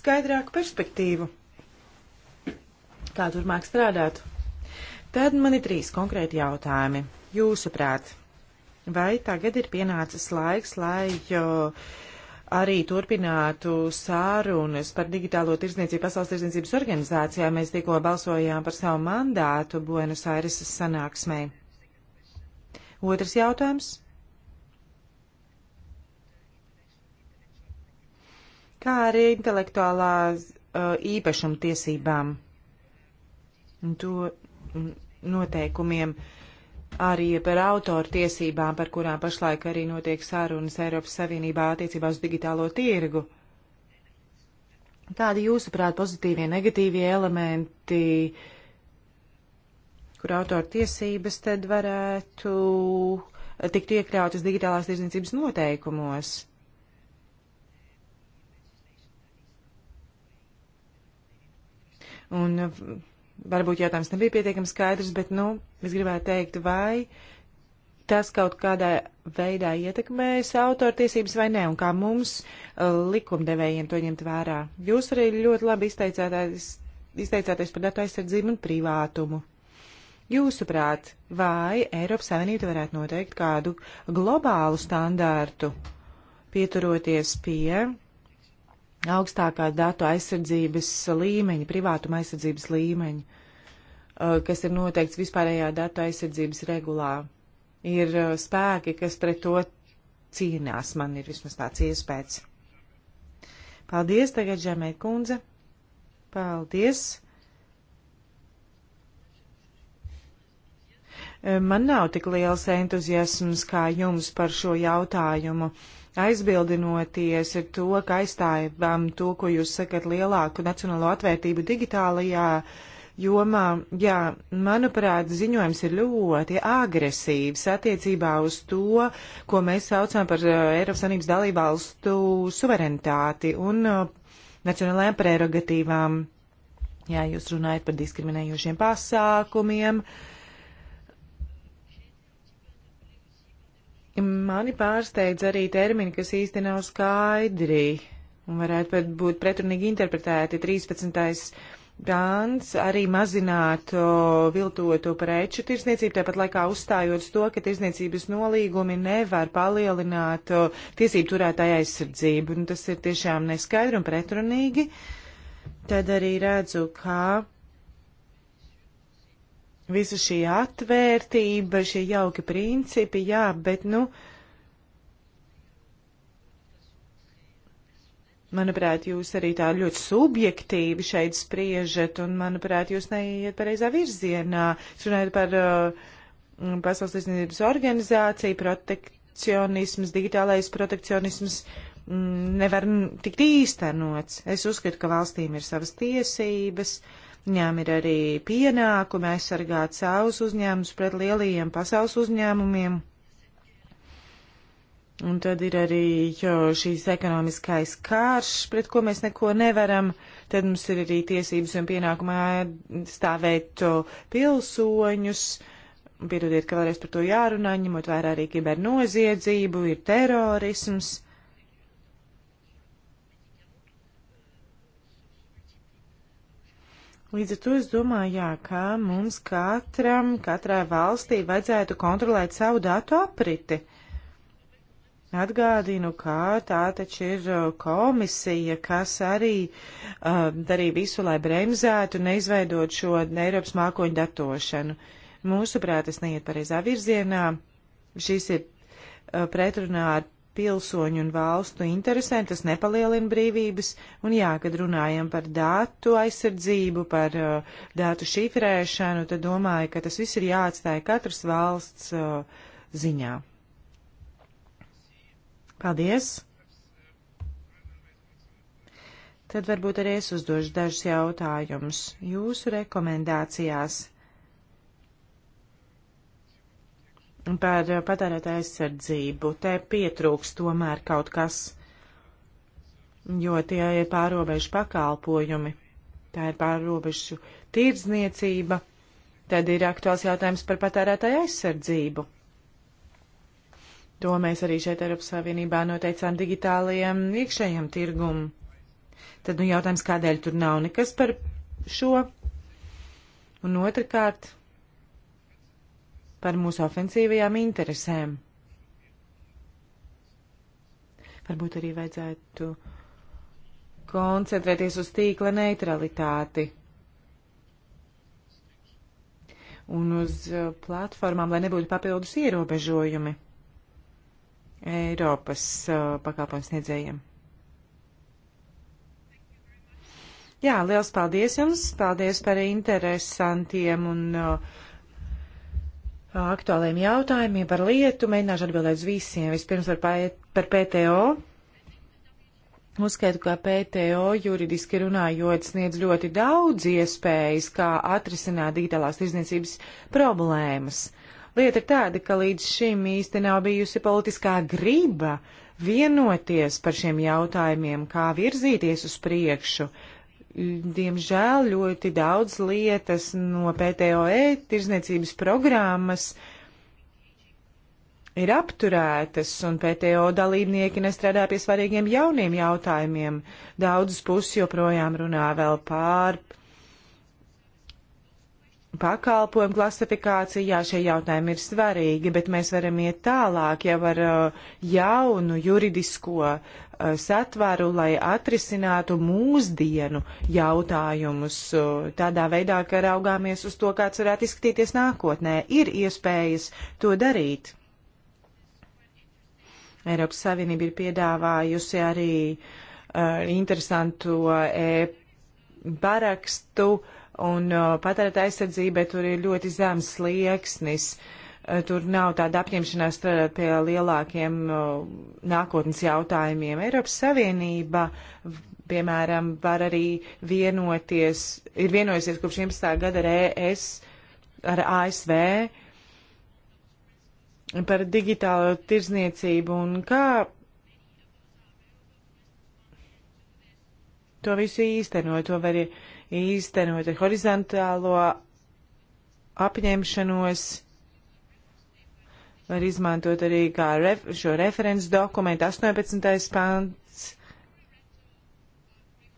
skaidrāku perspektīvu, kā turmāk strādāt. Tad man ir trīs konkrēti jautājumi. Jūsuprāt, vai tagad ir pienācis laiks, lai jo, uh, arī turpinātu sārunas par digitālo tirdzniecību pasaules tirdzniecības organizācijā. Mēs tikko balsojām par savu mandātu Buenos Aires sanāksmē. Otrs jautājums. Kā arī intelektuālās uh, īpašuma tiesībām un to noteikumiem. Uh, arī par autoru tiesībām, par kurām pašlaik arī notiek sarunas Eiropas Savienībā attiecībā uz digitālo tirgu. Tādi jūsuprāt pozitīvie, negatīvie elementi, kur autoru tiesības tad varētu tikt iekļautas digitālās tirdzniecības noteikumos? Un Varbūt jautājums nebija pietiekami skaidrs, bet, nu, es gribētu teikt, vai tas kaut kādā veidā ietekmējas autortiesības vai nē, un kā mums uh, likumdevējiem to ņemt vērā. Jūs arī ļoti labi izteicāties, izteicāties par datu aizsardzību un privātumu. Jūsuprāt, vai Eiropas Savienība varētu noteikt kādu globālu standārtu, pieturoties pie augstākā datu aizsardzības līmeņa, privātuma aizsardzības līmeņa, uh, kas ir noteikts vispārējā datu aizsardzības regulā. Ir uh, spēki, kas pret to cīnās, man ir vismaz tāds iespējas. Paldies, tagad Žemē kundze. Paldies. Uh, man nav tik liels entuziasms kā jums par šo jautājumu. Uh, aizbildinoties ar to, ka aizstājam to, ko jūs sakat, lielāku nacionālo atvērtību digitālajā jomā. Jā, manuprāt, ziņojums ir ļoti agresīvs attiecībā uz to, ko mēs saucam par eh, Eiropas Sanības dalībvalstu suverenitāti un eh, nacionālajām prerogatīvām. Jā, jūs runājat par diskriminējošiem pasākumiem. Uh, Mani pārsteidz arī termini, kas īsti nav skaidri un varētu pat būt pretrunīgi interpretēti. 13. pāns arī mazinātu viltotu preču tirsniecību, tāpat laikā uzstājot to, ka tirsniecības nolīgumi nevar palielināt tiesību turētāju aizsardzību. Un nu, tas ir tiešām neskaidri un pretrunīgi. Tad arī redzu, ka Visa šī atvērtība, šie jauki principi, jā, bet, nu, manuprāt, jūs arī tā ļoti subjektīvi šeit spriežat, un, manuprāt, jūs neiet pareizā virzienā. Es runāju par uh, Pasaules tiesniecības organizāciju, protekcionisms, digitālais protekcionisms mm, nevar tikt īstenots. Es uzskatu, ka valstīm ir savas tiesības. Uh, Viņām ir arī pienākumi aizsargāt savus uzņēmumus pret lielajiem pasaules uzņēmumiem. Un tad ir arī šīs ekonomiskais karš, pret ko mēs neko nevaram. Tad mums ir arī tiesības un pienākumā stāvēt pilsoņus. Piedodiet, ka vēlreiz par to jārunā, ņemot vērā arī kibernoziedzību, ir terorisms. Līdz ar to es domāju, jā, ka mums katram, katrai valstī vajadzētu kontrolēt savu datu apriti. Atgādinu, kā tā taču ir komisija, kas arī uh, darīja visu, lai bremzētu un neizveidot šo Eiropas mākoņu datošanu. Mūsuprāt, tas neiet pareizā virzienā. Šis ir uh, pretrunā ar pilsoņu un valstu interesēm, tas nepalielina brīvības, un jā, kad runājam par datu aizsardzību, par uh, datu šifrēšanu, tad domāju, ka tas viss ir jāatstāja katras valsts uh, ziņā. Paldies! Tad varbūt arī es uzdošu dažus jautājumus jūsu rekomendācijās par patērētāju aizsardzību. Te pietrūks tomēr kaut kas, jo tie ir pārobežu pakalpojumi, tā ir pārobežu tirdzniecība. Tad ir aktuāls jautājums par patērētāju aizsardzību. To mēs arī šeit Eiropas Savienībā noteicām digitālajiem iekšējiem tirgumam. Tad nu jautājums, kādēļ tur nav nekas par šo. Un otrkārt, par mūsu ofensīvajām interesēm. Varbūt arī vajadzētu koncentrēties uz tīkla neutralitāti un uz uh, platformām, lai nebūtu papildus ierobežojumi Eiropas uh, pakalpojumu sniedzējiem. Jā, liels paldies jums, paldies par interesantiem un uh, aktuāliem jautājumiem par lietu. Mēģināšu atbildēt uz visiem. Vispirms par, pēt, par PTO. Uzskatu, ka PTO juridiski runājot sniedz ļoti daudz iespējas, kā atrisināt digitālās tirdzniecības problēmas. Lieta ir tāda, ka līdz šim īsti nav bijusi politiskā griba vienoties par šiem jautājumiem, kā virzīties uz priekšu diemžēl ļoti daudz lietas no PTOE tirzniecības programmas ir apturētas, un PTO dalībnieki nestrādā pie svarīgiem jauniem jautājumiem. Daudzas puses joprojām runā vēl pār pakalpojumu klasifikācijā. Šie jautājumi ir svarīgi, bet mēs varam iet tālāk jau ar uh, jaunu juridisko uh, Eh, satvaru, lai atrisinātu mūsdienu jautājumus eh, tādā veidā, ka raugāmies uz to, kāds varētu izskatīties nākotnē. Ir iespējas to darīt. Eiropas Savienība ir piedāvājusi arī uh, eh, interesantu e parakstu un uh, patērēta aizsardzība, tur ir ļoti zems slieksnis. Uh, Eh, tur nav tāda apņemšanās strādāt pie lielākiem eh, nākotnes jautājumiem. Eiropas Savienība, piemēram, var arī vienoties, ir vienojusies kopš 11. gada ar ES, ar ASV par digitālo tirzniecību un kā to visu īstenot, to var īstenot ar horizontālo apņemšanos var izmantot arī kā ref, šo referents dokumentu 18. pants.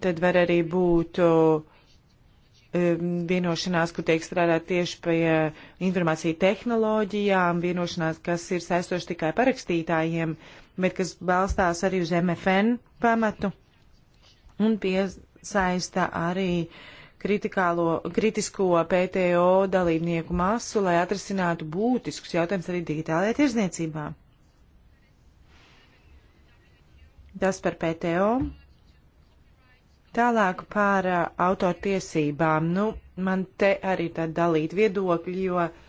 Tad var arī būt um, vienošanās, kur tiek strādāt tieši pie uh, informācija tehnoloģijām, vienošanās, kas ir saistoši tikai parakstītājiem, bet kas balstās arī uz MFN pamatu un piesaista arī uh, kritisko PTO dalībnieku masu, lai atrisinātu būtiskus jautājumus arī digitālajā tirzniecībā. Tas par PTO. Tālāk par uh, autortiesībām. Nu, man te arī tad dalīt viedokļi, jo uh,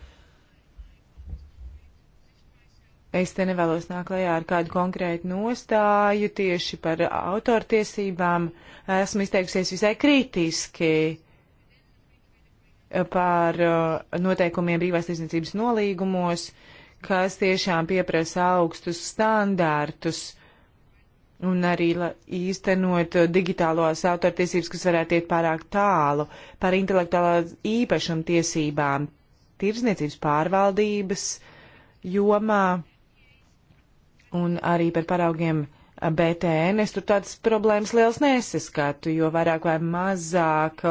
Es te nevēlos nākt klajā ar kādu konkrētu nostāju tieši par autortiesībām. Esmu izteikusies visai kritiski par uh, noteikumiem brīvās tiesniecības nolīgumos, kas tiešām pieprasa augstus standārtus un arī īstenot digitālos autortiesības, kas varētu iet pārāk tālu par intelektuālā īpašuma tiesībām, tirzniecības pārvaldības jomā un arī par paraugiem BTN. Es tur tādas problēmas liels nesaskatu, jo vairāk vai mazāk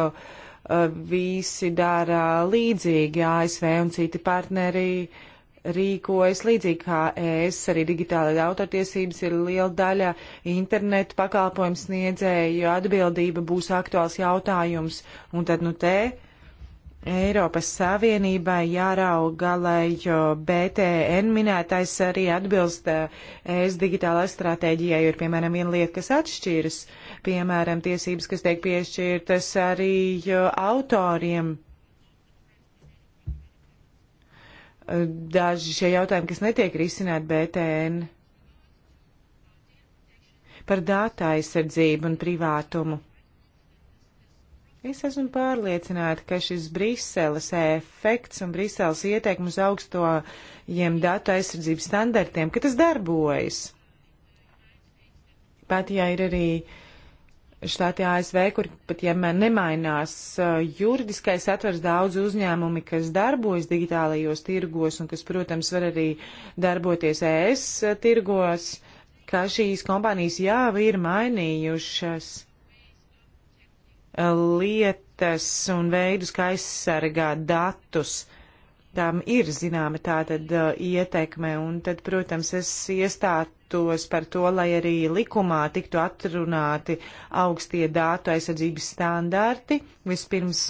visi dara līdzīgi ASV un citi partneri rīkojas līdzīgi kā ES, arī digitālajā autortiesības ir liela daļa internetu pakalpojumu sniedzēju atbildība būs aktuāls jautājums. Un tad, nu, te Eiropas Savienībai jārauga, lai BTN minētais arī atbilst ES eh, e digitālajai stratēģijai, jo ir, piemēram, viena lieta, kas atšķiras, piemēram, tiesības, kas tiek piešķirtas arī eh, autoriem. Daži šie jautājumi, kas netiek risināti BTN par dāta aizsardzību un privātumu. Es esmu pārliecināta, ka šis Briseles efekts un Briseles ieteikums augstojiem datu aizsardzības standartiem, ka tas darbojas. Pat ja ir arī štāti ASV, kur pat ja nemainās uh, juridiskais atvers daudz uzņēmumi, kas darbojas digitālajos tirgos un kas, protams, var arī darboties ES tirgos, ka šīs kompānijas jau ir mainījušas lietas un veidus, kā aizsargāt datus. Tām ir zināma tātad uh, ietekme, un tad, protams, es iestātos par to, lai arī likumā tiktu atrunāti augstie dātu aizsardzības standarti. Vispirms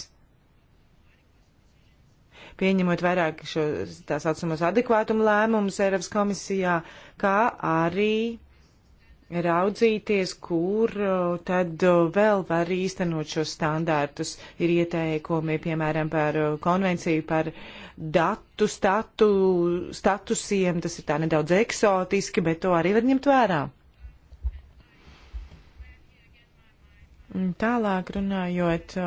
pieņemot vairāk šo tā saucamos adekvātumu lēmumus Eiropas komisijā, kā arī raudzīties, kur tad vēl var īstenot šos standārtus. Ir ieteikumi, piemēram, par konvenciju par datu statu, statusiem. Tas ir tā nedaudz eksotiski, bet to arī var ņemt vērā. Tālāk runājot.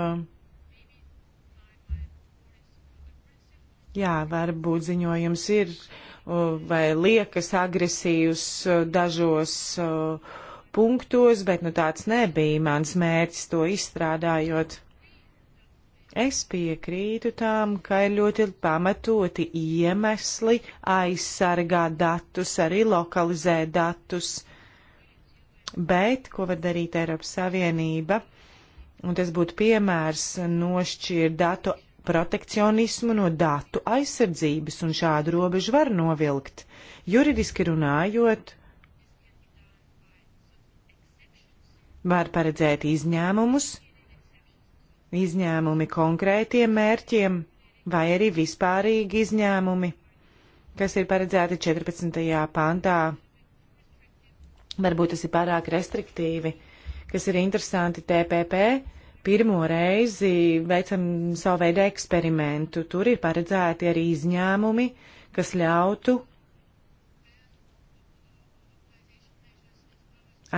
Jā, varbūt ziņojums ir uh, vai liekas agresīvs dažos punktos, bet nu tāds nebija mans mērķis to izstrādājot. Es piekrītu tām, ka ir ļoti pamatoti iemesli aizsargāt datus, arī lokalizēt datus. Bet ko var darīt Eiropas Savienība? Un tas būtu piemērs nošķirt datu protekcionismu no datu aizsardzības, un šādu robežu var novilkt. Juridiski runājot, var paredzēt izņēmumus, izņēmumi konkrētiem mērķiem vai arī vispārīgi izņēmumi, kas ir paredzēti 14. pantā. Varbūt tas ir pārāk restriktīvi, kas ir interesanti TPP pirmo reizi veicam savu veidu eksperimentu. Tur ir paredzēti arī izņēmumi, kas ļautu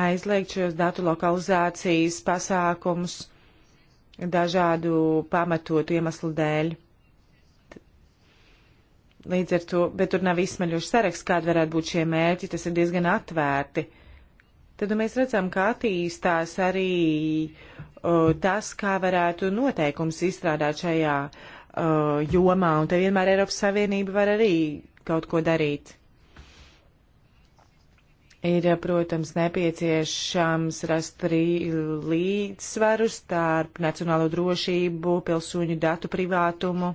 aizliegt šos datu lokalizācijas pasākumus dažādu pamatotu iemeslu dēļ. Līdz ar to, bet tur nav izsmeļošs saraksts, kāda varētu būt šie mērķi, tas ir diezgan atvērti. Tad mēs redzam, kā attīstās arī Uh, tas, kā varētu noteikums izstrādāt šajā uh, jomā, un te vienmēr Eiropas Savienība var arī kaut ko darīt. Ir, uh, protams, nepieciešams rast arī līdzsvaru starp nacionālo drošību, pilsoņu datu privātumu.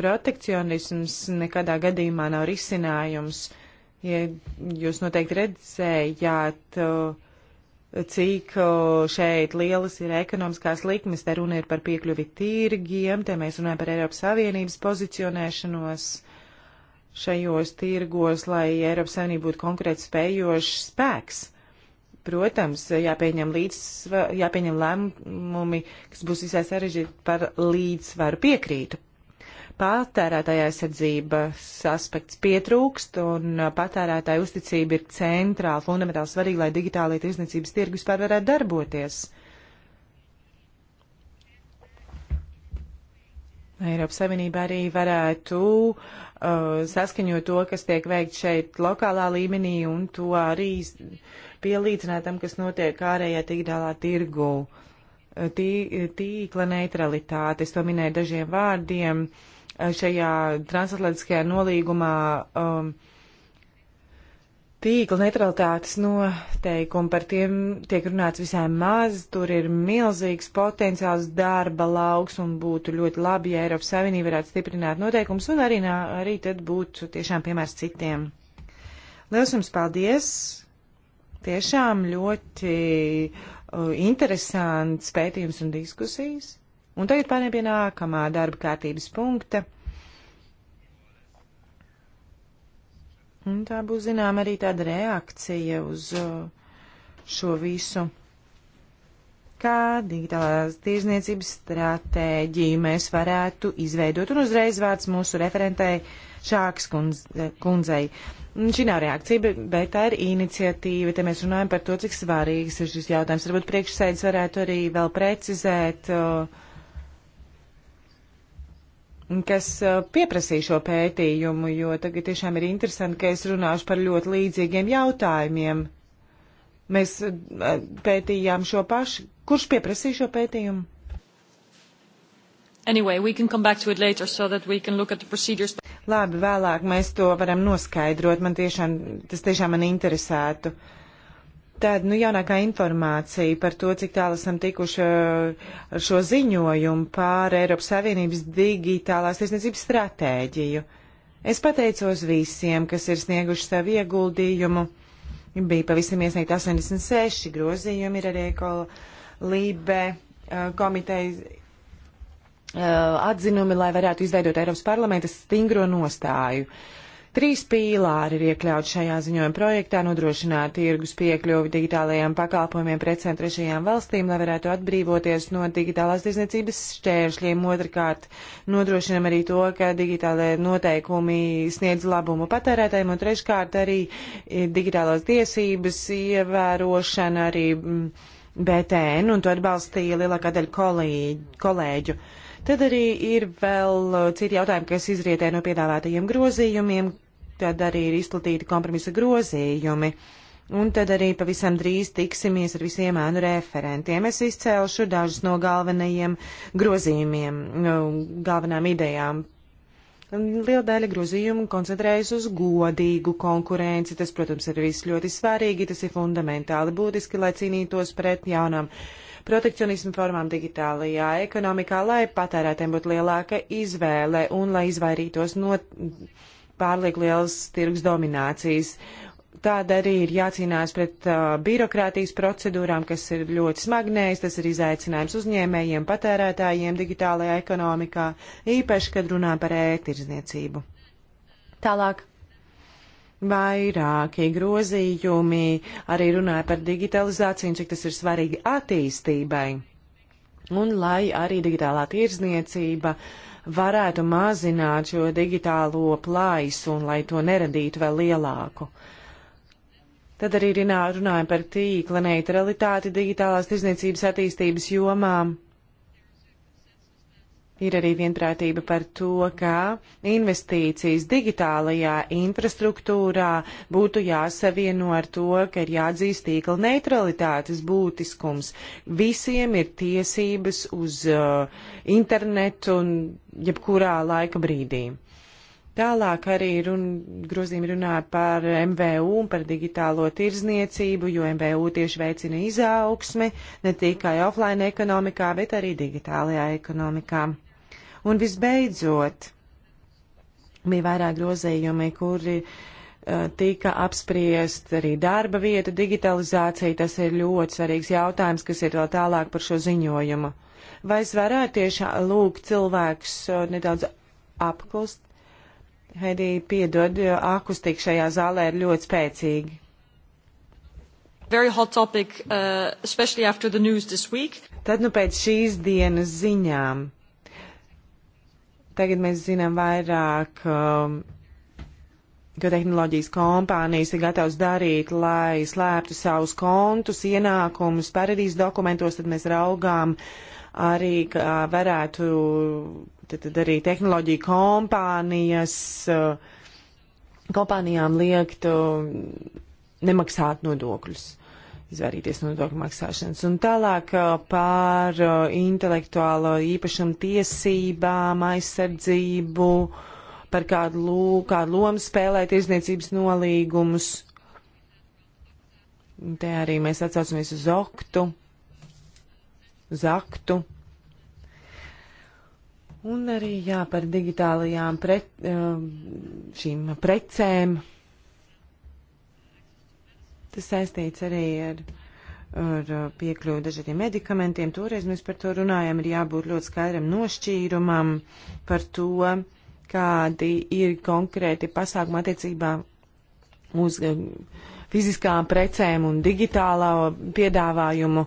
Protekcionisms nekadā gadījumā nav risinājums. Ja jūs noteikti redzējāt, uh, cik šeit lielas ir ekonomiskās likmes. Te runa ir par piekļuvi tirgiem, te mēs runājam par Eiropas Savienības pozicionēšanos šajos tirgos, lai Eiropas Savienība būtu konkrēti spējošs spēks. Protams, jāpieņem, līdz, jāpieņem lēmumi, kas būs visai sarežģīti par līdzsvaru piekrītu patērētāja aizsardzības aspekts pietrūkst, un patērētāja uzticība ir centrāla, fundamentāli svarīga, lai digitālajā tirzniecības tirgu vispār varētu darboties. Eiropas Savienība arī varētu uh, saskaņot to, kas tiek veikt šeit lokālā līmenī, un to arī pielīdzināt tam, kas notiek ārējā digitālā tirgu. Uh, tī, tīkla neutralitāte, es to minēju dažiem vārdiem. Uh, šajā transatlantiskajā nolīgumā um, tīkla neutralitātes noteikumi, par tiem tiek runāts visai maz, tur ir milzīgs potenciāls darba lauks un būtu ļoti labi, ja Eiropas Savienība varētu stiprināt noteikumus un arī, arī tad būtu tiešām piemērs citiem. Liels jums paldies! Tiešām ļoti uh, interesants pētījums un diskusijas. Un tagad pārējām pie nākamā darba kārtības punkta. Un tā būs, zinām, arī tāda reakcija uz uh, šo visu. Kā digitālās tirzniecības stratēģiju mēs varētu izveidot? Un uzreiz vārds mūsu referentei Šāks kundz, kundzei. Šī nav reakcija, bet, bet tā ir iniciatīva. Te mēs runājam par to, cik svarīgs ir šis jautājums. Varbūt priekšsēdis varētu arī vēl precizēt. Uh, kas eh, pieprasīja šo pētījumu, jo tagad tiešām ir interesanti, ka es runāšu par ļoti līdzīgiem jautājumiem. Mēs eh, pētījām šo pašu. Kurš pieprasīja šo pētījumu? Anyway, we can come back to it later so that we can look at the procedures. Labi, vēlāk mēs to varam noskaidrot. Man tiešām, tas tiešām man interesētu. Uh, Tad, nu, jaunākā informācija par to, cik tālu esam tikuši ar uh, šo ziņojumu pār Eiropas Savienības digitālās tiesniecības stratēģiju. Es pateicos visiem, kas ir snieguši savu ieguldījumu. Bija pavisam iesniegt 86 grozījumi, ir arī Lībe uh, komiteja uh, atzinumi, lai varētu izveidot Eiropas parlamentas stingro nostāju. Uh, Trīs pīlāri ir iekļauti šajā ziņojuma projektā - nodrošināt tirgus piekļuvi digitālajiem pakalpojumiem precēm trešajām valstīm, lai varētu atbrīvoties no digitālās tirzniecības šķēršļiem. Otrakārt, nodrošinam arī to, ka digitālajie noteikumi sniedz labumu patērētājiem, un treškārt arī eh, digitālās tiesības ievērošana arī mm, BTN, un to atbalstīja lielākā daļa kolēģu. kolēģu. Tad arī ir vēl uh, citi jautājumi, kas izrietē no piedāvātajiem grozījumiem, tad arī ir izplatīti kompromisa grozījumi. Un tad arī pavisam drīz tiksimies ar visiem ēnu referentiem. Es izcēlšu dažus no galvenajiem grozījumiem, no galvenām idejām. Liela daļa grozījumu koncentrējas uz godīgu konkurenci. Tas, protams, ir viss ļoti svarīgi, tas ir fundamentāli būtiski, lai cīnītos pret jaunām protekcionismu formām digitālajā ekonomikā, lai patērētēm būtu lielāka izvēle un lai izvairītos no pārlieku lielas tirgus dominācijas. Tāda arī ir jācīnās pret uh, birokrātijas procedūrām, kas ir ļoti smagnējas, tas ir izaicinājums uzņēmējiem, patērētājiem digitālajā ekonomikā, īpaši, kad runā par ētirzniecību. Tālāk Vairākie grozījumi arī runāja par digitalizāciju un cik tas ir svarīgi attīstībai. Un lai arī digitālā tirzniecība varētu mazināt šo digitālo plaisu un lai to neradītu vēl lielāku. Tad arī runājam par tīkla neutralitāti digitālās tirzniecības attīstības jomām Ir arī vienprātība par to, ka investīcijas digitālajā infrastruktūrā būtu jāsavieno ar to, ka ir jāatzīst tīkla neutralitātes būtiskums. Visiem ir tiesības uz uh, internetu un jebkurā laika brīdī. Tālāk arī run, grozījumi runā par MVU un par digitālo tirzniecību, jo MVU tieši veicina izaugsmi ne tikai offline ekonomikā, bet arī digitālajā ekonomikā. Un visbeidzot, bija vairāk grozījumi, kuri uh, tika apspriest arī darba vieta, digitalizācija. Tas ir ļoti svarīgs jautājums, kas ir vēl tālāk par šo ziņojumu. Vai es varētu tieši lūgt cilvēkus uh, nedaudz apklust? Heidi, piedod, jo akustika šajā zālē ir ļoti spēcīga. Topic, uh, Tad nu pēc šīs dienas ziņām Tagad mēs zinām vairāk, um, ko tehnoloģijas kompānijas ir gatavs darīt, lai slēptu savus kontus, ienākumus, paradīzes dokumentos, tad mēs raugām arī, kā varētu tad, tad arī tehnoloģija kompānijas, uh, kompānijām liekt um, nemaksāt nodokļus izvairīties no nodokļu maksāšanas. Un tālāk uh, par uh, intelektuālo īpašumu tiesībām, aizsardzību, par kādu, lū, kādu lomu spēlē tirzniecības nolīgumus. Un te arī mēs atsaucamies uz oktu, uz aktu. Un arī jā, par digitālajām pret, uh, šīm precēm. Tas saistīts arī ar, ar uh, piekļuvi dažādiem medikamentiem. Toreiz mēs par to runājam, ir jābūt ļoti skaidram nošķīrumam par to, kādi ir konkrēti pasākumi attiecībā uz uh, fiziskām precēm un digitālo piedāvājumu.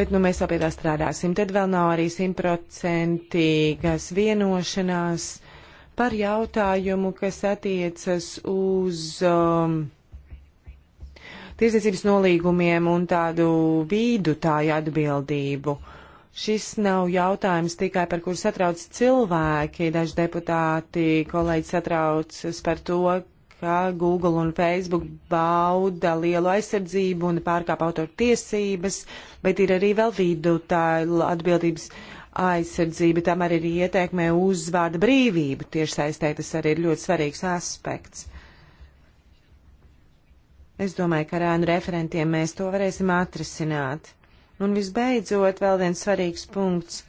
Bet nu, mēs vēl pie tā strādāsim. Tad vēl nav arī simtprocentīgas vienošanās par jautājumu, kas attiecas uz um, tiesniecības nolīgumiem un tādu vīdutāju atbildību. Šis nav jautājums tikai par kur satrauc cilvēki. Daži deputāti, kolēģi satraucas par to, ka Google un Facebook bauda lielu aizsardzību un pārkāp autoru tiesības, bet ir arī vēl vidutāju atbildības aizsardzība, tam arī ir ieteikme uz vārda brīvību. Tieši saistē tas arī ir ļoti svarīgs aspekts. Es domāju, ka ar ēnu referentiem mēs to varēsim atrisināt. Un visbeidzot, vēl viens svarīgs punkts.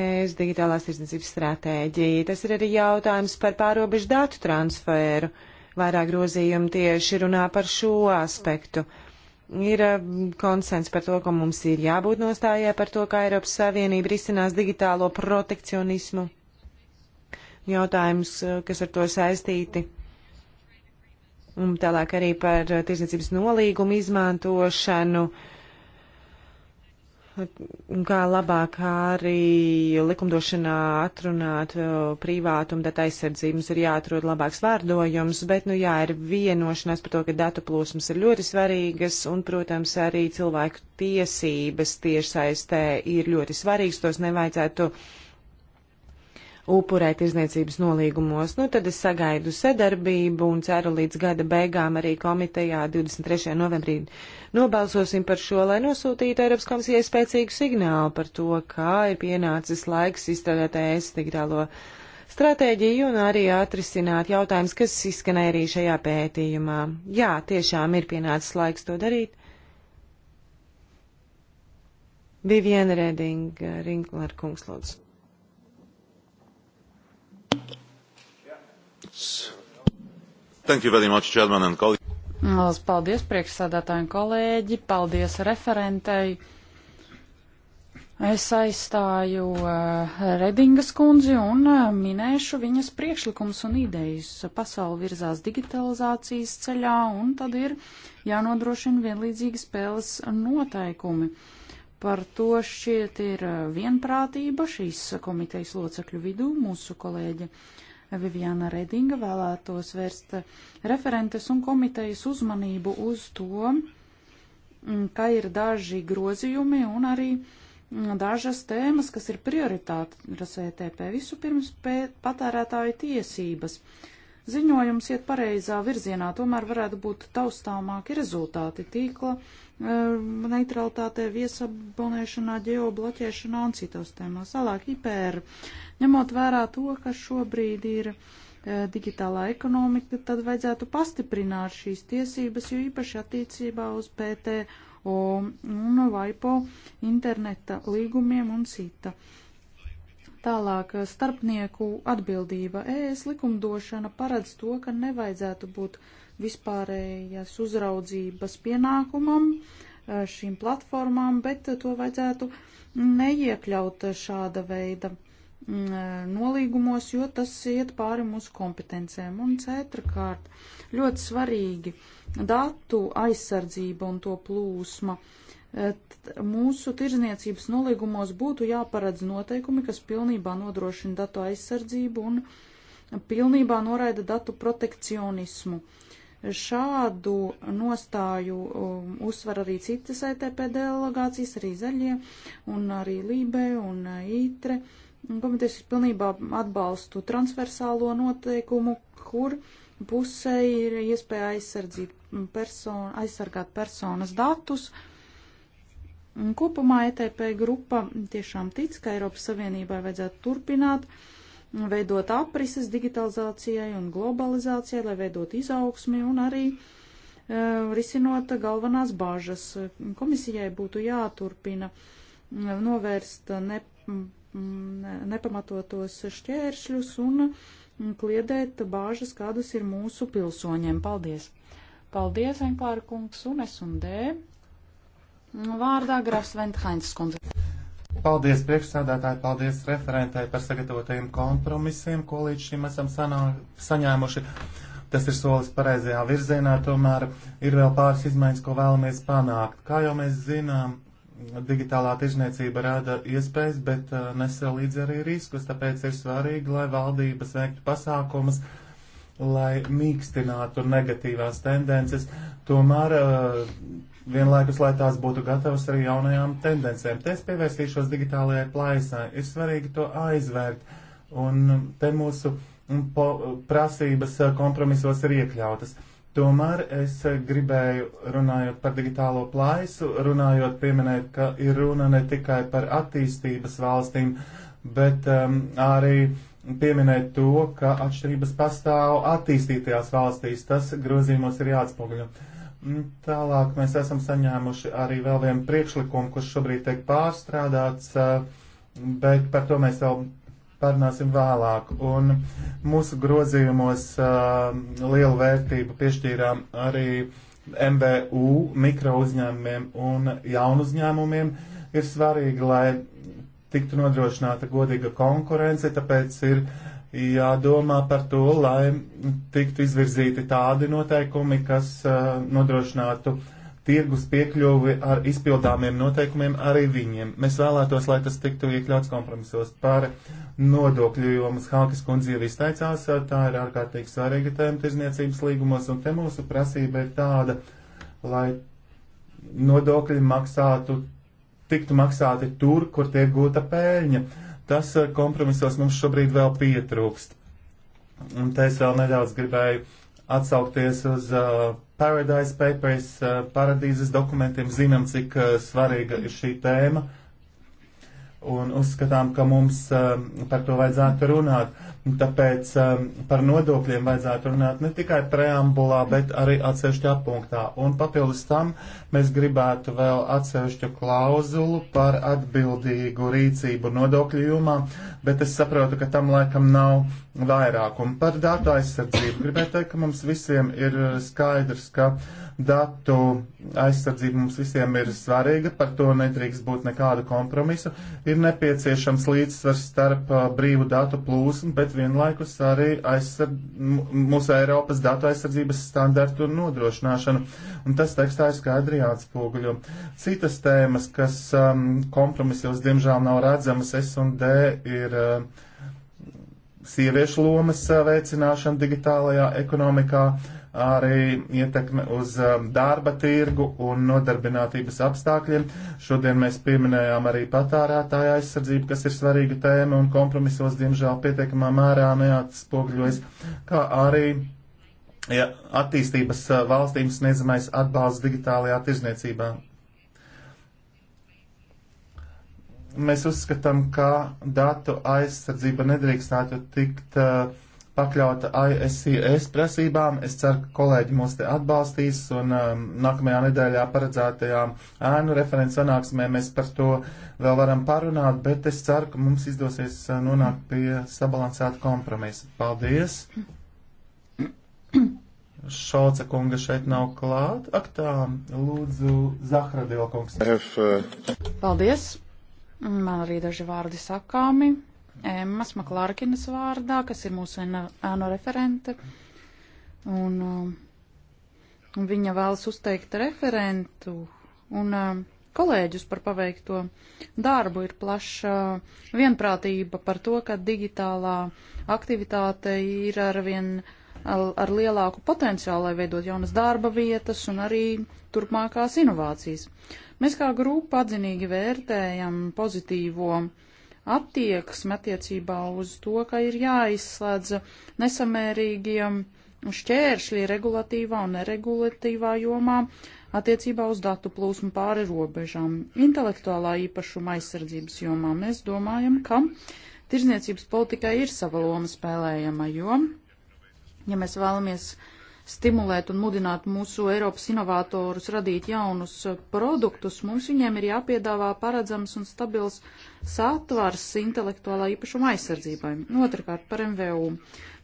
Es digitālās tirdzniecības stratēģija. Tas ir arī jautājums par pārobežu datu transferu. Vairāk grozījumi tieši runā par šo aspektu. Ir eh, konsens par to, ka mums ir jābūt nostājā par to, kā Eiropas Savienība risinās digitālo protekcionismu. Jautājums, eh, kas ar to saistīti. Un tālāk arī par eh, tirsniecības nolīgumu izmantošanu, kā labāk arī likumdošanā atrunāt eh, privātumu datu aizsardzības ir jāatrod labāks vārdojums, bet, nu jā, ir vienošanās par to, ka datu plūsmas ir ļoti svarīgas un, protams, arī cilvēku tiesības tiešsaistē ir ļoti svarīgas, tos nevajadzētu uh, upurēt izniecības nolīgumos. Nu, tad es sagaidu sadarbību un ceru līdz gada beigām arī komitejā 23. novembrī nobalsosim par šo, lai nosūtītu Eiropas komisijai spēcīgu signālu par to, kā ir pienācis laiks izstrādāt ES digitālo stratēģiju un arī atrisināt jautājumus, kas izskanēja arī šajā pētījumā. Jā, tiešām ir pienācis laiks to darīt. Viviena Redinga, Rinkler kungs, lūdzu. minūtes. Thank you very much, Chairman and colleague. Lielas paldies priekšsādātājiem kolēģi, paldies referentei. Es aizstāju uh, Redingas kundzi un uh, minēšu viņas priekšlikums un idejas. Pasauli virzās digitalizācijas ceļā un tad ir jānodrošina vienlīdzīgi spēles noteikumi. Par to šķiet ir eh, vienprātība šīs komitejas locekļu vidū mūsu kolēģi. Uh, Viviana Redinga vēlētos vērst referentes un komitejas uzmanību uz to, mm, ka ir daži grozījumi un arī mm, dažas tēmas, kas ir prioritātes ETP. Vispirms patērētāju tiesības. Ziņojums iet pareizā virzienā, tomēr varētu būt taustāmāki rezultāti tīkla mm, neutralitātē, viesabonēšanā, ģeobloķēšanā un citos tēmās. Tālāk IPR Ņemot vērā to, ka šobrīd ir e, digitālā ekonomika, tad vajadzētu pastiprināt šīs tiesības, jo īpaši attiecībā uz PTO un VIPO interneta līgumiem un cita. Tālāk e, starpnieku atbildība. ES likumdošana paredz to, ka nevajadzētu būt vispārējas uzraudzības pienākumam e, šīm platformām, bet to vajadzētu neiekļaut šāda veida Mm, nolīgumos, jo tas iet pāri mūsu kompetencēm. Un ceturkārt, ļoti svarīgi datu aizsardzība un to plūsma. E, mūsu tirzniecības nolīgumos būtu jāparedz noteikumi, kas pilnībā nodrošina datu aizsardzību un pilnībā noraida datu protekcionismu. Šādu nostāju um, uzsver arī citas ETP delegācijas, arī zaļie un arī Lībe un ITRE. Uh, Komitejas pilnībā atbalstu transversālo noteikumu, kur pusē ir iespēja aizsardzīt personu, aizsargāt personas datus. Kopumā ETP grupa tiešām tic, ka Eiropas Savienībai vajadzētu turpināt veidot aprises digitalizācijai un globalizācijai, lai veidot izaugsmi un arī uh, risinot galvenās bāžas. Komisijai būtu jāturpina e, novērst ne, nepamatotos šķēršļus un kliedēt bāžas, kādas ir mūsu pilsoņiem. Paldies! Paldies, Enklāra kungs un es un D. Vārdā Grafs Venthainas kundze. Paldies priekšsādātāji, paldies referentai par sagatavotajiem kompromisiem, ko līdz šim esam sanā, saņēmuši. Tas ir solis pareizajā virzienā, tomēr ir vēl pāris izmaiņas, ko vēlamies panākt. Kā jau mēs zinām, digitālā tirzniecība rada iespējas, bet uh, nesa līdzi arī riskus, tāpēc ir svarīgi, lai valdības veiktu pasākumus, lai mīkstinātu negatīvās tendences, tomēr uh, vienlaikus, lai tās būtu gatavas arī jaunajām tendencēm. Te es pievērsīšos digitālajai plaisai, ir svarīgi to aizvērt, un te mūsu mm, po, prasības uh, kompromisos ir iekļautas. Uh, Tomēr es eh, gribēju, runājot par digitālo plaisu, runājot pieminēt, ka ir runa ne tikai par attīstības valstīm, bet um, arī pieminēt to, ka atšķirības pastāv attīstītajās valstīs. Tas grozījumos ir jāatspoguļo. Mm, tālāk mēs esam saņēmuši arī vēl vienu priekšlikumu, kurš šobrīd tiek pārstrādāts, eh, bet par to mēs vēl pārnāsim vēlāk. Un mūsu grozījumos uh, lielu vērtību piešķīrām arī MVU, mikro uzņēmumiem un jaunu uzņēmumiem. Ir svarīgi, lai tiktu nodrošināta godīga konkurence, tāpēc ir jādomā par to, lai tiktu izvirzīti tādi noteikumi, kas uh, nodrošinātu uh, tirgus piekļuvi ar izpildāmiem noteikumiem arī viņiem. Mēs vēlētos, lai tas tiktu iekļauts kompromisos par nodokļu, jo mums Hākas kundze jau izteicās, tā ir ārkārtīgi svarīga tēma tirzniecības līgumos, un te mūsu prasība ir tāda, lai nodokļi maksātu, tiktu maksāti tur, kur tiek gūta pēļņa. Tas eh, kompromisos mums šobrīd vēl pietrūkst. Un te es vēl nedaudz gribēju atsaukties uz uh, Paradise Papers, uh, paradīzes dokumentiem zinām, cik uh, svarīga ir šī tēma. Uh, un uzskatām, ka mums um, par to vajadzētu runāt. Tāpēc um, par nodokļiem vajadzētu runāt ne tikai preambulā, bet arī atsevišķā punktā. Un papildus tam mēs gribētu vēl atsevišķu klauzulu par atbildīgu rīcību nodokļu jomā, bet es saprotu, ka tam laikam nav vairākumu. Par datu aizsardzību gribētu teikt, ka mums visiem ir uh, skaidrs, ka Datu aizsardzība mums visiem ir svarīga, par to nedrīkst būt nekāda kompromisa. Ir nepieciešams līdzsvars starp uh, brīvu datu plūsmu, bet vienlaikus arī aizsard, mūsu Eiropas datu aizsardzības standartu un nodrošināšanu. Un tas tekstā ir skaidri jāatspoguļo. Citas tēmas, kas um, kompromisos diemžēl nav redzamas, S un D ir. Uh, sieviešu lomas uh, veicināšana digitālajā ekonomikā, arī ietekme uz um, darba tirgu un nodarbinātības apstākļiem. Šodien mēs pieminējām arī patārētāja aizsardzību, kas ir svarīga tēma un kompromisos, diemžēl, pietiekamā mērā neatspogļojas, kā arī ja, attīstības uh, valstīm sniedzamais atbalsts digitālajā tirzniecībā. Mēs uzskatām, ka datu aizsardzība nedrīkstētu tikt uh, pakļauta ISCS prasībām. Es ceru, ka kolēģi mūs te atbalstīs un um, nākamajā nedēļā paredzētajām ēnu referents sanāksmē mēs par to vēl varam parunāt, bet es ceru, ka mums izdosies uh, nonākt pie sabalansēta kompromisa. Paldies! Šauca kunga šeit nav klāt. Ak tā, lūdzu, Zahradila kungs. Uh, Paldies! Man arī daži vārdi sakāmi. Emmas Maklārkinas vārdā, kas ir mūsu ēno referente. Un, un um, viņa vēlas uzteikt referentu un um, kolēģus par paveikto darbu. Ir plaša vienprātība par to, ka digitālā aktivitāte ir arvien ar lielāku potenciālu, lai veidot jaunas darba vietas un arī turpmākās inovācijas. Mēs kā grupa atzinīgi vērtējam pozitīvo uh, attieksme attiecībā uz to, ka ir jāizslēdz nesamērīgiem šķēršļi regulatīvā un neregulatīvā jomā attiecībā uz datu plūsmu pāri robežām. Intelektuālā īpašuma aizsardzības jomā mēs domājam, ka tirzniecības politikai ir sava loma spēlējama, jo, ja mēs vēlamies stimulēt un mudināt mūsu Eiropas inovatorus radīt jaunus produktus, mums viņiem ir jāpiedāvā paredzams un stabils uh, satvars intelektuālā īpašuma aizsardzībai. Otrakārt, par MVU.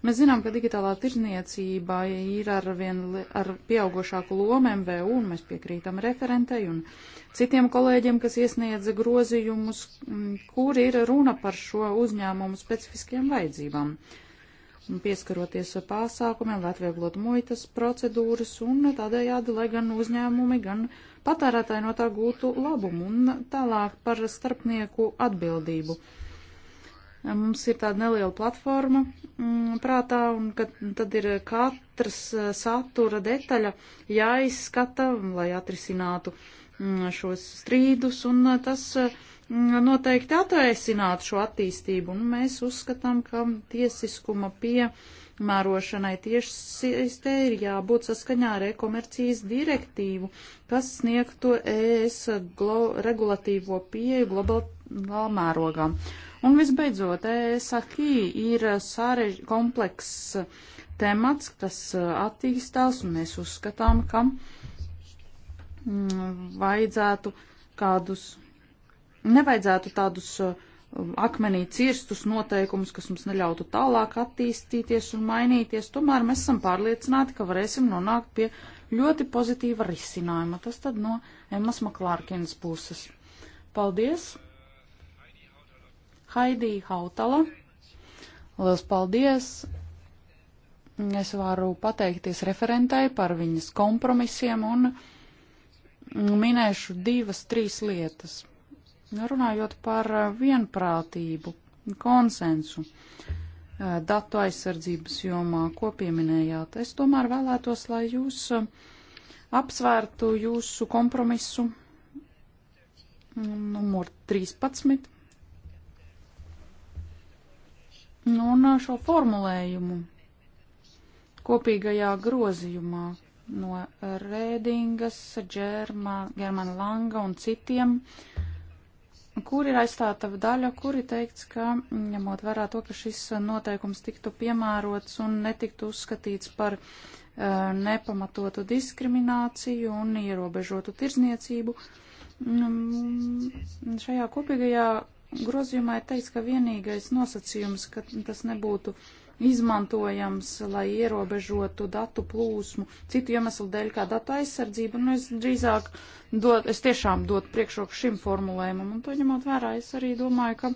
Mēs zinām, ka digitālā tirzniecība ir ar vien ar pieaugošāku lomu MVU, un mēs piekrītam referentei un citiem kolēģiem, kas iesniedza grozījumus, kur ir runa par šo uzņēmumu specifiskajām vajadzībām pieskaroties pasākumiem, lai atvieglotu muitas procedūras un tādējādi, lai gan uzņēmumi, gan patērētāji no tā gūtu labumu un tālāk par starpnieku atbildību. Mums ir tāda neliela platforma m, mm, prātā, un kad, tad ir katras eh, satura detaļa jāizskata, lai atrisinātu m, mm, šos strīdus, un eh, tas m, mm, noteikti atvēsinātu šo attīstību, un mēs uzskatām, ka tiesiskuma pie mērošanai tieši saistē ir jābūt saskaņā ar e-komercijas direktīvu, kas sniegtu ES regulatīvo pieeju globālā mērogā. Un visbeidzot, ES akī ir sārež komplekss temats, kas attīstās, un mēs uzskatām, ka mm, vajadzētu kādus, nevajadzētu tādus uh, Um, akmenī cirstus noteikumus, kas mums neļautu tālāk attīstīties un mainīties, tomēr mēs esam pārliecināti, ka varēsim nonākt pie ļoti pozitīva risinājuma. Tas tad no Emmas Maklārkienas puses. Paldies! Haidī Hautala. Lielas paldies! Es varu pateikties referentai par viņas kompromisiem un minēšu divas, trīs lietas. Runājot par eh, vienprātību, konsensu eh, datu aizsardzības jomā, ko pieminējāt, es tomēr vēlētos, lai jūs eh, apsvērtu jūsu kompromisu numur 13 un šo formulējumu kopīgajā grozījumā no Rēdingas, Džermana Langa un citiem uh, kur ir aizstāta daļa, kur ir teikts, ka mm, ņemot vērā to, ka šis noteikums tiktu piemērots un netiktu uzskatīts par uh, nepamatotu diskrimināciju un ierobežotu tirzniecību. Um, šajā kopīgajā grozījumā ir teikts, ka vienīgais nosacījums, ka tas nebūtu uh, izmantojams, lai ierobežotu datu plūsmu, citu iemeslu dēļ kā datu aizsardzība, un nu, es drīzāk dot, es tiešām dotu priekšroku šim formulējumam, un to ņemot vērā, es arī domāju, ka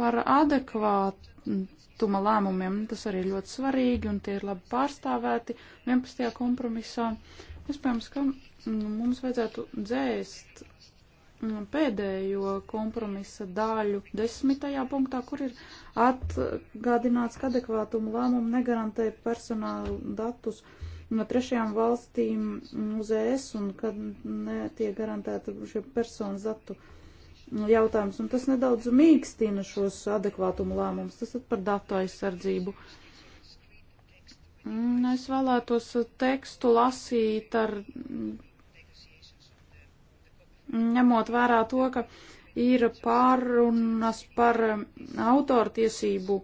par adekvātuma lēmumiem tas arī ļoti svarīgi, un tie ir labi pārstāvēti 11. kompromisā. Iespējams, ka mm, mums vajadzētu dzēst pēdējo kompromisa daļu desmitajā punktā, kur ir atgādināts, ka adekvātumu lēmumu negarantē personāla datus no trešajām valstīm uz ES un kad netiek garantēta šie personas datu jautājums. Un tas nedaudz mīkstina šos adekvātumu lēmumus. Tas ir par datu aizsardzību. Es vēlētos tekstu lasīt ar ņemot vērā to, ka ir pārunas par autortiesību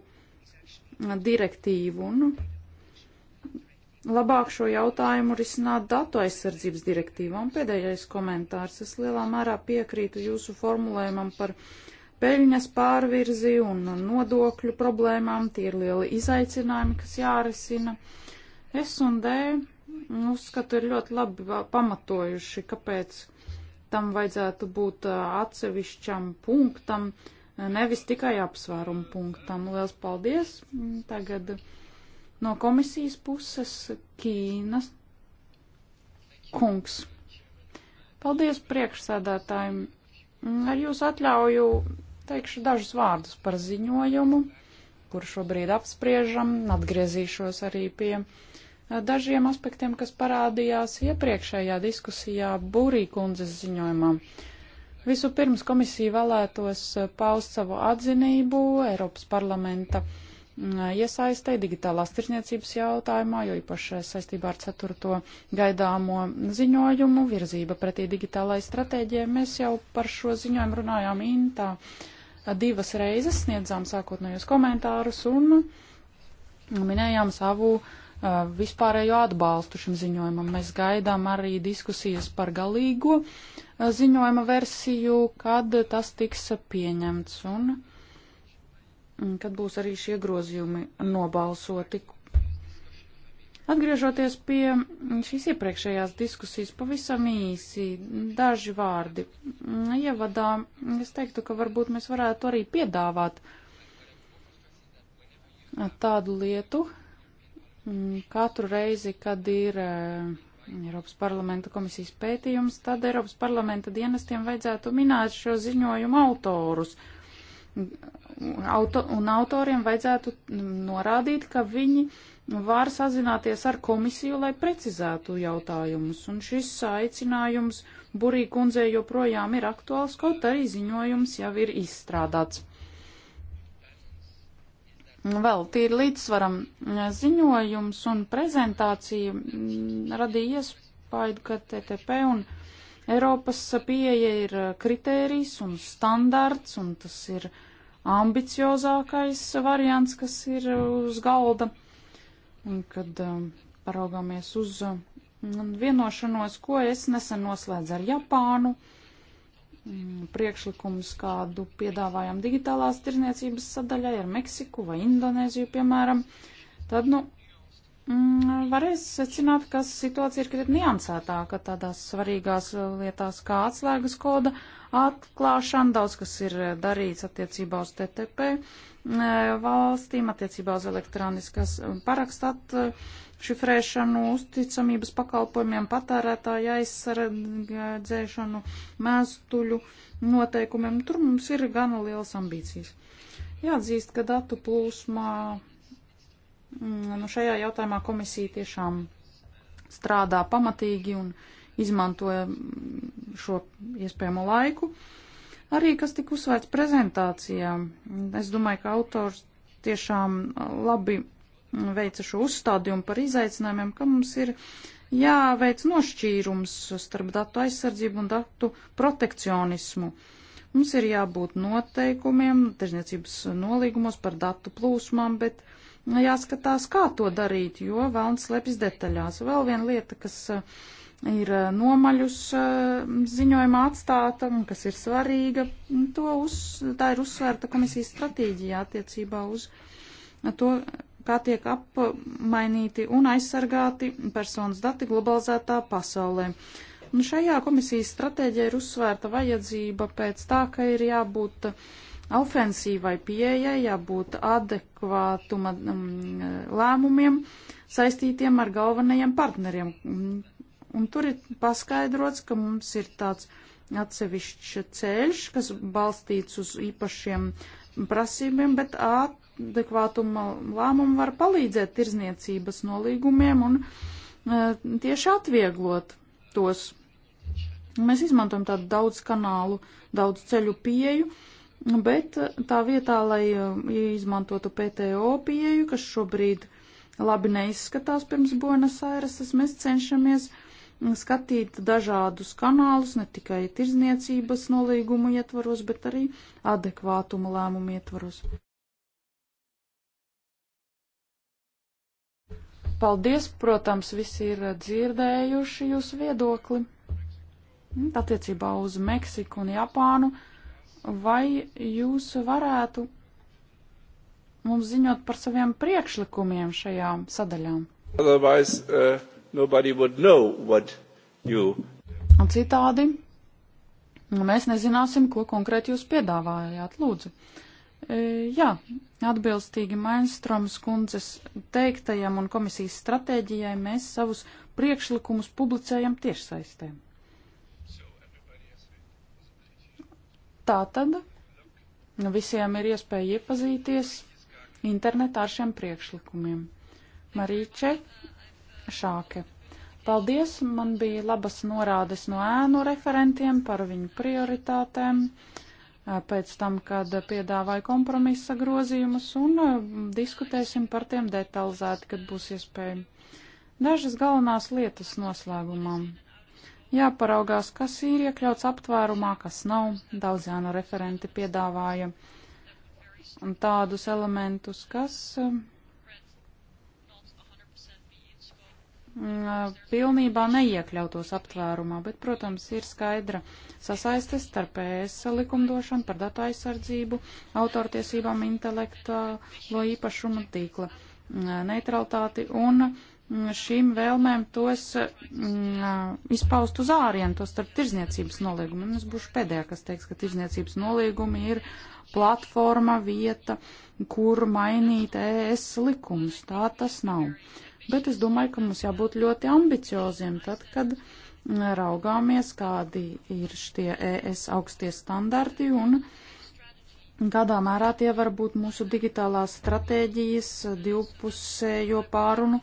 direktīvu un nu, labāk šo jautājumu risināt datu aizsardzības direktīvā. Un pēdējais komentārs. Es lielā mērā piekrītu jūsu formulējumam par peļņas pārvirzi un nodokļu problēmām. Tie ir lieli izaicinājumi, kas jārisina. S un D nu, uzskatu ir ļoti labi pamatojuši, kāpēc tam vajadzētu būt atsevišķam punktam, nevis tikai apsvērumu punktam. Lielas paldies! Mm, tagad no komisijas puses Ķīnas kungs. Paldies priekšsēdētājiem! Mm, ar jūsu atļauju teikšu dažus vārdus par ziņojumu, kur šobrīd apspriežam, atgriezīšos arī pie uh, dažiem aspektiem, kas parādījās iepriekšējā diskusijā Būrī kundzes ziņojumā. Vispirms komisija vēlētos paust savu atzinību Eiropas parlamenta iesaistē digitālās tirsniecības jautājumā, jo īpaši saistībā ar ceturto gaidāmo ziņojumu virzība pretī digitālai stratēģijai. Mēs jau par šo ziņojumu runājām intā divas reizes, sniedzām sākotnējos komentārus un minējām savu uh, Uh, vispārējo atbalstu šim ziņojumam. Mēs gaidām arī diskusijas par galīgo uh, ziņojuma versiju, kad tas tiks pieņemts un mm, kad būs arī šie grozījumi nobalsoti. Atgriežoties pie šīs iepriekšējās diskusijas, pavisam īsi daži vārdi. Ievadā es teiktu, ka varbūt mēs varētu arī piedāvāt tādu lietu, Mm, katru reizi, kad ir eh, Eiropas parlamenta komisijas pētījums, tad Eiropas parlamenta dienestiem vajadzētu minēt šo ziņojumu autorus. Auto, un autoriem vajadzētu mm, norādīt, ka viņi var sazināties ar komisiju, lai precizētu jautājumus. Un šis aicinājums Burī kundzei joprojām ir aktuāls, kaut arī ziņojums jau ir izstrādāts vēl tīri līdzsvaram mm, ziņojums un prezentācija mm, radīja iespaidu, ka TTP un Eiropas pieeja ir eh, kritērijs un standarts, un tas ir ambiciozākais variants, kas ir eh, uz galda. Un, kad eh, paraugāmies uz mm, vienošanos, ko es nesen noslēdzu ar Japānu, Mm, priekšlikumus, kādu piedāvājam digitālās tirzniecības sadaļai ar Meksiku vai Indonēziju, piemēram, tad, nu, mm, varēs secināt, ka situācija ir krietni niansētāka tādās svarīgās lietās kā atslēgas koda atklāšana, daudz kas ir darīts attiecībā uz TTP mm, valstīm, attiecībā uz elektroniskās parakstat šifrēšanu, uzticamības pakalpojumiem, patērētāju aizsardzēšanu, mēstuļu noteikumiem. Tur mums ir gana lielas ambīcijas. Jāatzīst, ka datu plūsmā mm, nu, šajā jautājumā komisija tiešām strādā pamatīgi un izmantoja mm, šo iespējamo laiku. Arī kas tika uzsvērts prezentācijā, es domāju, ka autors tiešām labi veica šo uzstādījumu par izaicinājumiem, ka mums ir jāveic nošķīrums starp datu aizsardzību un datu protekcionismu. Mums ir jābūt noteikumiem, tirzniecības nolīgumos par datu plūsmām, bet jāskatās, kā to darīt, jo vēlns lepjas detaļās. Vēl viena lieta, kas uh, ir uh, nomaļus uh, ziņojumā atstāta un kas ir svarīga, to uz, tā ir uzsvērta komisijas stratēģijā attiecībā uz to, kā tiek apmainīti un aizsargāti personas dati globalizētā pasaulē. Un šajā komisijas stratēģijā ir uzsvērta vajadzība pēc tā, ka ir jābūt ofensīvai pieejai, jābūt adekvātuma mm, lēmumiem saistītiem ar galvenajiem partneriem. Un tur ir paskaidrots, ka mums ir tāds atsevišķs ceļš, kas balstīts uz īpašiem prasībiem, bet at adekvātuma lēmumu var palīdzēt tirzniecības nolīgumiem un e, tieši atvieglot tos. Mēs izmantojam tādu daudz kanālu, daudz ceļu pieju, bet e, tā vietā, lai e, izmantotu PTO pieju, kas šobrīd labi neizskatās pirms Buenas Aireses, mēs cenšamies skatīt dažādus kanālus, ne tikai tirzniecības nolīgumu ietvaros, bet arī adekvātuma lēmumu ietvaros. Paldies, protams, visi ir dzirdējuši jūsu viedokli nu, attiecībā uz Meksiku un Japānu. Vai jūs varētu mums ziņot par saviem priekšlikumiem šajām sadaļām? Uh, Citādi mēs nezināsim, ko konkrēti jūs piedāvājāt. Lūdzu. Uh, E, jā, atbilstīgi Mainstroms kundzes teiktajam un komisijas stratēģijai mēs savus priekšlikumus publicējam tiešsaistēm. Tātad nu, visiem ir iespēja iepazīties internetā ar šiem priekšlikumiem. Marīče Šāke. Paldies, man bija labas norādes no ēnu referentiem par viņu prioritātēm. Uh, pēc tam, kad piedāvāju kompromisa grozījumus un diskutēsim par tiem detalizēti, kad būs iespēja. Dažas galvenās lietas noslēgumā. Jāparaugās, kas ir iekļauts aptvērumā, kas nav. Daudz jāna referenti piedāvāja tādus elementus, kas Mm, pilnībā neiekļautos aptvērumā, bet, protams, ir skaidra sasaiste starp ES likumdošanu par datu aizsardzību, autortiesībām, intelektuālo īpašumu tīkla mm, neutralitāti un mm, šīm vēlmēm tos mm, izpaust uz ārienu, tos starp tirzniecības nolīgumu. Un es būšu pēdējā, kas teiks, ka tirzniecības nolīgumi ir platforma, vieta, kur mainīt ES likumus. Tā tas nav bet es domāju, ka mums jābūt ļoti ambicioziem tad, kad mm, raugāmies, kādi ir šie ES augstie standarti un kādā mērā tie var būt mūsu digitālās stratēģijas divpusējo pārunu,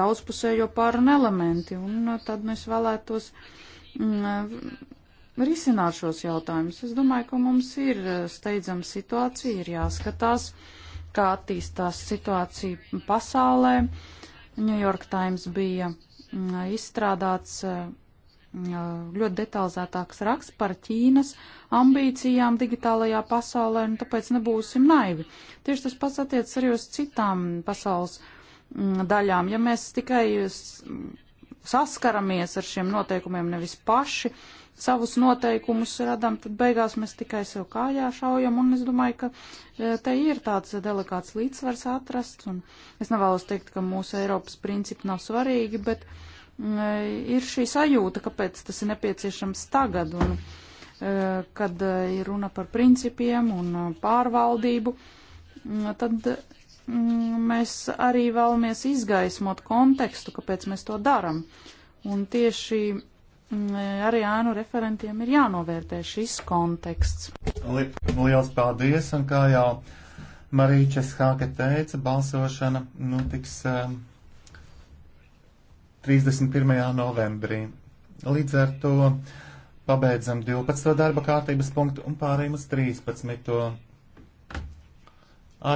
daudzpusējo pārunu elementi. Un tad mēs vēlētos mm, risināt šos jautājumus. Es domāju, ka mums ir steidzama situācija, ir jāskatās, kā attīstās situācija pasaulē. Uh, New York Times bija mm, izstrādāts eh, mm, eh, ļoti detalizētāks raksts par Ķīnas ambīcijām digitālajā pasaulē, un tāpēc nebūsim naivi. Tieši tas pats attiecas arī uz citām pasaules mm, daļām. Ja mēs tikai saskaramies ar šiem noteikumiem nevis paši, uh, savus noteikumus radām, tad beigās mēs tikai sev kājā šaujam, un es domāju, ka e, te ir tāds delikāts līdzsvars atrasts, un es nevēlos teikt, ka mūsu Eiropas principi nav svarīgi, bet e, ir šī sajūta, kāpēc tas ir nepieciešams tagad, un e, kad ir runa par principiem un pārvaldību, tad mēs arī vēlamies izgaismot kontekstu, kāpēc mēs to daram. Un tieši Mm, arī ēnu referentiem ir jānovērtē šis konteksts. Li liels paldies, un kā jau Marīča Skāke teica, balsošana notiks um, 31. novembrī. Līdz ar to pabeidzam 12. darba kārtības punktu un pārējiem uz 13.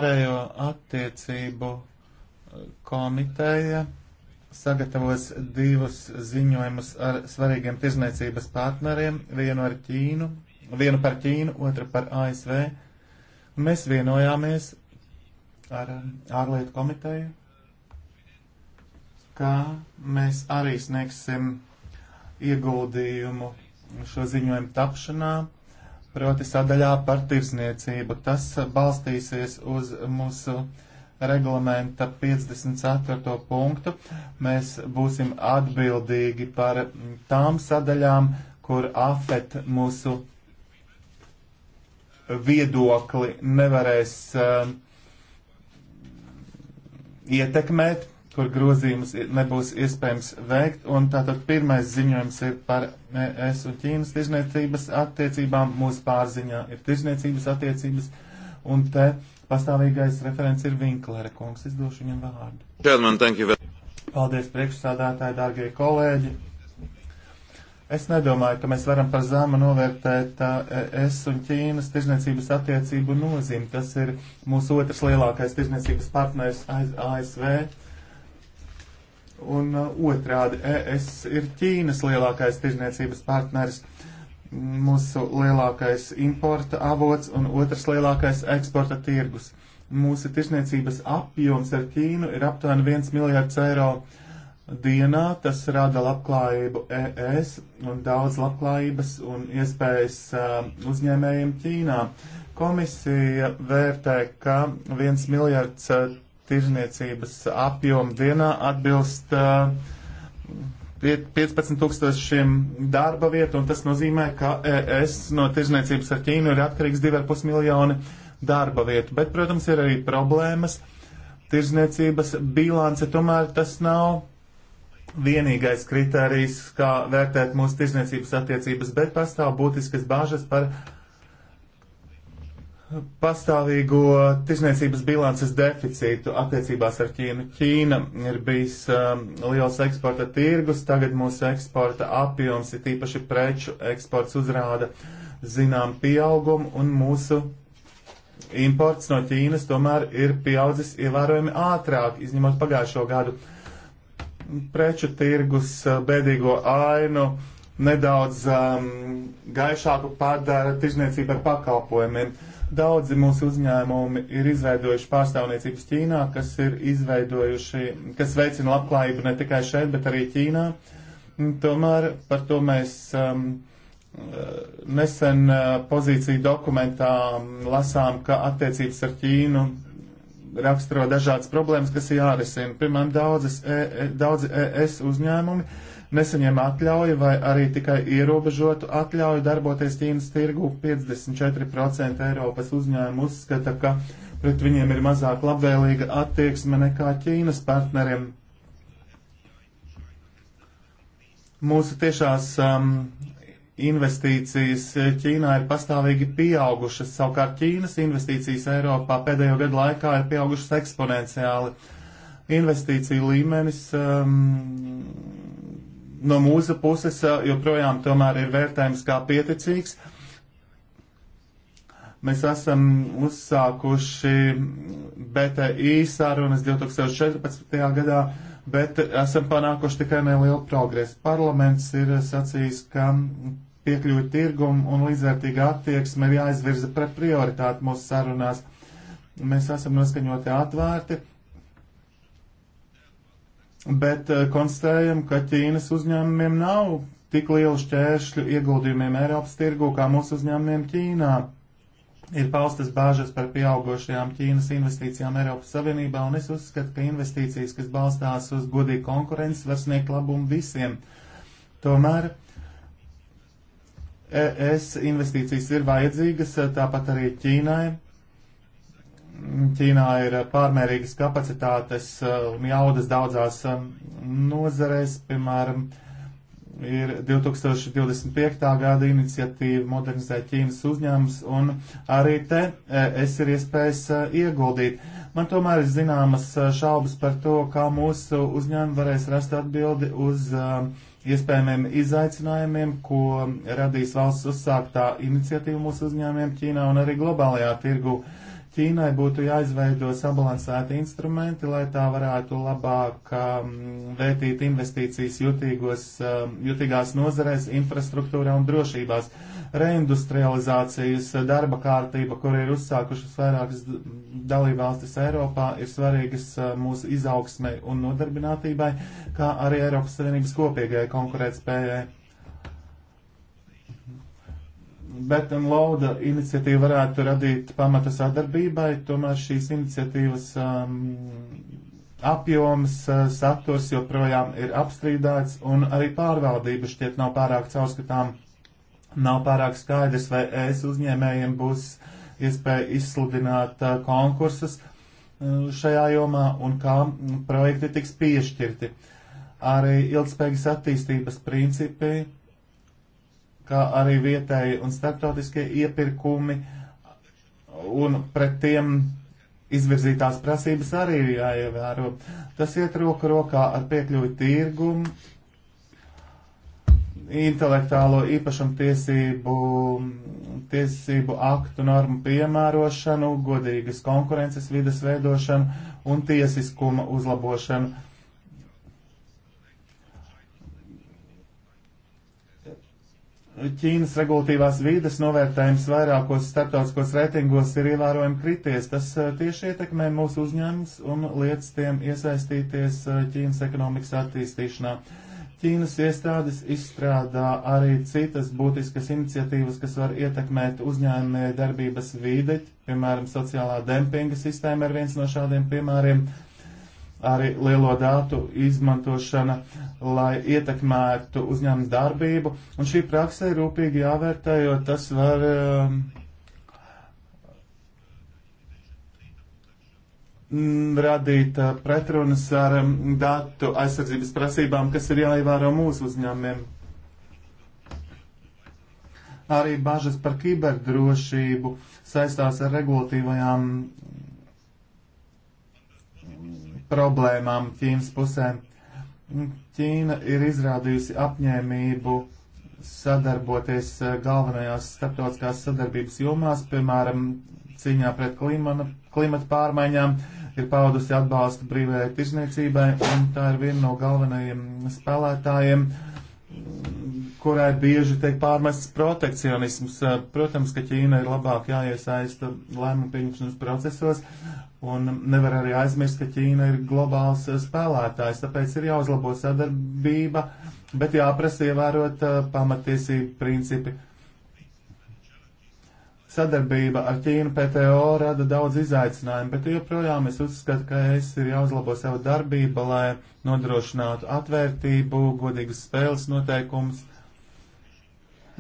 ārējo attiecību uh, komiteja sagatavos divus ziņojumus ar svarīgiem tirzniecības partneriem, vienu ar Ķīnu, vienu par Ķīnu, otru par ASV. Mēs vienojāmies ar um, ārlietu komiteju, ka mēs arī sniegsim ieguldījumu šo ziņojumu tapšanā, proti sadaļā par tirzniecību. Tas balstīsies uz mūsu uh, reglamenta 54. punktu, mēs būsim atbildīgi par tām sadaļām, kur AFET mūsu viedokli nevarēs uh, ietekmēt, kur grozījumus nebūs iespējams veikt. Un tātad pirmais ziņojums ir par ES un Ķīnas tirzniecības attiecībām. Mūsu pārziņā ir tirzniecības attiecības. Un te uh, Pastāvīgais referents ir Vinklere kungs. Es došu viņam vārdu. Chairman, thank you very much. Paldies, priekšsādātāji, dārgie kolēģi. Es nedomāju, ka mēs varam par zēmu novērtēt eh, es un Ķīnas tirzniecības attiecību nozīmi. Tas ir mūsu otrs lielākais tirzniecības partners ASV. Un eh, otrādi, es ir Ķīnas lielākais tirzniecības partners mūsu lielākais importa avots un otrs lielākais eksporta tirgus. Mūsu tirsniecības apjoms ar Ķīnu ir aptuveni 1 miljards eiro dienā. Tas rada labklājību ES un daudz labklājības un iespējas uh, uzņēmējiem Ķīnā. Komisija vērtē, ka 1 miljards uh, tirsniecības apjoms dienā atbilst uh, 15,000 darba vietu, un tas nozīmē, ka es no tirzniecības ar Ķīnu ir atkarīgs 2,5 miljoni darba vietu. Bet, protams, ir arī problēmas. Tirzniecības bilance tomēr tas nav vienīgais kriterijs, kā vērtēt mūsu tirzniecības attiecības, bet pastāv būtiskas bāžas par pastāvīgo tirsniecības bilances deficītu attiecībās ar Ķīnu. Ķīna ir bijis um, liels eksporta tirgus, tagad mūsu eksporta apjoms, ir tīpaši preču eksports uzrāda zinām pieaugumu, un mūsu imports no Ķīnas tomēr ir pieaudzis ievērojami ātrāk, izņemot pagājušo gadu preču tirgus uh, bēdīgo ainu nedaudz um, gaišāku padara tirzniecību ar pakalpojumiem. Uh, Daudzi mūsu uzņēmumi ir izveidojuši pārstāvniecības Ķīnā, kas ir izveidojuši, kas veicina labklājību ne tikai šeit, bet arī Ķīnā. Tomēr par to mēs um, uh, nesen uh, pozīciju dokumentā um, lasām, ka attiecības ar Ķīnu raksturo dažādas problēmas, kas ir jārisina. Pirmām, daudzas, e, e daudzi ES uzņēmumi nesaņem atļauju vai arī tikai ierobežotu atļauju darboties Ķīnas tirgu. 54% Eiropas uzņēmumu uzskata, ka pret viņiem ir mazāk labvēlīga attieksme nekā Ķīnas partneriem. Mūsu tiešās um, investīcijas Ķīnā ir pastāvīgi pieaugušas, savukārt Ķīnas investīcijas Eiropā pēdējo gadu laikā ir pieaugušas eksponenciāli. Investīciju līmenis um, no mūsu puses eh, joprojām tomēr ir vērtējums kā pieticīgs. Mēs esam uzsākuši BTI sarunas 2014. gadā, bet esam panākuši tikai nelielu progresu. Parlaments ir sacījis, ka piekļuvi tirgumu un līdzvērtīga attieksme ir jāizvirza pret prioritāti mūsu sarunās. Mēs esam noskaņoti atvērti bet eh, konstatējam, ka Ķīnas uzņēmumiem nav tik lielu šķēršļu ieguldījumiem Eiropas tirgu kā mūsu uzņēmumiem Ķīnā. Ir paustas bāžas par pieaugošajām Ķīnas investīcijām Eiropas Savienībā, un es uzskatu, ka investīcijas, kas balstās uz godīgu konkurenci, var sniegt labumu visiem. Tomēr ES investīcijas ir vajadzīgas, tāpat arī Ķīnai Ķīnā ir eh, pārmērīgas kapacitātes eh, un jaudas daudzās eh, nozarēs, piemēram, ir 2025. gada iniciatīva modernizēt Ķīnas uzņēmums, un arī te es ir iespējas ieguldīt. Man tomēr ir zināmas šaubas par to, kā mūsu uzņēmumi varēs rast atbildi uz iespējamiem izaicinājumiem, ko radīs valsts uzsāktā iniciatīva mūsu uzņēmumiem Ķīnā un arī globālajā tirgu. Uh, Ķīnai būtu jāizveido sabalansēti instrumenti, lai tā varētu labāk um, vērtīt investīcijas jutīgos, um, jutīgās nozarēs, infrastruktūrā un drošībās. Reindustrializācijas darba kārtība, kur ir uzsākušas vairākas dalībvalstis Eiropā, ir svarīgas uh, mūsu izaugsmai un nodarbinātībai, kā arī Eiropas Savienības kopīgajai konkurētspējai. Bet un Lauda iniciatīva varētu radīt pamata sadarbībai, tomēr šīs iniciatīvas um, apjoms, uh, saturs joprojām ir apstrīdēts un arī pārvaldība šķiet nav pārāk caurskatām, nav pārāk skaidrs, vai es uzņēmējiem būs iespēja izsludināt uh, konkursus uh, šajā jomā un kā projekti tiks piešķirti. Arī ilgspējīgas attīstības principi kā arī vietēji un starptautiskie iepirkumi, un pret tiem izvirzītās prasības arī ir jāievēro. Tas iet roku rokā ar piekļuvi tirgumu, intelektuālo īpašumu tiesību, tiesību aktu normu piemērošanu, godīgas konkurences vidas veidošanu un tiesiskuma uzlabošanu. Ķīnas regulatīvās vīdes novērtējums vairākos starptautiskos reitingos ir ievērojami krities. Tas eh, tieši ietekmē mūsu uzņēmums un liec tiem iesaistīties eh, Ķīnas ekonomikas attīstīšanā. Ķīnas iestādes izstrādā arī citas būtiskas iniciatīvas, kas var ietekmēt uzņēmē darbības vīdi, piemēram, sociālā dempinga sistēma ir viens no šādiem piemēriem, arī lielo dātu izmantošana lai ietekmētu uzņēmumu darbību, un šī praksē rūpīgi jāvērtē, jo tas var um, mm, radīt uh, pretrunas ar um, datu aizsardzības prasībām, kas ir jāievēro mūsu uzņēmumiem. Arī bažas par kiberdrošību saistās ar regulatīvajām mm, problēmām Ķīnas pusēm. Nu, Ķīna ir izrādījusi apņēmību sadarboties eh, galvenajās starptautiskās sadarbības jomās, piemēram, cīņā pret klimana, klimata pārmaiņām, ir paudusi atbalstu brīvajai tirzniecībai, un tā ir viena no galvenajiem spēlētājiem, kurai bieži tiek pārmests protekcionisms. Eh, Protams, ka Ķīna ir labāk jāiesaista lēmumu pieņemšanas procesos, Un nevar arī aizmirst, ka Ķīna ir globāls spēlētājs, tāpēc ir jāuzlabo sadarbība, bet jāprasa ievērot uh, pamatiesību principi. Sadarbība ar Ķīnu PTO rada daudz izaicinājumu, bet joprojām es uzskatu, ka es ir jāuzlabo savu darbību, lai nodrošinātu atvērtību, godīgas spēles noteikumus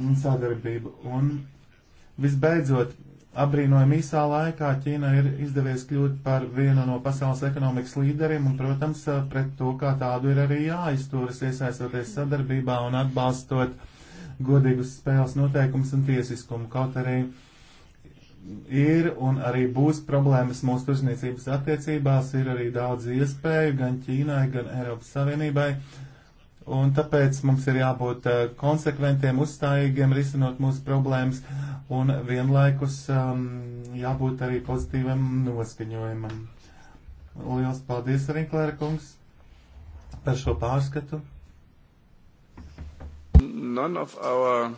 un sadarbību. Un visbeidzot, Abrīnojami īsā laikā Ķīna ir izdevies kļūt par vienu no pasaules ekonomikas līderiem, un, protams, pret to kā tādu ir arī jāizturas, iesaistoties sadarbībā un atbalstot godīgus spēles noteikumus un tiesiskumu. Kaut arī ir un arī būs problēmas mūsu tirzniecības attiecībās, ir arī daudz iespēju gan Ķīnai, gan Eiropas Savienībai Un tāpēc mums ir jābūt eh, konsekventiem, uzstājīgiem, risinot mūsu problēmas un vienlaikus um, jābūt arī pozitīvam noskaņojumam. Lielas paldies arī, Klēra kungs, par šo pārskatu. None of our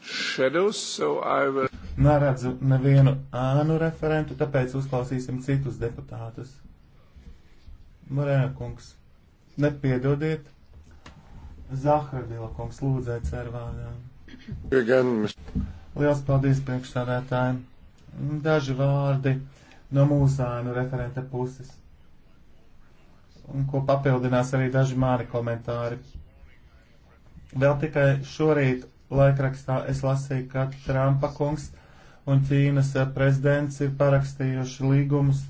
shadows, so I will... Neredzu nevienu ānu referentu, tāpēc uzklausīsim citus deputātus. Morēna kungs, nepiedodiet. Zahardila kungs lūdzēja cervānā. Liels paldies priekšstādētājiem. Daži vārdi no mūsānu referenta puses, un ko papildinās arī daži māri komentāri. Vēl tikai šorīt laikrakstā es lasīju, ka Trumpa kungs un Ķīnas prezidents ir parakstījuši līgumus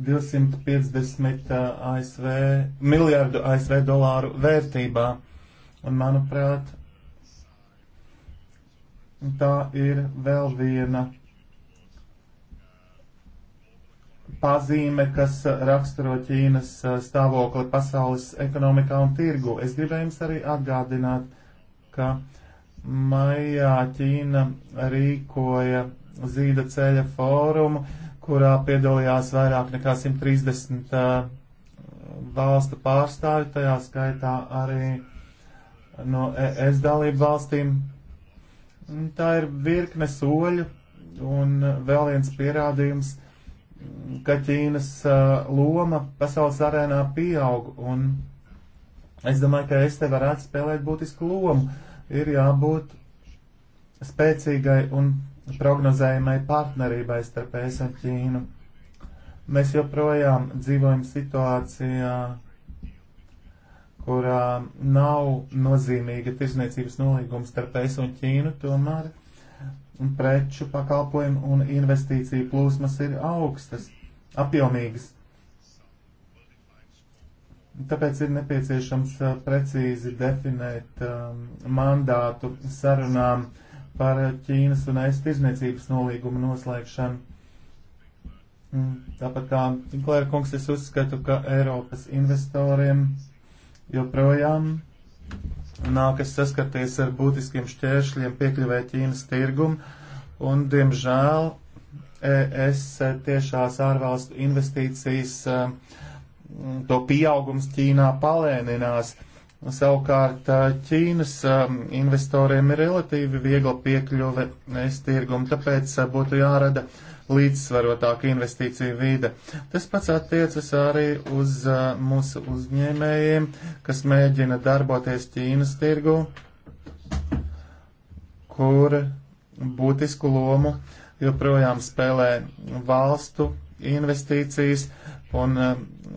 250 ASV, miljardu ASV dolāru vērtībā. Un, manuprāt, tā ir vēl viena pazīme, kas raksturo Ķīnas stāvokli pasaules ekonomikā un tirgu. Es gribēju jums arī atgādināt, ka maijā Ķīna rīkoja Zīda ceļa fórumu, kurā piedalījās vairāk nekā 130 uh, valstu pārstāvi, tajā skaitā arī no ES dalību valstīm. Tā ir virkne soļu un vēl viens pierādījums, ka Ķīnas uh, loma pasaules arēnā pieaug, un es domāju, ka es te varētu spēlēt būtisku lomu. Ir jābūt spēcīgai un prognozējumai partnerībai starp ES un Ķīnu. Mēs joprojām dzīvojam situācijā, kurā nav nozīmīga tirsniecības nolīguma starp ES un Ķīnu, tomēr preču pakalpojumu un investīciju plūsmas ir augstas, apjomīgas. Tāpēc ir nepieciešams uh, precīzi definēt um, mandātu sarunām uh, par Ķīnas un ES tirzniecības nolīgumu noslēgšanu. Mm, tāpat kā Tinklēra kungs, es uzskatu, ka Eiropas investoriem joprojām nākas saskarties ar būtiskiem šķēršļiem piekļuvē Ķīnas tirgumu, un, diemžēl, ES tiešās ārvalstu investīcijas, mm, to pieaugums Ķīnā palēninās. Uh, Savukārt Ķīnas investoriem ir relatīvi viegla piekļuve es tirgumu, tāpēc būtu jārada līdzsvarotāka investīcija vīde. Tas pats attiecas arī uz mūsu uzņēmējiem, kas mēģina darboties Ķīnas tirgu, kur būtisku lomu joprojām spēlē valstu investīcijas un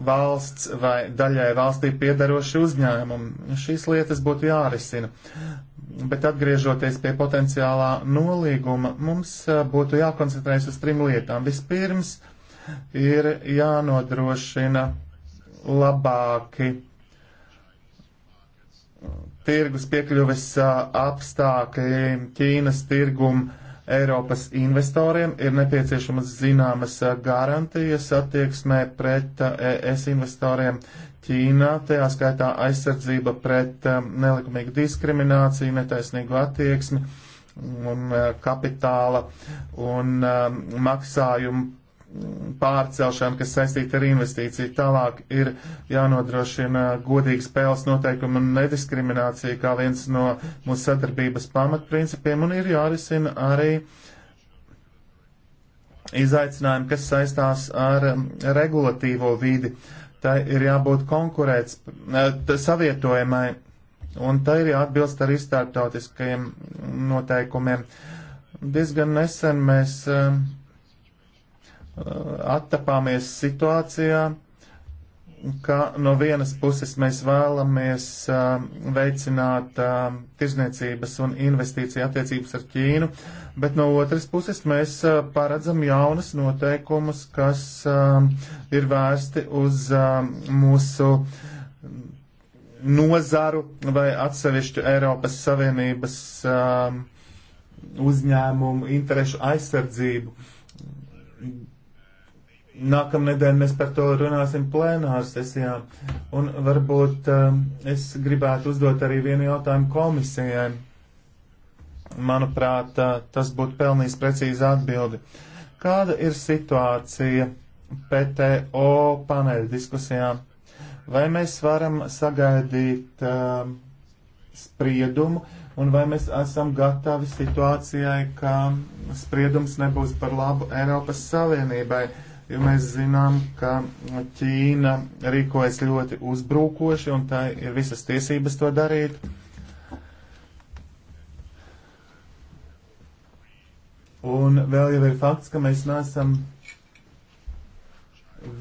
valsts vai daļai valstī piedaroši uzņēmumi. Šīs lietas būtu jārisina. Bet atgriežoties pie potenciālā nolīguma, mums būtu jākoncentrējas uz trim lietām. Vispirms ir jānodrošina labāki tirgus piekļuves apstākļi Ķīnas tirgumu Eiropas investoriem ir nepieciešamas zināmas eh, garantijas attieksmē pret ES eh, e investoriem Ķīnā, tajā skaitā aizsardzība pret eh, nelikumīgu diskrimināciju, netaisnīgu attieksmi un kapitāla un maksājumu pārcelšana, kas saistīta ar investīciju. Tālāk ir jānodrošina godīgi spēles noteikumi un nediskriminācija kā viens no mūsu sadarbības pamatprincipiem un ir jārisina arī izaicinājumi, kas saistās ar um, regulatīvo vidi. Tai ir jābūt konkurēts, uh, savietojamai un tai ir jāatbilst arī starptautiskajiem noteikumiem. Diezgan nesen mēs uh, Eh, attapāmies situācijā, ka no vienas puses mēs vēlamies uh, veicināt uh, tirzniecības un investīcija attiecības ar Ķīnu, bet no otras puses mēs uh, paredzam jaunas noteikumus, kas uh, ir vērsti uz uh, mūsu nozaru vai atsevišķu Eiropas Savienības uh, uzņēmumu interešu aizsardzību. Uh, Nākamnedēļ mēs par to runāsim plēnāru sesijā, un varbūt uh, es gribētu uzdot arī vienu jautājumu komisijai. Manuprāt, uh, tas būtu pelnījis precīzi atbildi. Kāda ir situācija PTO paneļa diskusijām? Vai mēs varam sagaidīt uh, spriedumu, un vai mēs esam gatavi situācijai, ka spriedums nebūs par labu Eiropas Savienībai? Uh, jo mēs zinām, ka Ķīna rīkojas ļoti uzbrukoši un tā ir visas tiesības to darīt. Un vēl jau ir fakts, ka mēs nesam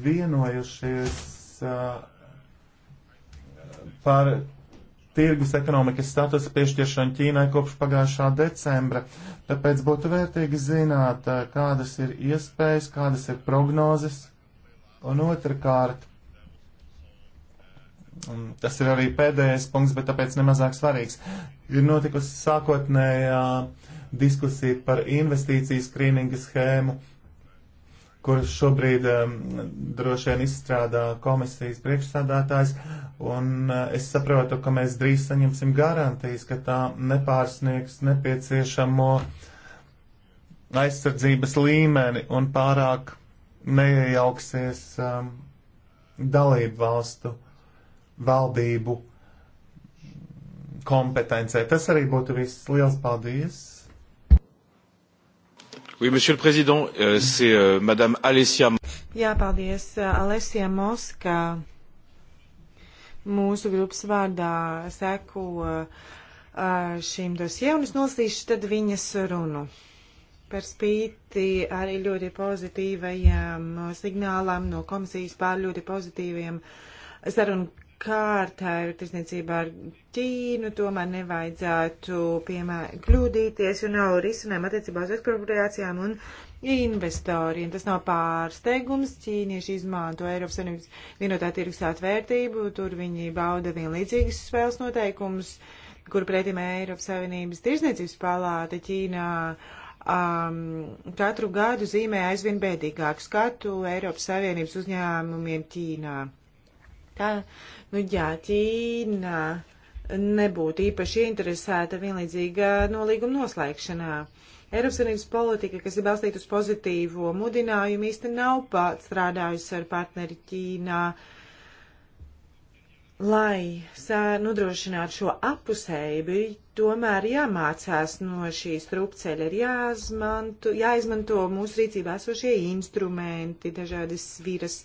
vienojušies uh, par tirgus ekonomikas statusa piešķiršanu Ķīnai kopš pagājušā decembra. Tāpēc būtu vērtīgi zināt, eh, kādas ir iespējas, kādas ir prognozes. Un otrkārt, un tas ir arī pēdējais punkts, bet tāpēc nemazāk svarīgs, ir notikusi sākotnējā diskusija par investīciju skrīninga schēmu kurus šobrīd um, droši vien izstrādā komisijas priekšsādātājs, un uh, es saprotu, ka mēs drīz saņemsim garantijas, ka tā nepārsniegs nepieciešamo aizsardzības līmeni un pārāk neiejauksies um, dalību valstu valdību kompetencē. Tas arī būtu viss. Liels paldies! Oui, Monsieur le Président, euh, c'est euh, Madame Alessia. Jā, paldies. Uh, Alessia Moska mūsu grupas vārdā seku uh, uh, šīm dosie, un es nolasīšu tad viņas runu. Par spīti arī ļoti pozitīvajiem signālām no komisijas pār ļoti pozitīviem sarunu kārtā ir tirsniecībā ar Ķīnu, tomēr nevajadzētu piemēram kļūdīties un nav risinājumu attiecībā uz ekspropriācijām un investoriem. Tas nav pārsteigums. Ķīnieši izmanto Eiropas Savienības vienotā tirgus atvērtību, tur viņi bauda vienlīdzīgas spēles noteikumus, kur pretim Eiropas Savienības tirsniecības palāta Ķīnā um, katru gadu zīmē aizvien bēdīgāku skatu Eiropas Savienības uzņēmumiem Ķīnā tā, nu jā, Ķīna nebūtu īpaši interesēta vienlīdzīga nolīguma noslēgšanā. Eiropas Savienības politika, kas ir balstīta uz pozitīvo mudinājumu, īsti nav pat strādājusi ar partneri Ķīnā, lai nodrošinātu šo apusējību. Tomēr jāmācās no šīs trupceļa, ir jāizmanto, jāizmanto mūsu rīcībā esošie instrumenti, dažādas sviras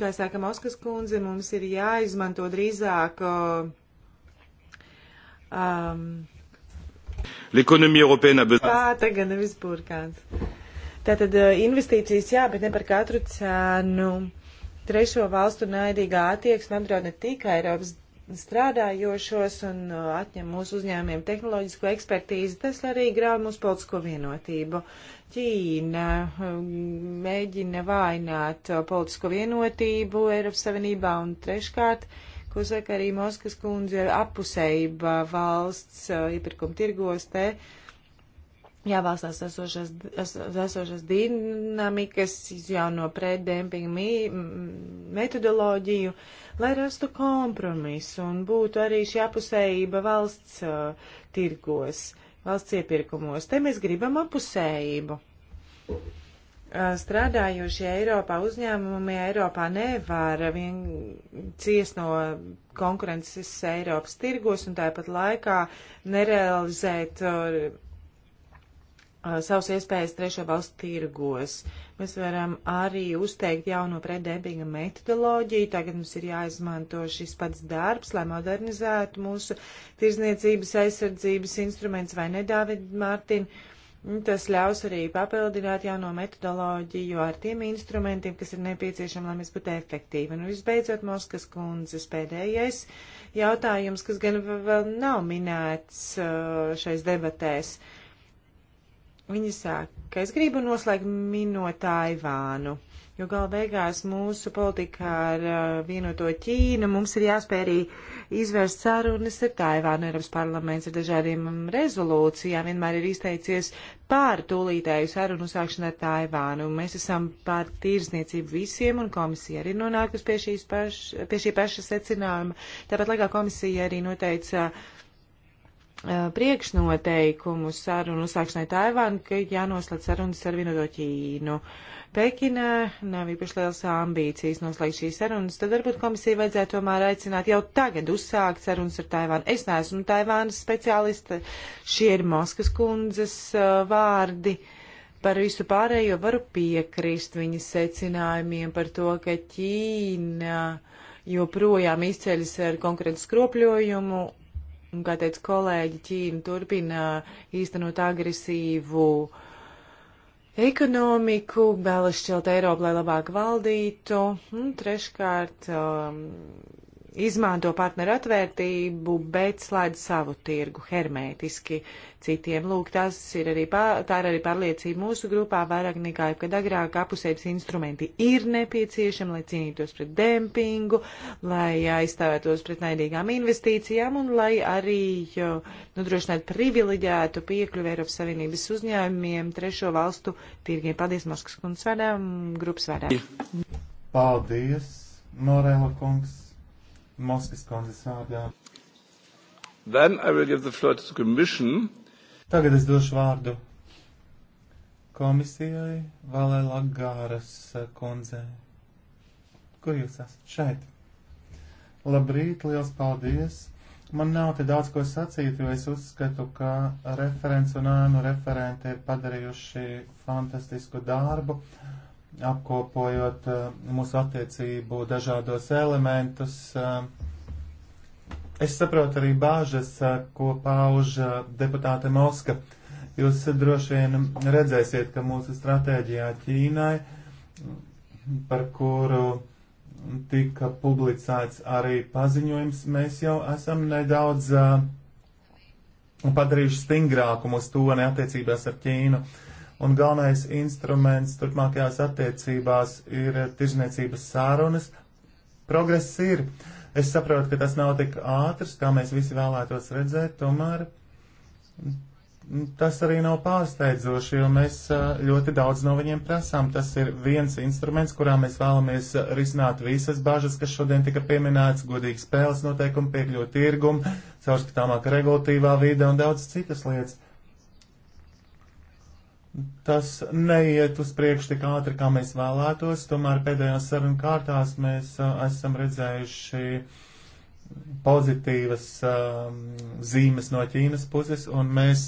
Kā sāka Mauskas kundze, mums ir jāizmanto drīzāk. Uh, um, L'ekonomija Eiropēna bez. Tā tagad nevis burkāns. Tātad uh, investīcijas jā, bet ne par katru cenu. Trešo valstu naidīgā attieksme apdraud ne tikai Eiropas strādājošos un uh, atņem mūsu uzņēmiem tehnoloģisko ekspertīzi, tas arī grāv mūsu politisko vienotību. Ķīna um, mēģina vainot uh, politisko vienotību Eiropas Savienībā un treškārt, ko saka arī Moskas kundze, apusējība valsts uh, iepirkuma tirgos te. Uh, jāvalstās esošās, es, esošās dinamikas, jauno pretdempinga metodoloģiju, lai rastu kompromisu un būtu arī šī apusējība valsts uh, tirgos, valsts iepirkumos. Te mēs gribam apusējību. Uh, strādājošie Eiropā uzņēmumi Eiropā nevar vien ciest no konkurences Eiropas tirgos un tāpat laikā nerealizēt uh, Uh, savas iespējas trešo valstu tirgos. Mēs varam arī uzteikt jauno pretdempinga metodoloģiju. Tagad mums ir jāizmanto šis pats darbs, lai modernizētu mūsu tirzniecības aizsardzības instruments, vai ne, Dāvid Mārtiņ? Tas ļaus arī papildināt jauno metodoloģiju ar tiem instrumentiem, kas ir nepieciešami, lai mēs būtu efektīvi. Un visbeidzot, Moskas kundzes pēdējais jautājums, kas gan vēl nav minēts uh, šais debatēs. Uh, Viņi saka, ka es gribu noslēgt mino Taivānu, jo gal beigās mūsu politikā ar uh, vienoto Ķīnu mums ir jāspēj arī izvērst sarunas ar Taivānu. Eiropas parlaments ar dažādiem rezolūcijām vienmēr ir izteicies pār tūlītēju sarunu sākšanu ar Taivānu. Mēs esam pār tirzniecību visiem, un komisija arī nonākusi pie, paš, pie šī paša secinājuma. Tāpat laikā komisija arī noteica uh, priekšnoteikumu sarunu uzsākšanai Taivānu, ka jānoslēdz sarunas ar vienoto Ķīnu. Pekinā nav īpaši liels ambīcijas noslēgt šīs sarunas, tad varbūt komisija vajadzētu tomēr aicināt jau tagad uzsākt sarunas ar Taivānu. Es neesmu Taivānas speciālista, šie ir Moskas kundzes uh, vārdi. Par visu pārējo varu piekrist viņas secinājumiem par to, ka Ķīna joprojām izceļas ar konkurences skropļojumu Un, kā teica kolēģi, Ķīna turpina uh, īstenot agresīvu ekonomiku, vēlas šķelt Eiropu, lai labāk valdītu. Un treškārt, um, izmanto partneru atvērtību, bet slēdz savu tirgu hermētiski citiem. Lūk, tas ir arī, pār, tā ir arī pārliecība mūsu grupā vairāk nekā jebkad agrāk. Apusējums instrumenti ir nepieciešami, lai cīnītos pret dempingu, lai aizstāvētos pret naidīgām investīcijām un lai arī nodrošinātu privileģētu piekļuvi Eiropas Savienības uzņēmumiem trešo valstu tirgiem. Paldies, Moskvas kundzvedām, grupas vedām. Paldies, Norēla kungs. Moskvas kundzes vārdā. Then I will give the floor to the commission. Tagad es došu vārdu komisijai Valē Lagāras eh, kundzei. Kur jūs esat? Šeit. Labrīt, liels paldies! Man nav te daudz ko sacīt, jo es uzskatu, ka referents un ēnu referenti ir padarījuši fantastisku darbu apkopojot eh, mūsu attiecību dažādos elementus. Eh, es saprotu arī bāžas, eh, ko pauž deputāte Moska. Jūs droši vien redzēsiet, ka mūsu stratēģijā Ķīnai, par kuru tika publicēts arī paziņojums, mēs jau esam nedaudz padarījuši stingrāku mūsu toni attiecībās ar Ķīnu. Uh, un galvenais instruments turpmākajās attiecībās ir tirzniecības sārunas. Progress ir. Es saprotu, ka tas nav tik ātrs, kā mēs visi vēlētos redzēt, tomēr tas arī nav pārsteidzoši, jo mēs ļoti daudz no viņiem prasām. Tas ir viens instruments, kurā mēs vēlamies risināt visas bažas, kas šodien tika pieminētas, godīgi spēles noteikumi, piekļūt tirgumu, caurskatāmāka regulatīvā vīde un daudz citas lietas tas neiet uz priekšu tik ātri, kā mēs vēlētos. Tomēr pēdējās sarunu kārtās mēs uh, esam redzējuši pozitīvas um, zīmes no Ķīnas puses, un mēs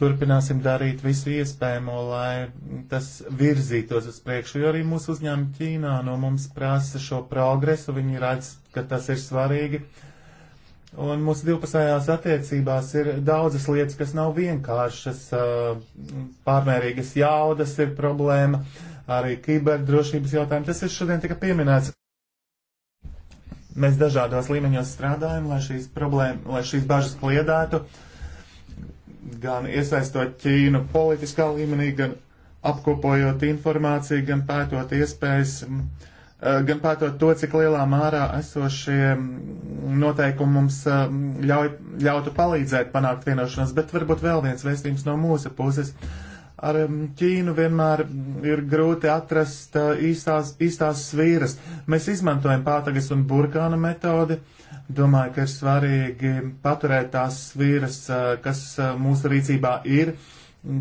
turpināsim darīt visu iespējamo, lai tas virzītos uz priekšu, jo arī mūsu uzņēmumi Ķīnā no mums prasa šo progresu, viņi redz, ka tas ir svarīgi. Uh, Un mūsu divpusējās attiecībās ir daudzas lietas, kas nav vienkāršas. Uh, pārmērīgas jaudas ir problēma, arī kiberdrošības jautājumi. Tas viss šodien tika pieminēts. Mēs dažādos līmeņos strādājam, lai šīs, problēma, lai šīs bažas kliedētu, gan iesaistot Ķīnu politiskā līmenī, gan apkopojot informāciju, gan pētot iespējas. Um, Eh, gan pētot to, cik lielā mērā esošie mm, noteikumi mums eh, ļauj, ļautu palīdzēt panākt vienošanos, bet varbūt vēl viens vēstījums no mūsu puses. Ar mm, Ķīnu vienmēr ir grūti atrast eh, īstās, īstās svīras. Mēs izmantojam pātagas un burkāna metodi. Domāju, ka ir svarīgi paturēt tās svīras, kas mūsu rīcībā ir. Uh,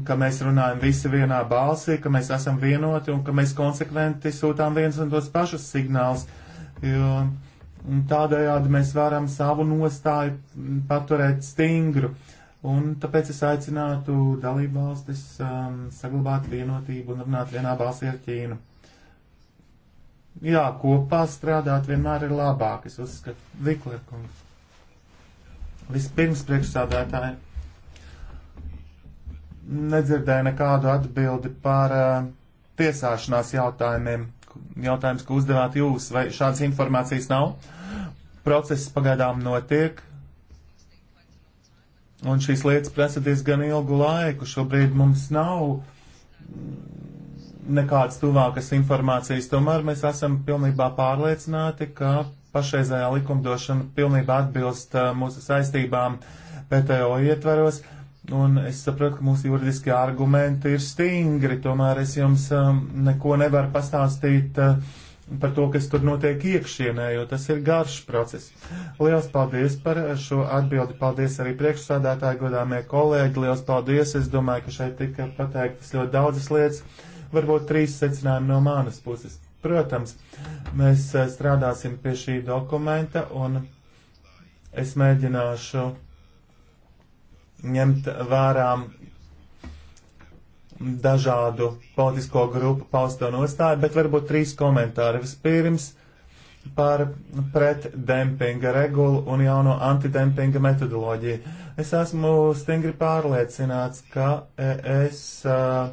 ka mēs runājam visi vienā balsī, ka mēs esam vienoti un ka mēs konsekventi sūtām viens un tos pašus signālus. Jo tādējādi mēs varam savu nostāju paturēt stingru. Un tāpēc es aicinātu dalību valstis um, saglabāt vienotību un runāt vienā balsī ar Ķīnu. Jā, kopā strādāt vienmēr ir labāk, es uzskatu. Viklerkungs. Vispirms priekšsādātāji nedzirdēju nekādu atbildi par uh, tiesāšanās jautājumiem. Jautājums, ko uzdevāt jūs, vai šādas informācijas nav? Process pagaidām notiek, un šīs lietas prasa diezgan ilgu laiku. Šobrīd mums nav nekādas tuvākas informācijas, tomēr mēs esam pilnībā pārliecināti, ka pašreizējā likumdošana pilnībā atbilst uh, mūsu saistībām PTO ietveros. Uh, Un es saprotu, ka mūsu juridiskie argumenti ir stingri, tomēr es jums um, neko nevaru pastāstīt uh, par to, kas tur notiek iekšienē, jo tas ir garš process. Lielas paldies par uh, šo atbildi, paldies arī priekšsādātāji, godāmie kolēģi, liels paldies, es domāju, ka šeit tika pateiktas ļoti daudzas lietas, varbūt trīs secinājumi no manas puses. Protams, mēs uh, strādāsim pie šī dokumenta un es mēģināšu ņemt vērā dažādu politisko grupu pausto nostāju, bet varbūt trīs komentāri. Vispirms par pretdempinga regulu un jauno antidempinga metodoloģiju. Es esmu stingri pārliecināts, ka es uh,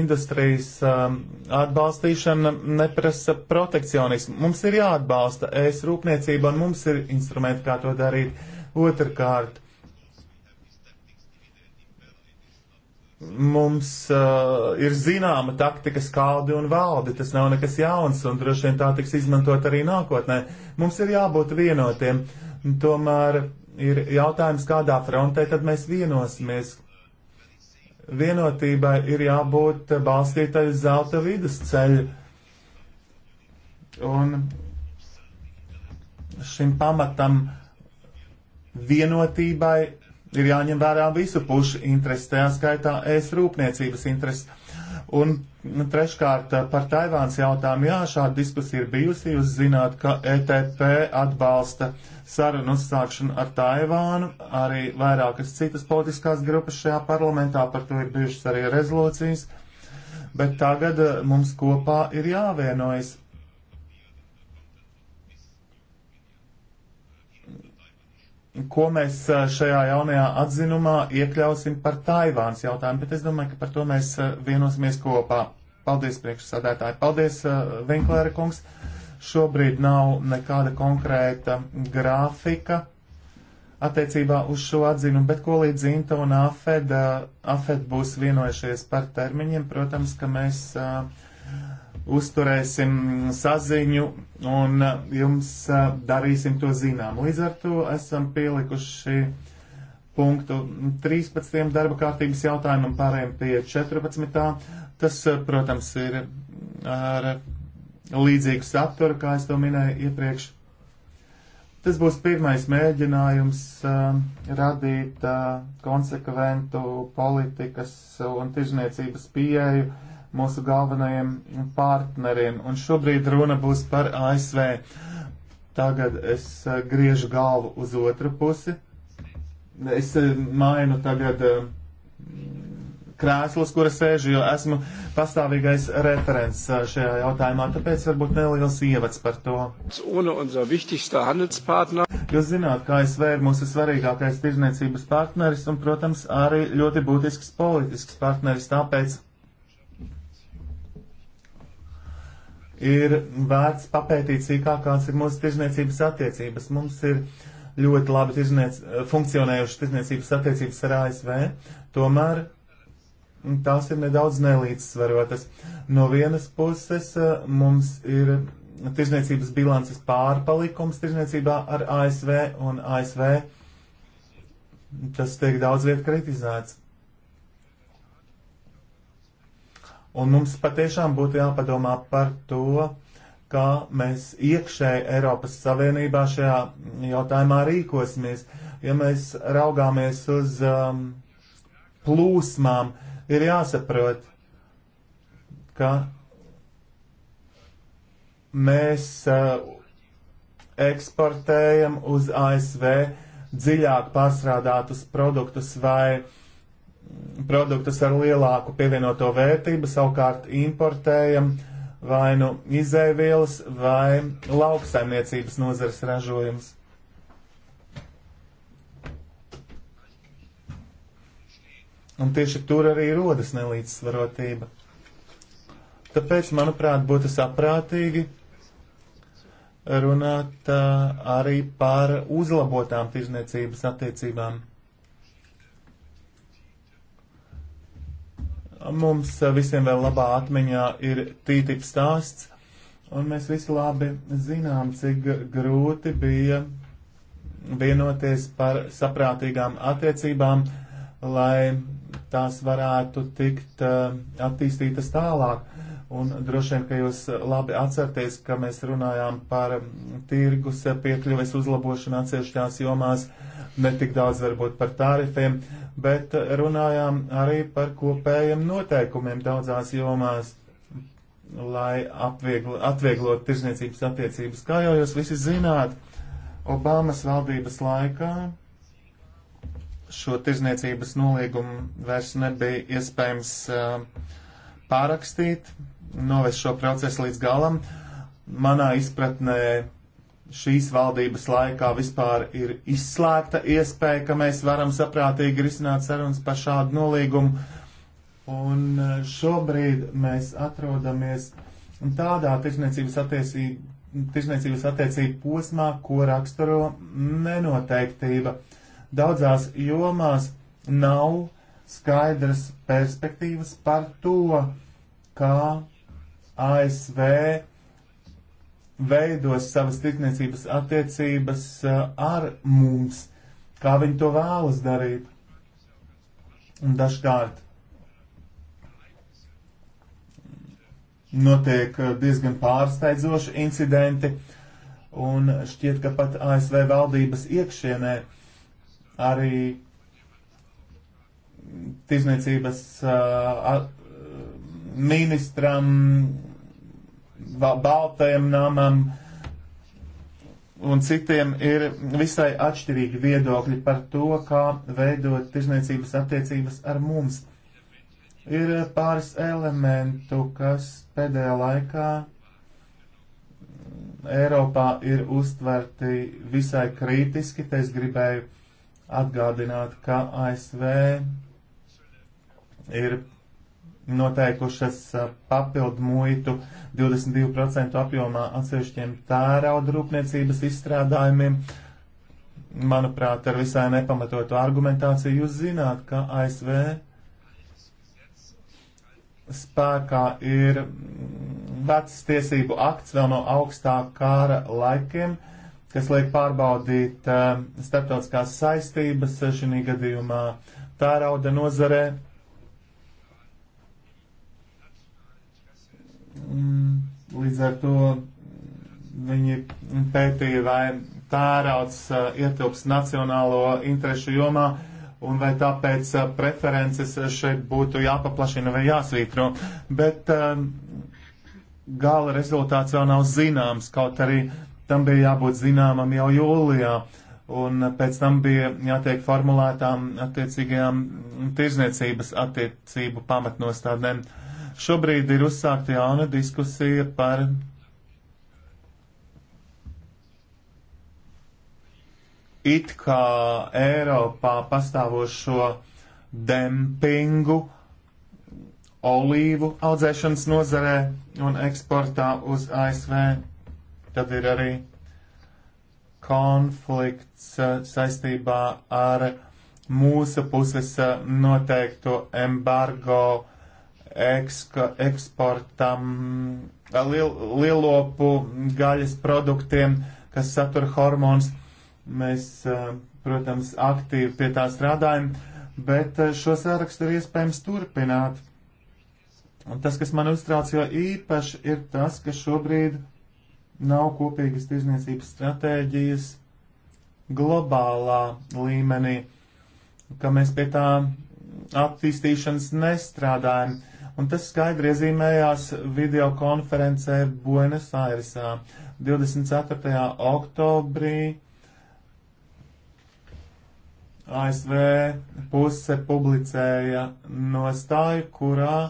industrijas um, atbalstīšana neprasa protekcionismu. Mums ir jāatbalsta ēst e rūpniecība un mums ir instrumenti, kā to darīt. Otrkārt, mums uh, ir zināma taktika, skaldi un valdi. Tas nav nekas jauns, un droši vien tā tiks izmantot arī nākotnē. Mums ir jābūt vienotiem. Tomēr ir jautājums, kādā frontē tad mēs vienosimies. Vienotībai ir jābūt balstītai uz zelta vidusceļu. Un šim pamatam vienotībai ir jāņem vērā visu pušu interesi, tajā skaitā ēst rūpniecības interesi. Un nu, treškārt eh, par Taivāns jautājumu, jā, šāda diskusija ir bijusi, jūs zināt, ka ETP atbalsta sarunu uzsākšanu ar Taivānu, arī vairākas citas politiskās grupas šajā parlamentā, par to ir bijušas arī rezolūcijas, bet tagad eh, mums kopā ir jāvienojas ko mēs šajā jaunajā atzinumā iekļausim par Taivānas jautājumu, bet es domāju, ka par to mēs vienosimies kopā. Paldies, priekšsādātāji. Paldies, Vinklēra kungs. Šobrīd nav nekāda konkrēta grafika attiecībā uz šo atzinu, bet ko līdz Zinta un Afed, Afed būs vienojušies par termiņiem, protams, ka mēs uh, uzturēsim saziņu un uh, jums uh, darīsim to zinām. Līdz ar to esam pielikuši punktu 13. darba kārtības jautājumam, pārējiem pie 14. Tas, uh, protams, ir ar līdzīgu saturu, kā es to minēju iepriekš. Tas būs pirmais mēģinājums uh, radīt uh, konsekventu politikas un tirzniecības pieeju uh, mūsu galvenajiem partneriem. Un šobrīd runa būs par ASV. Tagad es eh, griežu galvu uz otru pusi. Es eh, mainu tagad eh, krēslus, kuras sēžu, jo esmu pastāvīgais referents šajā jautājumā, tāpēc varbūt neliels ievads par to. Jūs zināt, ka ASV ir mūsu svarīgākais tirzniecības partneris un, protams, arī ļoti būtisks politisks partneris, tāpēc ir vērts papētīt sīkāk, kāds ir mūsu tirzniecības attiecības. Mums ir ļoti labi tirzniec, funkcionējuši tirzniecības attiecības ar ASV, tomēr tās ir nedaudz nelīdzsvarotas. No vienas puses eh, mums ir tirzniecības bilances pārpalikums tirzniecībā ar ASV un ASV. Tas tiek daudz viet kritizēts. Un mums patiešām būtu jāpadomā par to, kā mēs iekšēji Eiropas Savienībā šajā jautājumā rīkosimies. Ja mēs raugāmies uz um, plūsmām, ir jāsaprot, ka mēs uh, eksportējam uz ASV dziļāk pārstrādātus produktus vai uh, produktus ar lielāku pievienoto vērtību, savukārt importējam vai nu izēvielas vai lauksaimniecības nozares ražojums. Un tieši tur arī rodas nelīdzsvarotība. Tāpēc, manuprāt, būtu saprātīgi runāt uh, arī par uzlabotām tirzniecības attiecībām. Mums eh, visiem vēl labā atmiņā ir tītip stāsts, un mēs visi labi zinām, cik grūti bija vienoties par saprātīgām attiecībām, lai tās varētu tikt eh, attīstītas tālāk. Un droši vien, ka jūs labi atcerties, ka mēs runājām par mm, tirgus eh, piekļuves uzlabošanu atsevišķās jomās, ne tik daudz varbūt par tarifiem, bet eh, runājām arī par kopējiem noteikumiem daudzās jomās, lai atvieglo, atvieglot tirzniecības attiecības. Kā jau jūs visi zināt, Obamas valdības laikā šo tirzniecības nolīgumu vairs nebija iespējams uh, eh, pārakstīt, novest šo procesu līdz galam. Manā izpratnē šīs valdības laikā vispār ir izslēgta iespēja, ka mēs varam saprātīgi risināt sarunas par šādu nolīgumu. Un eh, šobrīd mēs atrodamies tādā tirsniecības attiecību, tirsniecības attiecību posmā, ko raksturo nenoteiktība. Daudzās jomās nav skaidras perspektīvas par to, kā ASV veidos savas tirdzniecības attiecības eh, ar mums, kā viņi to vēlas darīt. Un dažkārt notiek eh, diezgan pārsteidzoši incidenti, un šķiet, ka pat ASV valdības iekšienē arī tirzniecības uh, eh, ministram Baltajam namam un citiem ir visai atšķirīgi viedokļi par to, kā veidot tirzniecības attiecības ar mums. Ir pāris elementu, kas pēdējā laikā Eiropā ir uztverti visai kritiski. Te es gribēju atgādināt, ka ASV ir noteikušas eh, papildu muitu 22% apjomā atsevišķiem tērauda rūpniecības izstrādājumiem. Manuprāt, ar visai nepamatotu argumentāciju jūs zināt, ka ASV spēkā ir vecs tiesību akts vēl no augstā kāra laikiem, kas liek pārbaudīt uh, starptautiskās saistības eh, šī gadījumā tērauda nozarē Mm, līdz ar to mm, viņi pētīja, vai tērauds ietilps nacionālo interešu jomā un vai tāpēc preferences šeit būtu jāpaplašina vai jāsvītro. Bet gala rezultāts vēl nav zināms, kaut arī tam bija jābūt zināmam jau jūlijā. Un pēc tam bija jātiek formulētām attiecīgajām tirzniecības attiecību pamatnostādnēm. Uh, Šobrīd ir uzsākta jauna diskusija par it kā Eiropā pastāvošo dempingu olīvu audzēšanas nozarē un eksportā uz ASV. Tad ir arī konflikts eh, saistībā ar mūsu puses eh, noteikto embargo ekska, eksportam, liel, lielopu gaļas produktiem, kas satura hormonus. Mēs, protams, aktīvi pie tā strādājam, bet šo sārakstu ir iespējams turpināt. Un tas, kas man uztrauc jau īpaši, ir tas, ka šobrīd nav kopīgas tirzniecības stratēģijas globālā līmenī, ka mēs pie tā attīstīšanas nestrādājam. Uh, un tas skaidri iezīmējās videokonferencē Buenos Airesā 24. oktobrī. ASV puse publicēja nostāju, kurā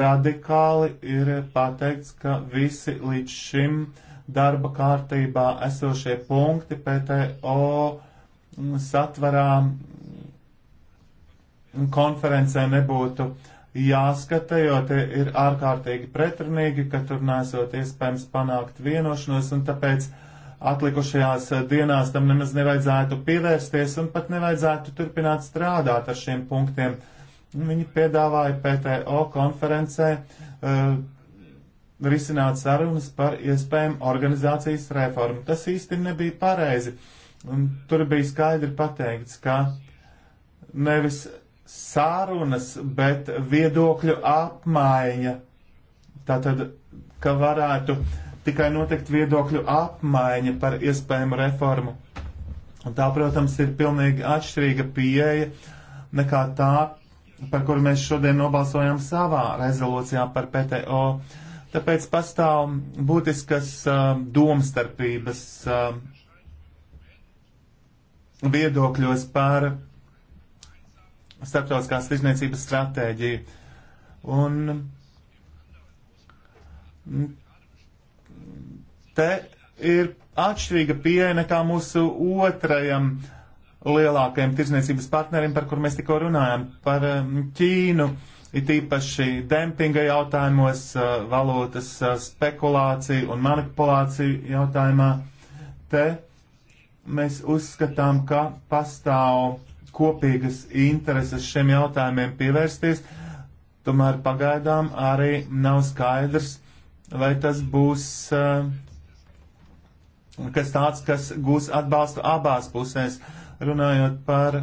radikāli ir pateikts, ka visi līdz šim darba kārtībā esošie punkti PTO satvarā konferencē nebūtu uh, jāskata, jo tie ir ārkārtīgi pretrunīgi, ka tur nesot iespējams panākt vienošanos, un tāpēc atlikušajās dienās tam nemaz nevajadzētu pievērsties un pat nevajadzētu turpināt strādāt ar šiem punktiem. Viņi piedāvāja PTO konferencē uh, risināt sarunas par iespējumu organizācijas reformu. Tas īsti nebija pareizi. Un tur bija skaidri pateikts, ka nevis sārunas, bet viedokļu apmaiņa. Tātad, ka varētu tikai notikt viedokļu apmaiņa par iespējamu reformu. Un tā, protams, ir pilnīgi atšķirīga pieeja nekā tā, par kuru mēs šodien nobalsojam savā rezolūcijā par PTO. Tāpēc pastāv būtiskas uh, domstarpības uh, viedokļos par starptautiskās tirzniecības stratēģiju. Un mm, te ir atšķirīga pieeja nekā mūsu otrajam lielākajam tirzniecības partnerim, par kur mēs tikko runājam, par mm, Ķīnu, it īpaši dempinga jautājumos, eh, valūtas eh, spekulāciju un manipulāciju jautājumā. Te mēs uzskatām, ka pastāv kopīgas intereses šiem jautājumiem pievērsties, tomēr pagaidām arī nav skaidrs, vai tas būs eh, kas tāds, kas gūs atbalstu abās pusēs, runājot par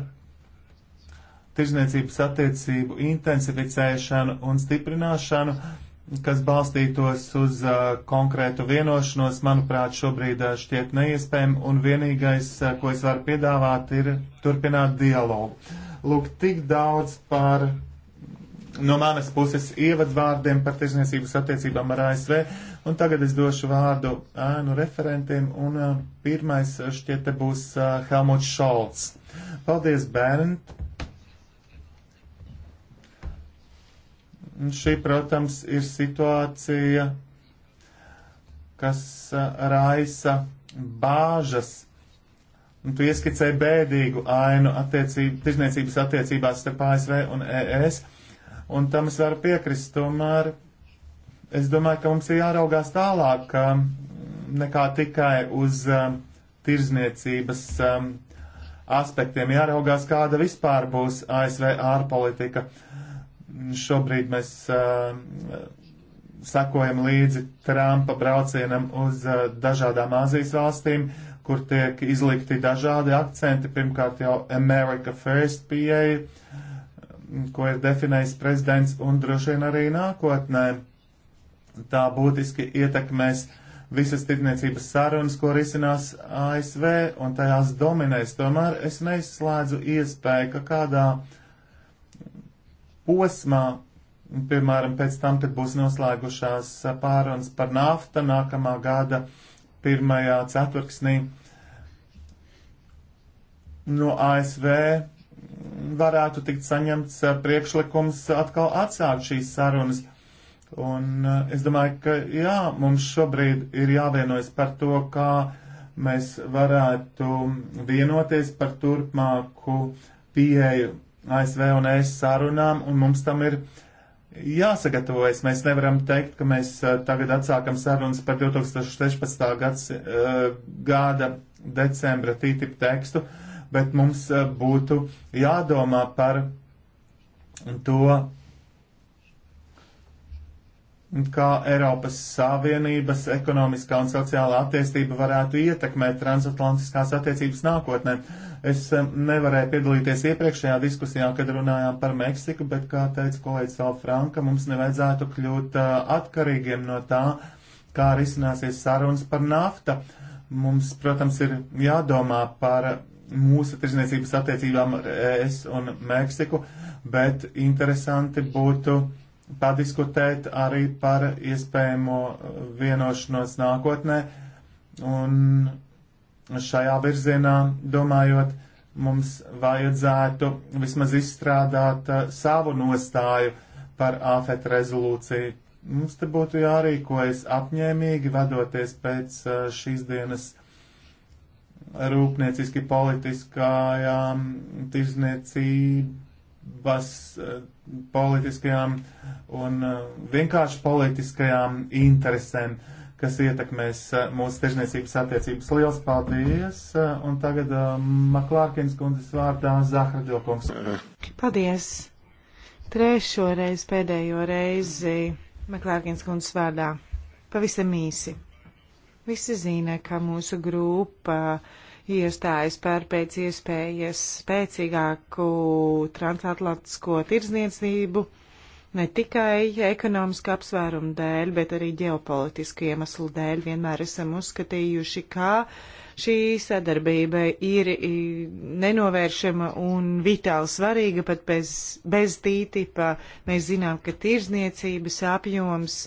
tirzniecības attiecību intensificēšanu un stiprināšanu kas balstītos uz uh, konkrētu vienošanos, manuprāt, šobrīd uh, šķiet neiespējami, un vienīgais, uh, ko es varu piedāvāt, ir turpināt dialogu. Lūk, tik daudz par no manas puses ievadvārdiem par tirzniecības attiecībām ar ASV, un tagad es došu vārdu ēnu referentiem, un uh, pirmais uh, šķiet te būs uh, Helmuts Šolts. Paldies, Bernd! Un šī, protams, ir situācija, kas raisa bāžas Un tu ieskicēji bēdīgu ainu attiecību, tirzniecības attiecībās starp ASV un ES, un tam es varu piekrist. Tomēr es domāju, ka mums ir jāraugās tālāk nekā tikai uz um, tirzniecības um, aspektiem. Jāraugās, kāda vispār būs ASV ārpolitika. Uh, Šobrīd mēs uh, sakojam līdzi Trumpa braucienam uz uh, dažādām Āzijas valstīm, kur tiek izlikti dažādi akcenti. Pirmkārt jau America First pieeja, ko ir definējis prezidents un droši vien arī nākotnē. Tā būtiski ietekmēs visas tirdzniecības sarunas, ko risinās ASV, un tajās dominēs. Tomēr es neizslēdzu iespēju, ka kādā uh, posmā, piemēram, pēc tam, kad būs noslēgušās pārunas par nafta nākamā gada pirmajā ceturksnī no ASV varētu tikt saņemts priekšlikums atkal atsākt šīs sarunas. Un eh, es domāju, ka jā, mums šobrīd ir jāvienojas par to, kā mēs varētu vienoties par turpmāku pieeju ASV un ES sarunām, un mums tam ir jāsagatavojas. Mēs nevaram teikt, ka mēs eh, tagad atsākam sarunas par 2016. Gads, eh, gada decembra TTIP tekstu, bet mums eh, būtu jādomā par to, kā Eiropas Savienības ekonomiskā un sociālā attīstība varētu ietekmēt transatlantiskās attiecības nākotnē. Es nevarēju piedalīties iepriekšējā diskusijā, kad runājām par Meksiku, bet, kā teica kolēģis Alfranka, mums nevajadzētu kļūt eh, atkarīgiem no tā, kā risināsies sarunas par nafta. Mums, protams, ir jādomā par mūsu tirzniecības attiecībām ar ES un Meksiku, bet interesanti būtu uh, padiskutēt arī par iespējamo eh, vienošanos nākotnē. Un šajā virzienā domājot, mums vajadzētu vismaz izstrādāt eh, savu nostāju par AFET rezolūciju. Mums te būtu jārīkojas apņēmīgi, vadoties pēc eh, šīs dienas rūpnieciski politiskajām tirzniecībām bas eh, politiskajām un eh, vienkārši politiskajām interesēm, kas ietekmēs eh, mūsu tirzniecības attiecības. Liels paldies! Un tagad Maklārkins kundzes vārdā Zahradilkungs. Paldies! Trešo reizi, pēdējo reizi Maklārkins kundzes vārdā. Pavisam īsi. Visi zina, ka mūsu grupa uh, iestājas par pēc iespējas spēcīgāku transatlantisko tirdzniecību ne tikai ekonomiska apsvērumu dēļ, bet arī ģeopolitisku iemeslu dēļ vienmēr esam uzskatījuši, kā šī sadarbība ir nenovēršama un vitāli svarīga, pat bez, bez tītipa mēs zinām, ka tirdzniecības apjoms,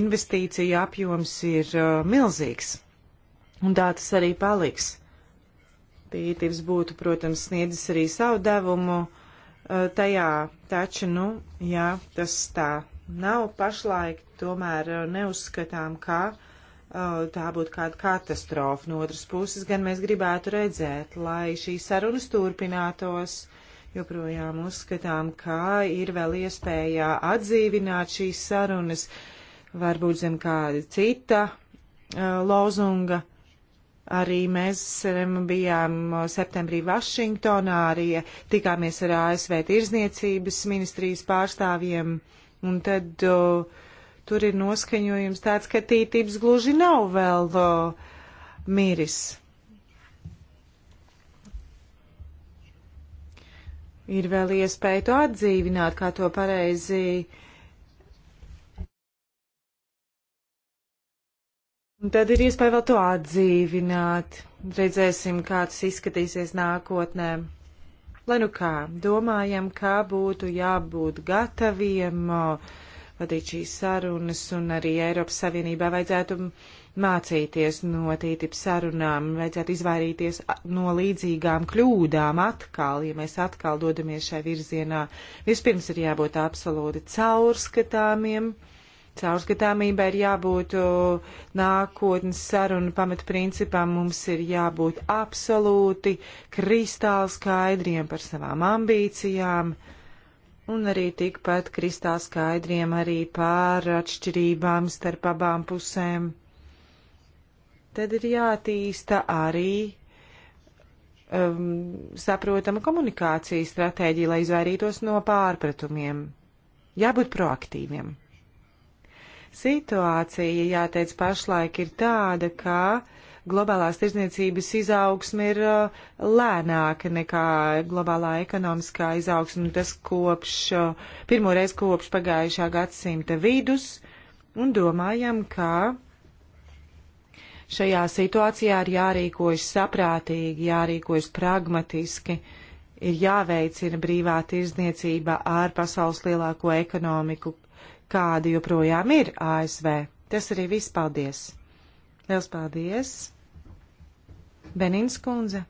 investīcija apjoms ir uh, milzīgs. Un tā tas arī paliks. Tītības būtu, protams, sniedzis arī savu devumu e, tajā, taču, nu, jā, tas tā nav pašlaik, tomēr e, neuzskatām, ka e, tā būtu kāda katastrofa. No otras puses, gan mēs gribētu redzēt, lai šīs sarunas turpinātos. Joprojām uzskatām, ka ir vēl iespējā atdzīvināt šīs sarunas, varbūt zem kāda cita uh, lozunga, Arī mēs bijām septembrī Vašingtonā, arī e, tikāmies ar ASV tirzniecības ministrijas pārstāvjiem, un tad o, tur ir noskaņojums tāds, ka tītības gluži nav vēl o, miris. Ir vēl iespēja to atdzīvināt, kā to pareizi uh, Un tad ir iespēja vēl to atdzīvināt. Redzēsim, kā tas izskatīsies nākotnē. Lai nu kā, domājam, kā būtu jābūt gataviem vadīt šīs sarunas, un arī Eiropas Savienībā vajadzētu mācīties no tītip sarunām, vajadzētu izvairīties no līdzīgām kļūdām atkal, ja mēs atkal dodamies šai virzienā. Vispirms ir jābūt absolūti caurskatāmiem, Caurskatāmībai ir jābūt nākotnes sarunu pamatprincipam, mums ir jābūt absolūti kristāli skaidriem par savām ambīcijām un arī tikpat kristāli skaidriem arī pār atšķirībām starp abām pusēm. Tad ir jātīsta arī um, saprotama komunikācijas stratēģija, lai izvairītos no pārpratumiem. Jābūt proaktīviem. Situācija, jāteic, pašlaik ir tāda, ka globālās tirzniecības izaugsme ir uh, lēnāka nekā globālā ekonomiskā izaugsme, tas kopš, uh, pirmoreiz kopš pagājušā gadsimta vidus, un domājam, ka šajā situācijā ir jārīkojas saprātīgi, jārīkojas pragmatiski, ir jāveicina brīvā tirzniecība ar pasaules lielāko ekonomiku, kādi joprojām ir ASV. Tas arī viss paldies. Liels paldies, Benins kundze.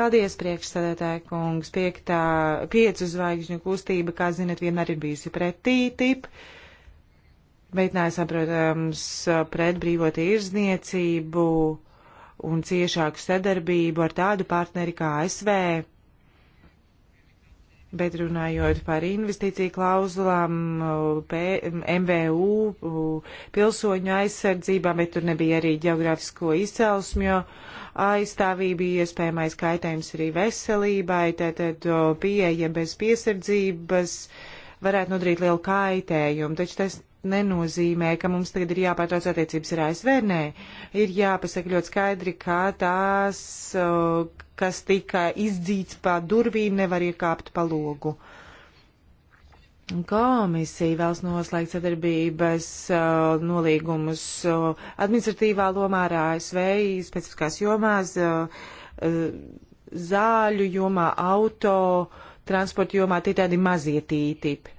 Paldies, priekšsēdētāja kungs. Piektā, piecu zvaigžņu kustība, kā zinat, vienmēr ir bijusi pretī tip. Bet, nesaprotams, pret brīvo tirzniecību un ciešāku sadarbību ar tādu partneri kā ASV. Bet runājot par investīciju klauzulām, MVU, pilsoņu aizsardzībām, bet tur nebija arī geogrāfisko izcelsmju aizstāvību, iespējamais kaitējums arī veselībai, tātad pieeja bez piesardzības varētu nodarīt lielu kaitējumu, taču tas nenozīmē, ka mums tagad ir jāpārtrauc attiecības ar ASV. Nē, ir jāpasaka ļoti skaidri, ka tās, kas tika izdzīts pa durvīm, nevar iekāpt pa logu. Komisija vēlas noslēgt sadarbības uh, nolīgumus uh, administratīvā lomā ar ASV, specifiskās jomās, uh, zāļu jomā, auto, transporta jomā, tie tādi mazie tītipi.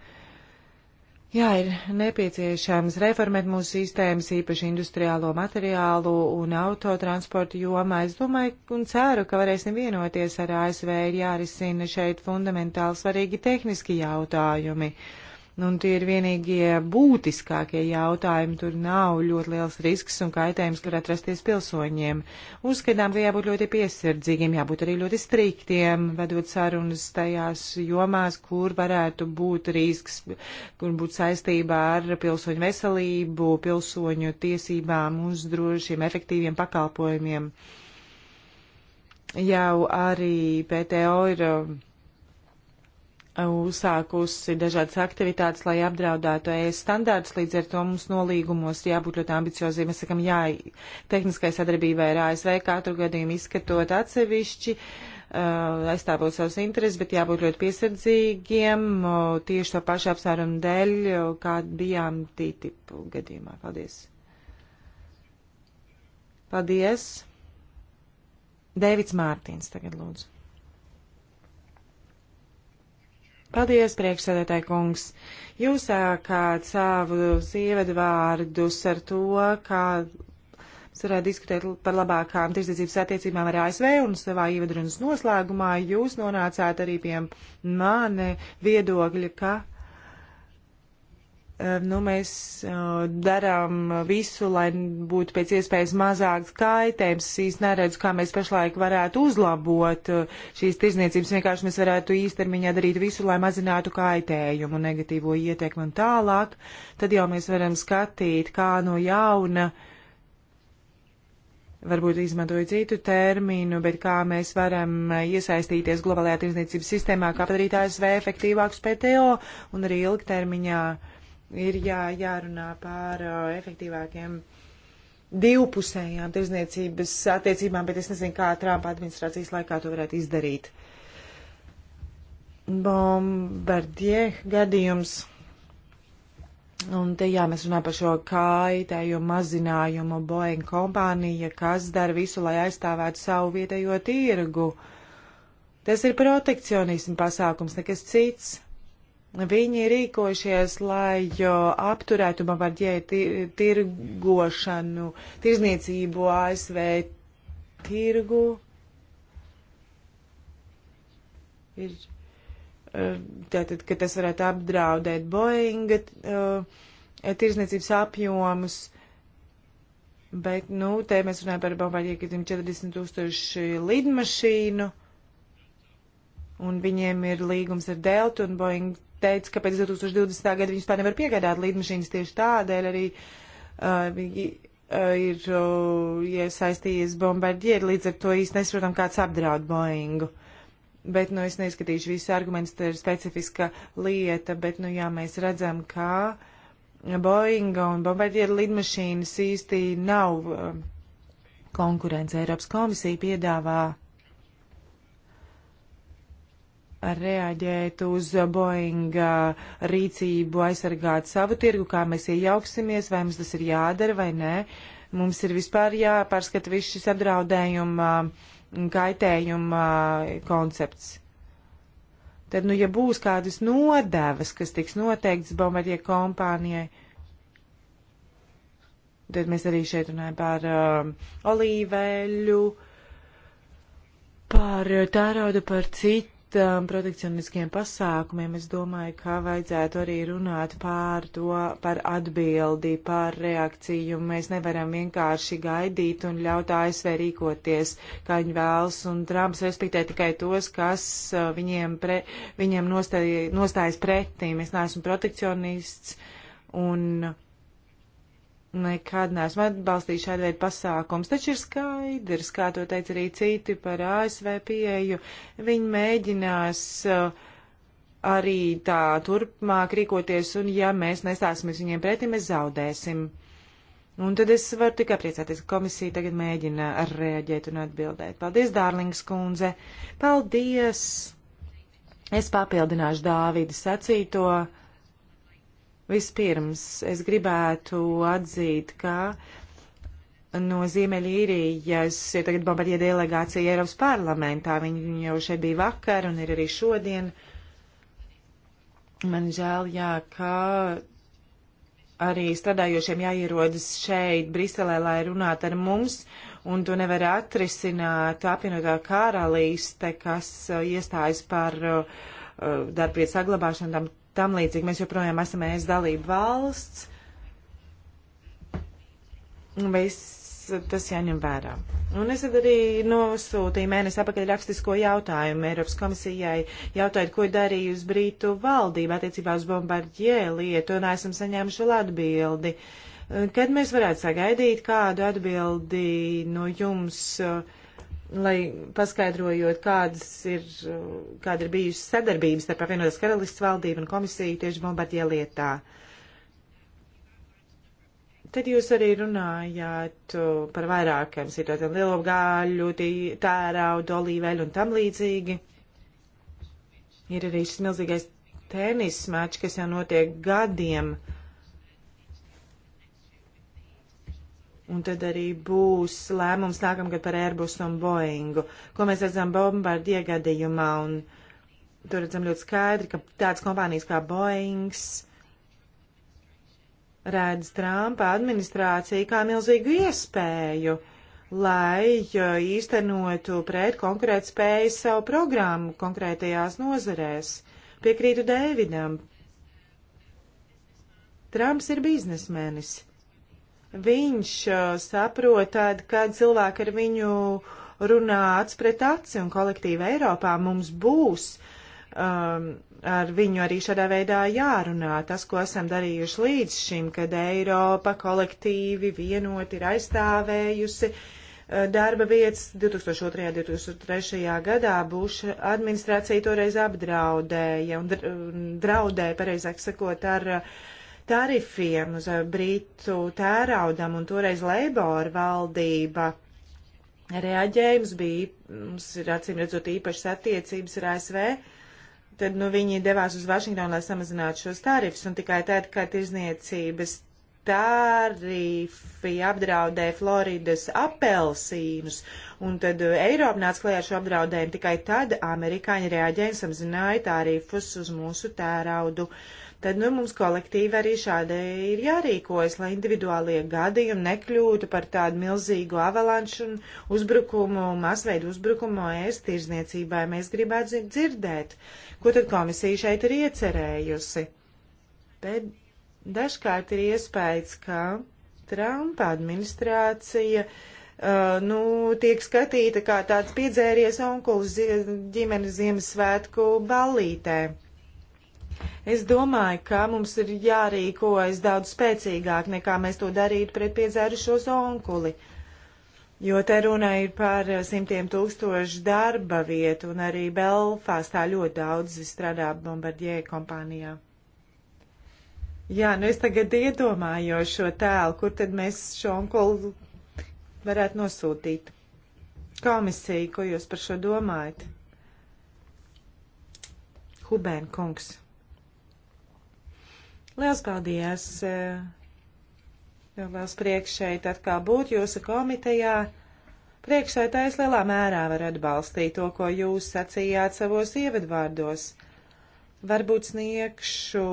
Jā, ir nepieciešams reformēt mūsu sistēmas, īpaši industriālo materiālu un autotransportu jomā. Es domāju un ceru, ka varēsim vienoties ar ASV, ir jārisina šeit fundamentāli svarīgi tehniski jautājumi. Uh, Nu, un tie ir vienīgie būtiskākie jautājumi. Tur nav ļoti liels risks un kaitējums, kur atrasties pilsoņiem. Uzskatām, ka jābūt ļoti piesardzīgiem, jābūt arī ļoti striktiem, vedot sarunas tajās jomās, kur varētu būt risks, kur būtu saistībā ar pilsoņu veselību, pilsoņu tiesībām uz drošiem, efektīviem pakalpojumiem. Jau arī PTO ir uzsākusi dažādas aktivitātes, lai apdraudētu ES standārts, līdz ar to mums nolīgumos jābūt ļoti ambicioziem. Mēs sakam, jā, tehniskai sadarbībai ar ASV katru gadījumu izskatot atsevišķi, uh, aizstāvot savus intereses, bet jābūt ļoti piesardzīgiem uh, tieši to pašu apsvērumu dēļ, uh, kā bijām TTIP gadījumā. Paldies! Paldies! Dēvids Mārtiņs tagad lūdzu. Paldies, priekšsēdētāji kungs! Jūs sākāt savu sievedu vārdus ar to, kā mēs varētu diskutēt par labākām tirdzniecības attiecībām ar ASV, un savā ievadrunas noslēgumā jūs nonācāt arī pie mani viedokļa, ka Ehm, nu, mēs darām visu, lai būtu pēc iespējas mazāks kaitējums. Es īsti neredzu, kā mēs pašlaik varētu uzlabot šīs tirzniecības. Vienkārši mēs varētu īstermiņā darīt visu, lai mazinātu kaitējumu, negatīvo ietekmi un tālāk. Tad jau mēs varam skatīt, kā no jauna. Varbūt izmantoju citu terminu, bet kā mēs varam iesaistīties globālajā tirzniecības sistēmā, kā padarīt ASV efektīvākus PTO un arī ilgtermiņā uh, ir jā, jārunā par uh, efektīvākiem divpusējām tirzniecības attiecībām, bet es nezinu, kā Trumpa administrācijas laikā to varētu izdarīt. Bombardie gadījums. Un te jā, mēs runājam par šo kaitējumu mazinājumu Boeing kompānija, kas dara visu, lai aizstāvētu savu vietējo tirgu. Tas ir protekcionismu pasākums, nekas cits. Viņi rīkojušies, lai apturētu Bavardie tirgošanu, tirzniecību ASV tirgu. Ir, eh, tātad, ka tas varētu apdraudēt Boeinga eh, tirzniecības apjomus. Bet, nu, te mēs runājam par Bavardie, ka 40 tūkstoši lidmašīnu. Un viņiem ir līgums ar Deltu un Boeing teica, ka pēc 2020. gada viņi vispār nevar piegādāt lidmašīnas tieši tādēļ arī uh, viņi uh, uh, ir uh, iesaistījies bombardieri, līdz ar to īsti nesaprotam, kāds apdraud Boeingu. Bet, nu, es neizskatīšu visu argumentus, tā ir specifiska lieta, bet, nu, jā, mēs redzam, ka Boeinga un bombardieru lidmašīnas īsti nav uh, konkurence. Eiropas komisija piedāvā uh, reaģēt uz Boeing uh, rīcību, aizsargāt savu tirgu, kā mēs iejauksimies, vai mums tas ir jādara vai nē. Mums ir vispār jāpārskata viss šis apdraudējuma, mm, kaitējuma uh, koncepts. Tad, nu, ja būs kādas nodevas, kas tiks noteikts Bombardie kompānijai, tad mēs arī šeit runājam par um, olīveļu, par tērauda, par citu um, protekcioniskiem pasākumiem, es domāju, ka vajadzētu arī runāt pār to, par atbildi, par reakciju. Mēs nevaram vienkārši gaidīt un ļaut ASV rīkoties, kā viņi vēlas, un Trumps respektē tikai tos, kas uh, viņiem, pre, viņiem nostāj, nostājas pretī. Es neesmu protekcionists, un. Uh, nekad neesmu atbalstījis šādu veidu pasākums, taču ir skaidrs, kā to teica arī citi par ASV pieeju, viņi mēģinās uh, arī tā turpmāk rīkoties, un ja mēs nestāsimies viņiem pretī, mēs zaudēsim. Un tad es varu tikai priecāties, ka komisija tagad mēģina reaģēt un atbildēt. Paldies, Dārlings kundze! Paldies! Es papildināšu Dāvida sacīto. Vispirms es gribētu atzīt, ka no Ziemeļīrijas ir tagad Bombardie delegācija Eiropas parlamentā. Viņi jau šeit bija vakar un ir arī šodien. Man žēl, jā, ka arī strādājošiem jāierodas šeit, Briselē, lai runātu ar mums, un to nevar atrisināt apvienotā karalīste, kas uh, iestājas par uh, uh darbvietas saglabāšanu, tam tam līdzīgi. Mēs joprojām esam ES dalība valsts. Viss tas jāņem vērā. Un es arī nosūtīju mēnesi apakaļ rakstisko jautājumu Eiropas komisijai, jautājot, ko darījusi Brītu valdība attiecībā uz bombardjē lietu, un esam saņēmuši vēl atbildi. Kad mēs varētu sagaidīt kādu atbildi no jums? Uh, lai paskaidrojot, kādas ir, kāda ir bijusi sadarbības starp apvienotās karalists valdību un komisiju tieši Bombardie lietā. Tad jūs arī runājāt uh, par vairākiem situācijām - lielopgāļu, tērauda, olīveļu un tam līdzīgi. Ir arī šis milzīgais tenis mačs, kas jau notiek gadiem. Uh, Un tad arī būs lēmums nākamgad par Airbus un Boeingu, ko mēs redzam bombardu iegadījumā. Un tur redzam ļoti skaidri, ka tāds kompānijas kā Boeings redz Trumpa administrāciju kā milzīgu iespēju, lai uh, īstenotu pret konkurēt spēju savu programmu konkrētajās nozarēs. Piekrītu Dēvidam. Trumps ir biznesmenis viņš uh, saprot, tad, kad cilvēki ar viņu runā acs pret aci un kolektīva Eiropā mums būs um, ar viņu arī šādā veidā jārunā. Tas, ko esam darījuši līdz šim, kad Eiropa kolektīvi vienoti ir aizstāvējusi uh, darba vietas 2002. un 2003. gadā Buša administrācija toreiz apdraudēja un draudēja, pareizāk sakot, ar uh, tarifiem uz eh, Britu tēraudam, un toreiz Leibora valdība reaģējums bija, mums ir acīm redzot īpašas attiecības ar ASV, tad nu, viņi devās uz Vašingtonu, lai samazinātu šos tarifus, un tikai tad, kad tirzniecības tarifi apdraudē Floridas apelsīnus, un tad eh, Eiropa nāca klajā ar šo apdraudējumu, tikai tad amerikāņi reaģēja un samazināja tarifus uz mūsu tēraudu. Uh, tad nu, mums kolektīvi arī šādai ir jārīkojas, lai individuālie gadījumi nekļūtu par tādu milzīgu avalanšu un uzbrukumu, masveidu uzbrukumu ēst tirzniecībai. Mēs gribētu dzirdēt, ko tad komisija šeit ir iecerējusi. Bet dažkārt ir iespējas, ka Trumpa administrācija Uh, nu, tiek skatīta kā tāds piedzēries onkulis ģimenes Ziemassvētku ballītē. Es domāju, ka mums ir jārīkojas daudz spēcīgāk, nekā mēs to darītu pret piedzērušos onkuli. Jo te runa ir par simtiem tūkstošu darba vietu, un arī Belfāstā ļoti daudz strādā Bombardier kompānijā. Jā, nu es tagad iedomājos šo tēlu, kur tad mēs šo onkolu varētu nosūtīt. Komisija, ko jūs par šo domājat? Hubēn kungs. Liels paldies! Liels prieks šeit atkal būt jūsu komitejā. Priekšsētājs lielā mērā var atbalstīt to, ko jūs sacījāt savos ievadvārdos. Varbūt sniegšu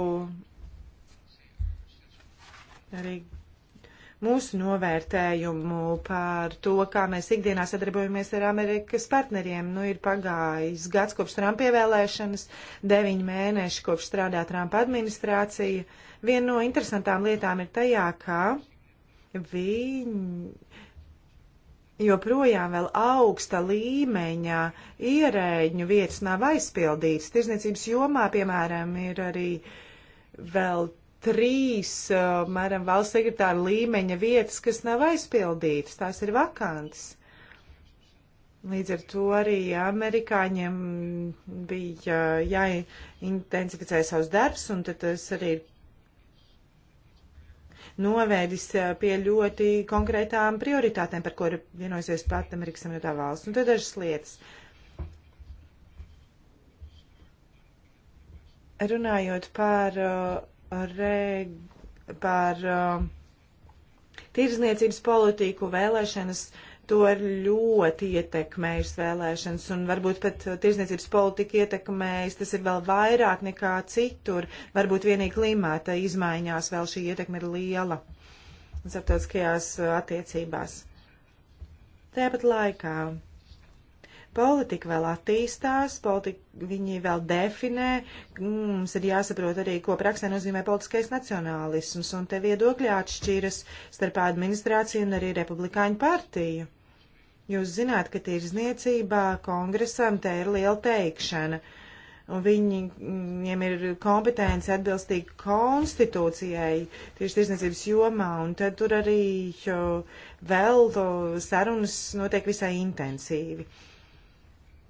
arī mūsu novērtējumu par to, kā mēs ikdienā sadarbojamies ar Amerikas partneriem. Nu, ir pagājis gads kopš Trumpa ievēlēšanas, deviņi mēneši kopš strādā Trumpa administrācija. Viena no interesantām lietām ir tajā, ka viņi joprojām vēl augsta līmeņa ierēģņu vietas nav aizpildīts. Tirzniecības jomā, piemēram, ir arī vēl trīs, mēram, valsts sekretāra līmeņa vietas, kas nav aizpildītas, tās ir vakantas. Līdz ar to arī amerikāņiem bija jāintensificē savs darbs, un tad tas arī ir novēdis pie ļoti konkrētām prioritātēm, par ko ir vienojusies pat Amerikas Savienotā valsts. Un tad dažas lietas. Runājot par uh, reg, par uh, um, tirzniecības politiku vēlēšanas. To ir ļoti ietekmējis vēlēšanas, un varbūt pat uh, tirzniecības politika ietekmējis, tas ir vēl vairāk nekā citur. Varbūt vienīgi klimāta izmaiņās vēl šī ietekme ir liela starptautiskajās uh, attiecībās. Tāpat laikā Politika vēl attīstās, politika, viņi vēl definē, mums ir jāsaprot arī, ko praksē nozīmē politiskais nacionālisms, un te viedokļi atšķiras starp administrāciju un arī republikāņu partiju. Jūs zināt, ka tirzniecībā kongresam te ir liela teikšana un viņi, viņiem ir kompetence atbilstīgi konstitūcijai tieši tirsniecības jomā, un tad tur arī vēl sarunas notiek visai intensīvi.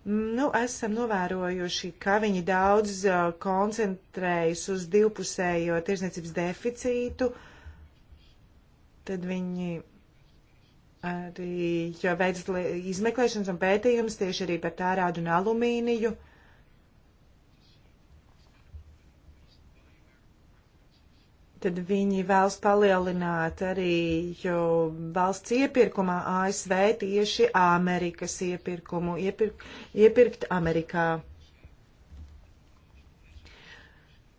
Nu, esam novērojuši, ka viņi daudz uh, koncentrējas uz divpusējo tirsniecības deficītu, tad viņi arī veids izmeklēšanas un pētījums tieši arī par tērādu un alumīniju. tad viņi vēlas palielināt arī valsts iepirkumā ASV tieši Amerikas iepirkumu, iepirk, iepirkt Amerikā.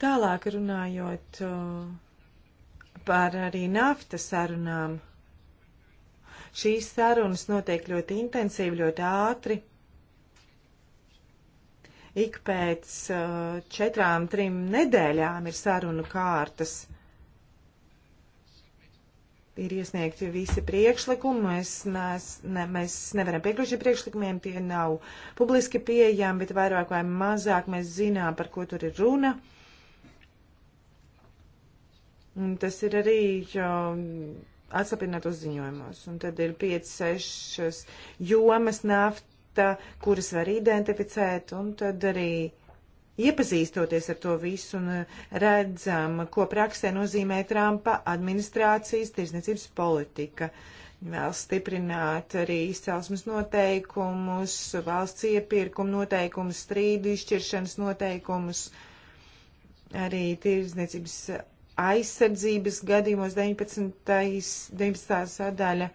Tālāk runājot uh, par arī naftas sarunām. Šīs sarunas notiek ļoti intensīvi, ļoti ātri. Ik pēc uh, četrām, trim nedēļām ir sarunu kārtas. Uh, ir iesniegti visi priekšlikumi. Mēs, mēs, ne, mēs nevaram piekļūt šiem priekšlikumiem, tie nav publiski pieejami, bet vairāk vai mazāk mēs zinām, par ko tur ir runa. Un tas ir arī atsaprinātos ziņojumos. Un tad ir 5-6 jomas nafta, kuras var identificēt, un tad arī iepazīstoties ar to visu un eh, redzam, ko praksē nozīmē Trumpa administrācijas tirsniecības politika. Vēl stiprināt arī izcelsmes noteikumus, valsts iepirkuma noteikumus, strīdu izšķiršanas noteikumus, arī tirsniecības aizsardzības gadījumos 19. 19. sadaļa,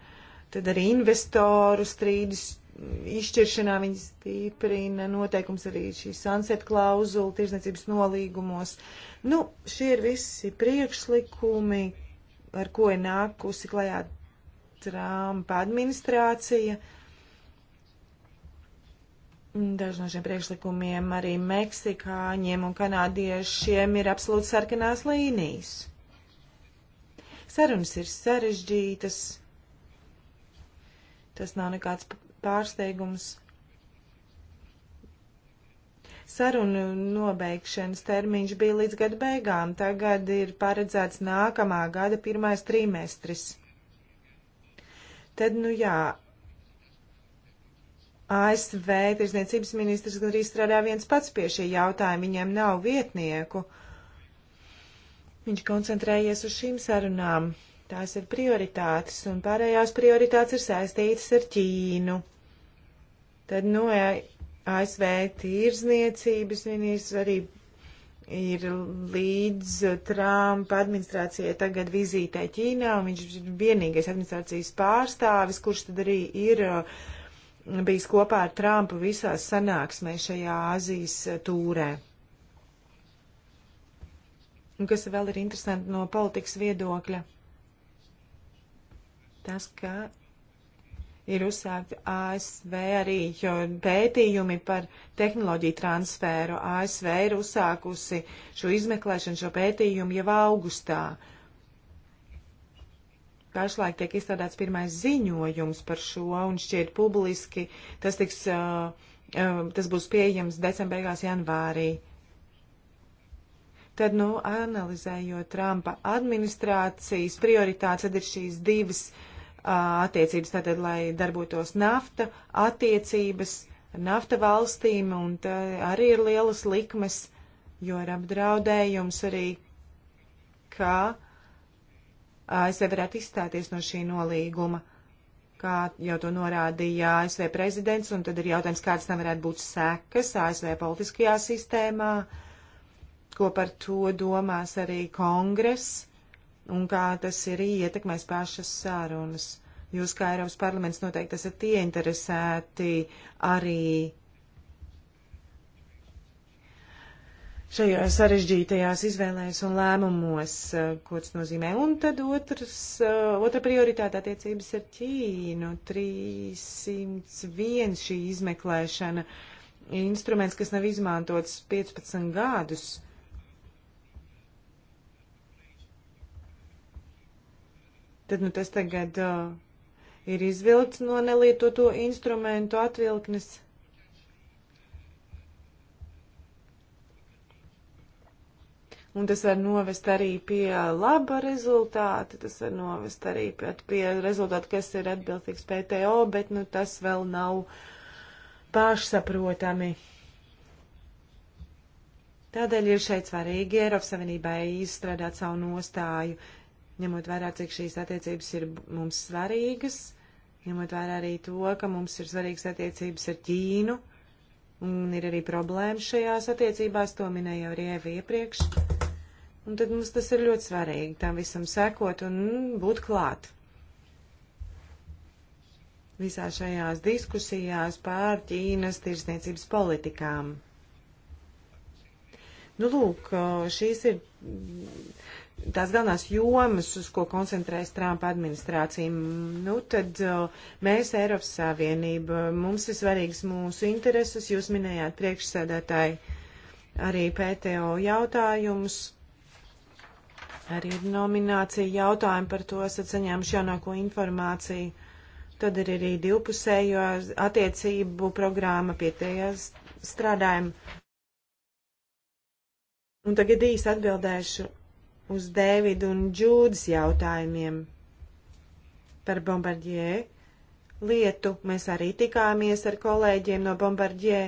tad arī investoru strīdus izšķiršanā viņi stiprina noteikums arī šī sunset klauzula tirzniecības nolīgumos. Nu, šie ir visi priekšlikumi, ar ko ir nākusi klajā Trumpa administrācija. Daži no šiem priekšlikumiem arī meksikāņiem un kanādiešiem ir absolūti sarkanās līnijas. Sarunas ir sarežģītas. Tas nav nekāds pārsteigums. Sarunu nobeigšanas termiņš bija līdz gada beigām, tagad ir paredzēts nākamā gada pirmais trimestris. Tad, nu jā, ASV tirsniecības ministrs gan arī strādā viens pats pie šī jautājuma, viņiem nav vietnieku. Viņš koncentrējies uz šīm sarunām. Tās ir prioritātes, un pārējās prioritātes ir saistītas ar Ķīnu. Tad no nu, ASV tirzniecības ministrs arī ir līdz Trumpa administrācijai tagad vizītē Ķīnā, un viņš ir vienīgais administrācijas pārstāvis, kurš tad arī ir uh, bijis kopā ar Trumpu visās sanāksmēs šajā Azijas uh, tūrē. Un kas vēl ir interesanti no politikas viedokļa? Tas, ka ir uzsākti ASV arī pētījumi par tehnoloģiju transferu. ASV ir uzsākusi šo izmeklēšanu, šo pētījumu jau augustā. Pašlaik tiek izstrādāts pirmais ziņojums par šo, un šķiet publiski tas, tiks, uh, uh, tas būs pieejams decembrīgās janvārī. Tad, nu, analizējot Trumpa administrācijas prioritātes, tad ir šīs divas uh, attiecības, tātad, lai darbotos nafta attiecības ar nafta valstīm, un arī ir lielas likmes, jo ir apdraudējums arī, kā ASV varētu izstāties no šī nolīguma, kā jau to norādīja ASV prezidents, un tad ir jautājums, kādas tam varētu būt sekas ASV politiskajā sistēmā, ko par to domās arī kongress un kā tas ir ietekmēs pašas sārunas. Jūs, kā Eiropas parlaments, noteikti esat ieinteresēti arī šajās sarežģītajās izvēlēs un lēmumos, ko tas nozīmē. Un tad otrs, otra prioritāte attiecības ar Ķīnu - 301 šī izmeklēšana instruments, kas nav izmantots 15 gadus. Uh, Tad nu, tas tagad uh, ir izvilkts no nelietoto instrumentu atvilknes. Un tas var novest arī pie laba rezultāta, tas var novest arī pie, pie rezultāta, kas ir atbilstīgs PTO, bet nu, tas vēl nav pašsaprotami. Tādēļ ir šeit svarīgi Eiropas Savienībai izstrādāt savu nostāju ņemot vērā, cik šīs attiecības ir mums svarīgas, ņemot vērā arī to, ka mums ir svarīgas attiecības ar Ķīnu, un ir arī problēmas šajās attiecībās, to minēja arī Eva iepriekš. Un tad mums tas ir ļoti svarīgi, tam visam sekot un būt klāt. Visā šajās diskusijās pār Ķīnas tirsniecības politikām. Nu, lūk, šīs ir tās galvenās jomas, uz ko koncentrējas Trumpa administrācija. Nu, tad uh, mēs, Eiropas Savienība, mums ir svarīgs mūsu intereses. Jūs minējāt priekšsēdētāji arī PTO jautājumus. Arī ir nominācija jautājumi par to, esat saņēmuši jaunāko informāciju. Tad ir arī divpusējo attiecību programma pie tajās strādājuma. Un tagad īsi atbildēšu uz Dēvidu un Džūdas jautājumiem par Bombardjē lietu. Mēs arī tikāmies ar kolēģiem no Bombardjē.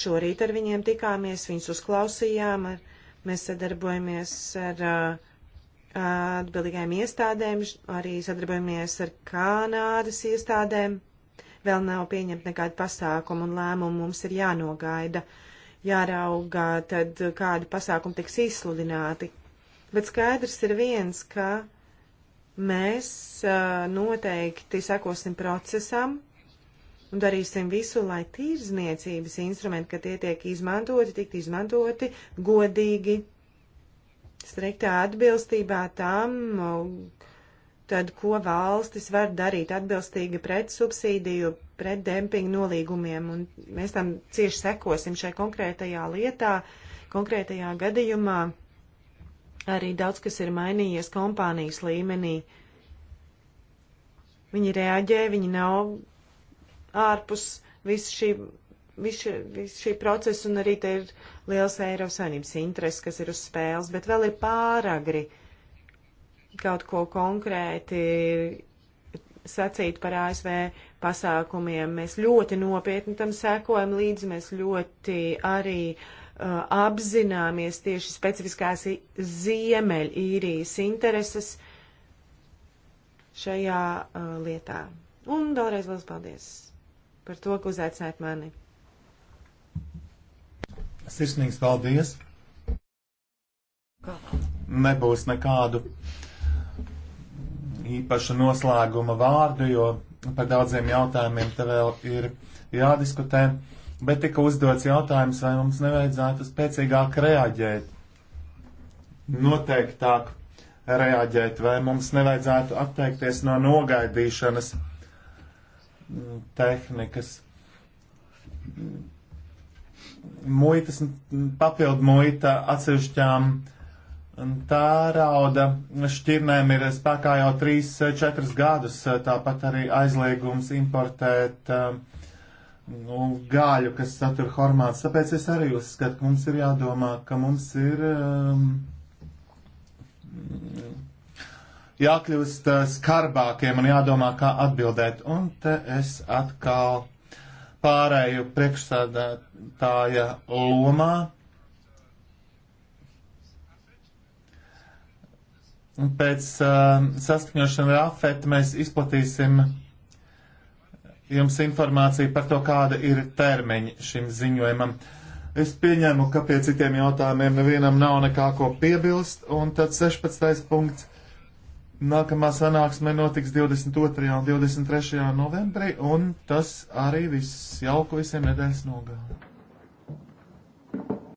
Šorīt ar viņiem tikāmies, viņus uzklausījām, ar, mēs sadarbojamies ar uh, atbildīgajām iestādēm, arī sadarbojamies ar Kanādas iestādēm. Vēl nav pieņemta nekāda pasākuma un lēmuma mums ir jānogaida, jāraugā tad, kādi pasākumi tiks izsludināti, Bet skaidrs ir viens, ka mēs noteikti sekosim procesam un darīsim visu, lai tīrzniecības instrumenti, ka tie tiek izmantoti, tikt izmantoti godīgi, striktā atbilstībā tam, tad ko valstis var darīt atbilstīgi pret subsīdiju, pret dempingu nolīgumiem, un mēs tam cieši sekosim šai konkrētajā lietā, konkrētajā gadījumā. Arī daudz kas ir mainījies kompānijas līmenī. Viņi reaģē, viņi nav ārpus visu šī viss vis šī procesa, un arī te ir liels Eiropas saimnības intereses, kas ir uz spēles, bet vēl ir pāragri kaut ko konkrēti sacīt par ASV pasākumiem. Mēs ļoti nopietni tam sekojam līdzi, mēs ļoti arī uh, apzināmies tieši specifiskās Ziemeļīrijas intereses šajā uh, lietā. Un vēlreiz liels paldies par to, ka uzaicinājāt mani. Sirsnīgs paldies! Nebūs nekādu īpašu noslēguma vārdu, jo par daudziem jautājumiem te vēl ir jādiskutē bet tika uzdots jautājums, vai mums nevajadzētu spēcīgāk reaģēt, noteiktāk reaģēt, vai mums nevajadzētu atteikties no nogaidīšanas mm, tehnikas. Muitas papildu muita atsevišķām mm, tērauda šķirnēm ir spēkā jau 3-4 gadus, tāpat arī aizliegums importēt uh, un nu, gāļu, kas satur hormāts. Tāpēc es arī uzskatu, ka mums ir jādomā, ka mums ir um, jākļūst uh, skarbākiem un jādomā, kā atbildēt. Un te es atkal pārēju priekšsādātāja lomā. Pēc uh, saskaņošana ar afetu mēs izplatīsim jums informāciju par to, kāda ir termiņa šim ziņojumam. Es pieņemu, ka pie citiem jautājumiem nevienam nav nekā ko piebilst, un tad 16. punkts. Nākamā sanāksme notiks 22. un 23. novembrī, un tas arī viss jauku visiem nedēļas nogalē.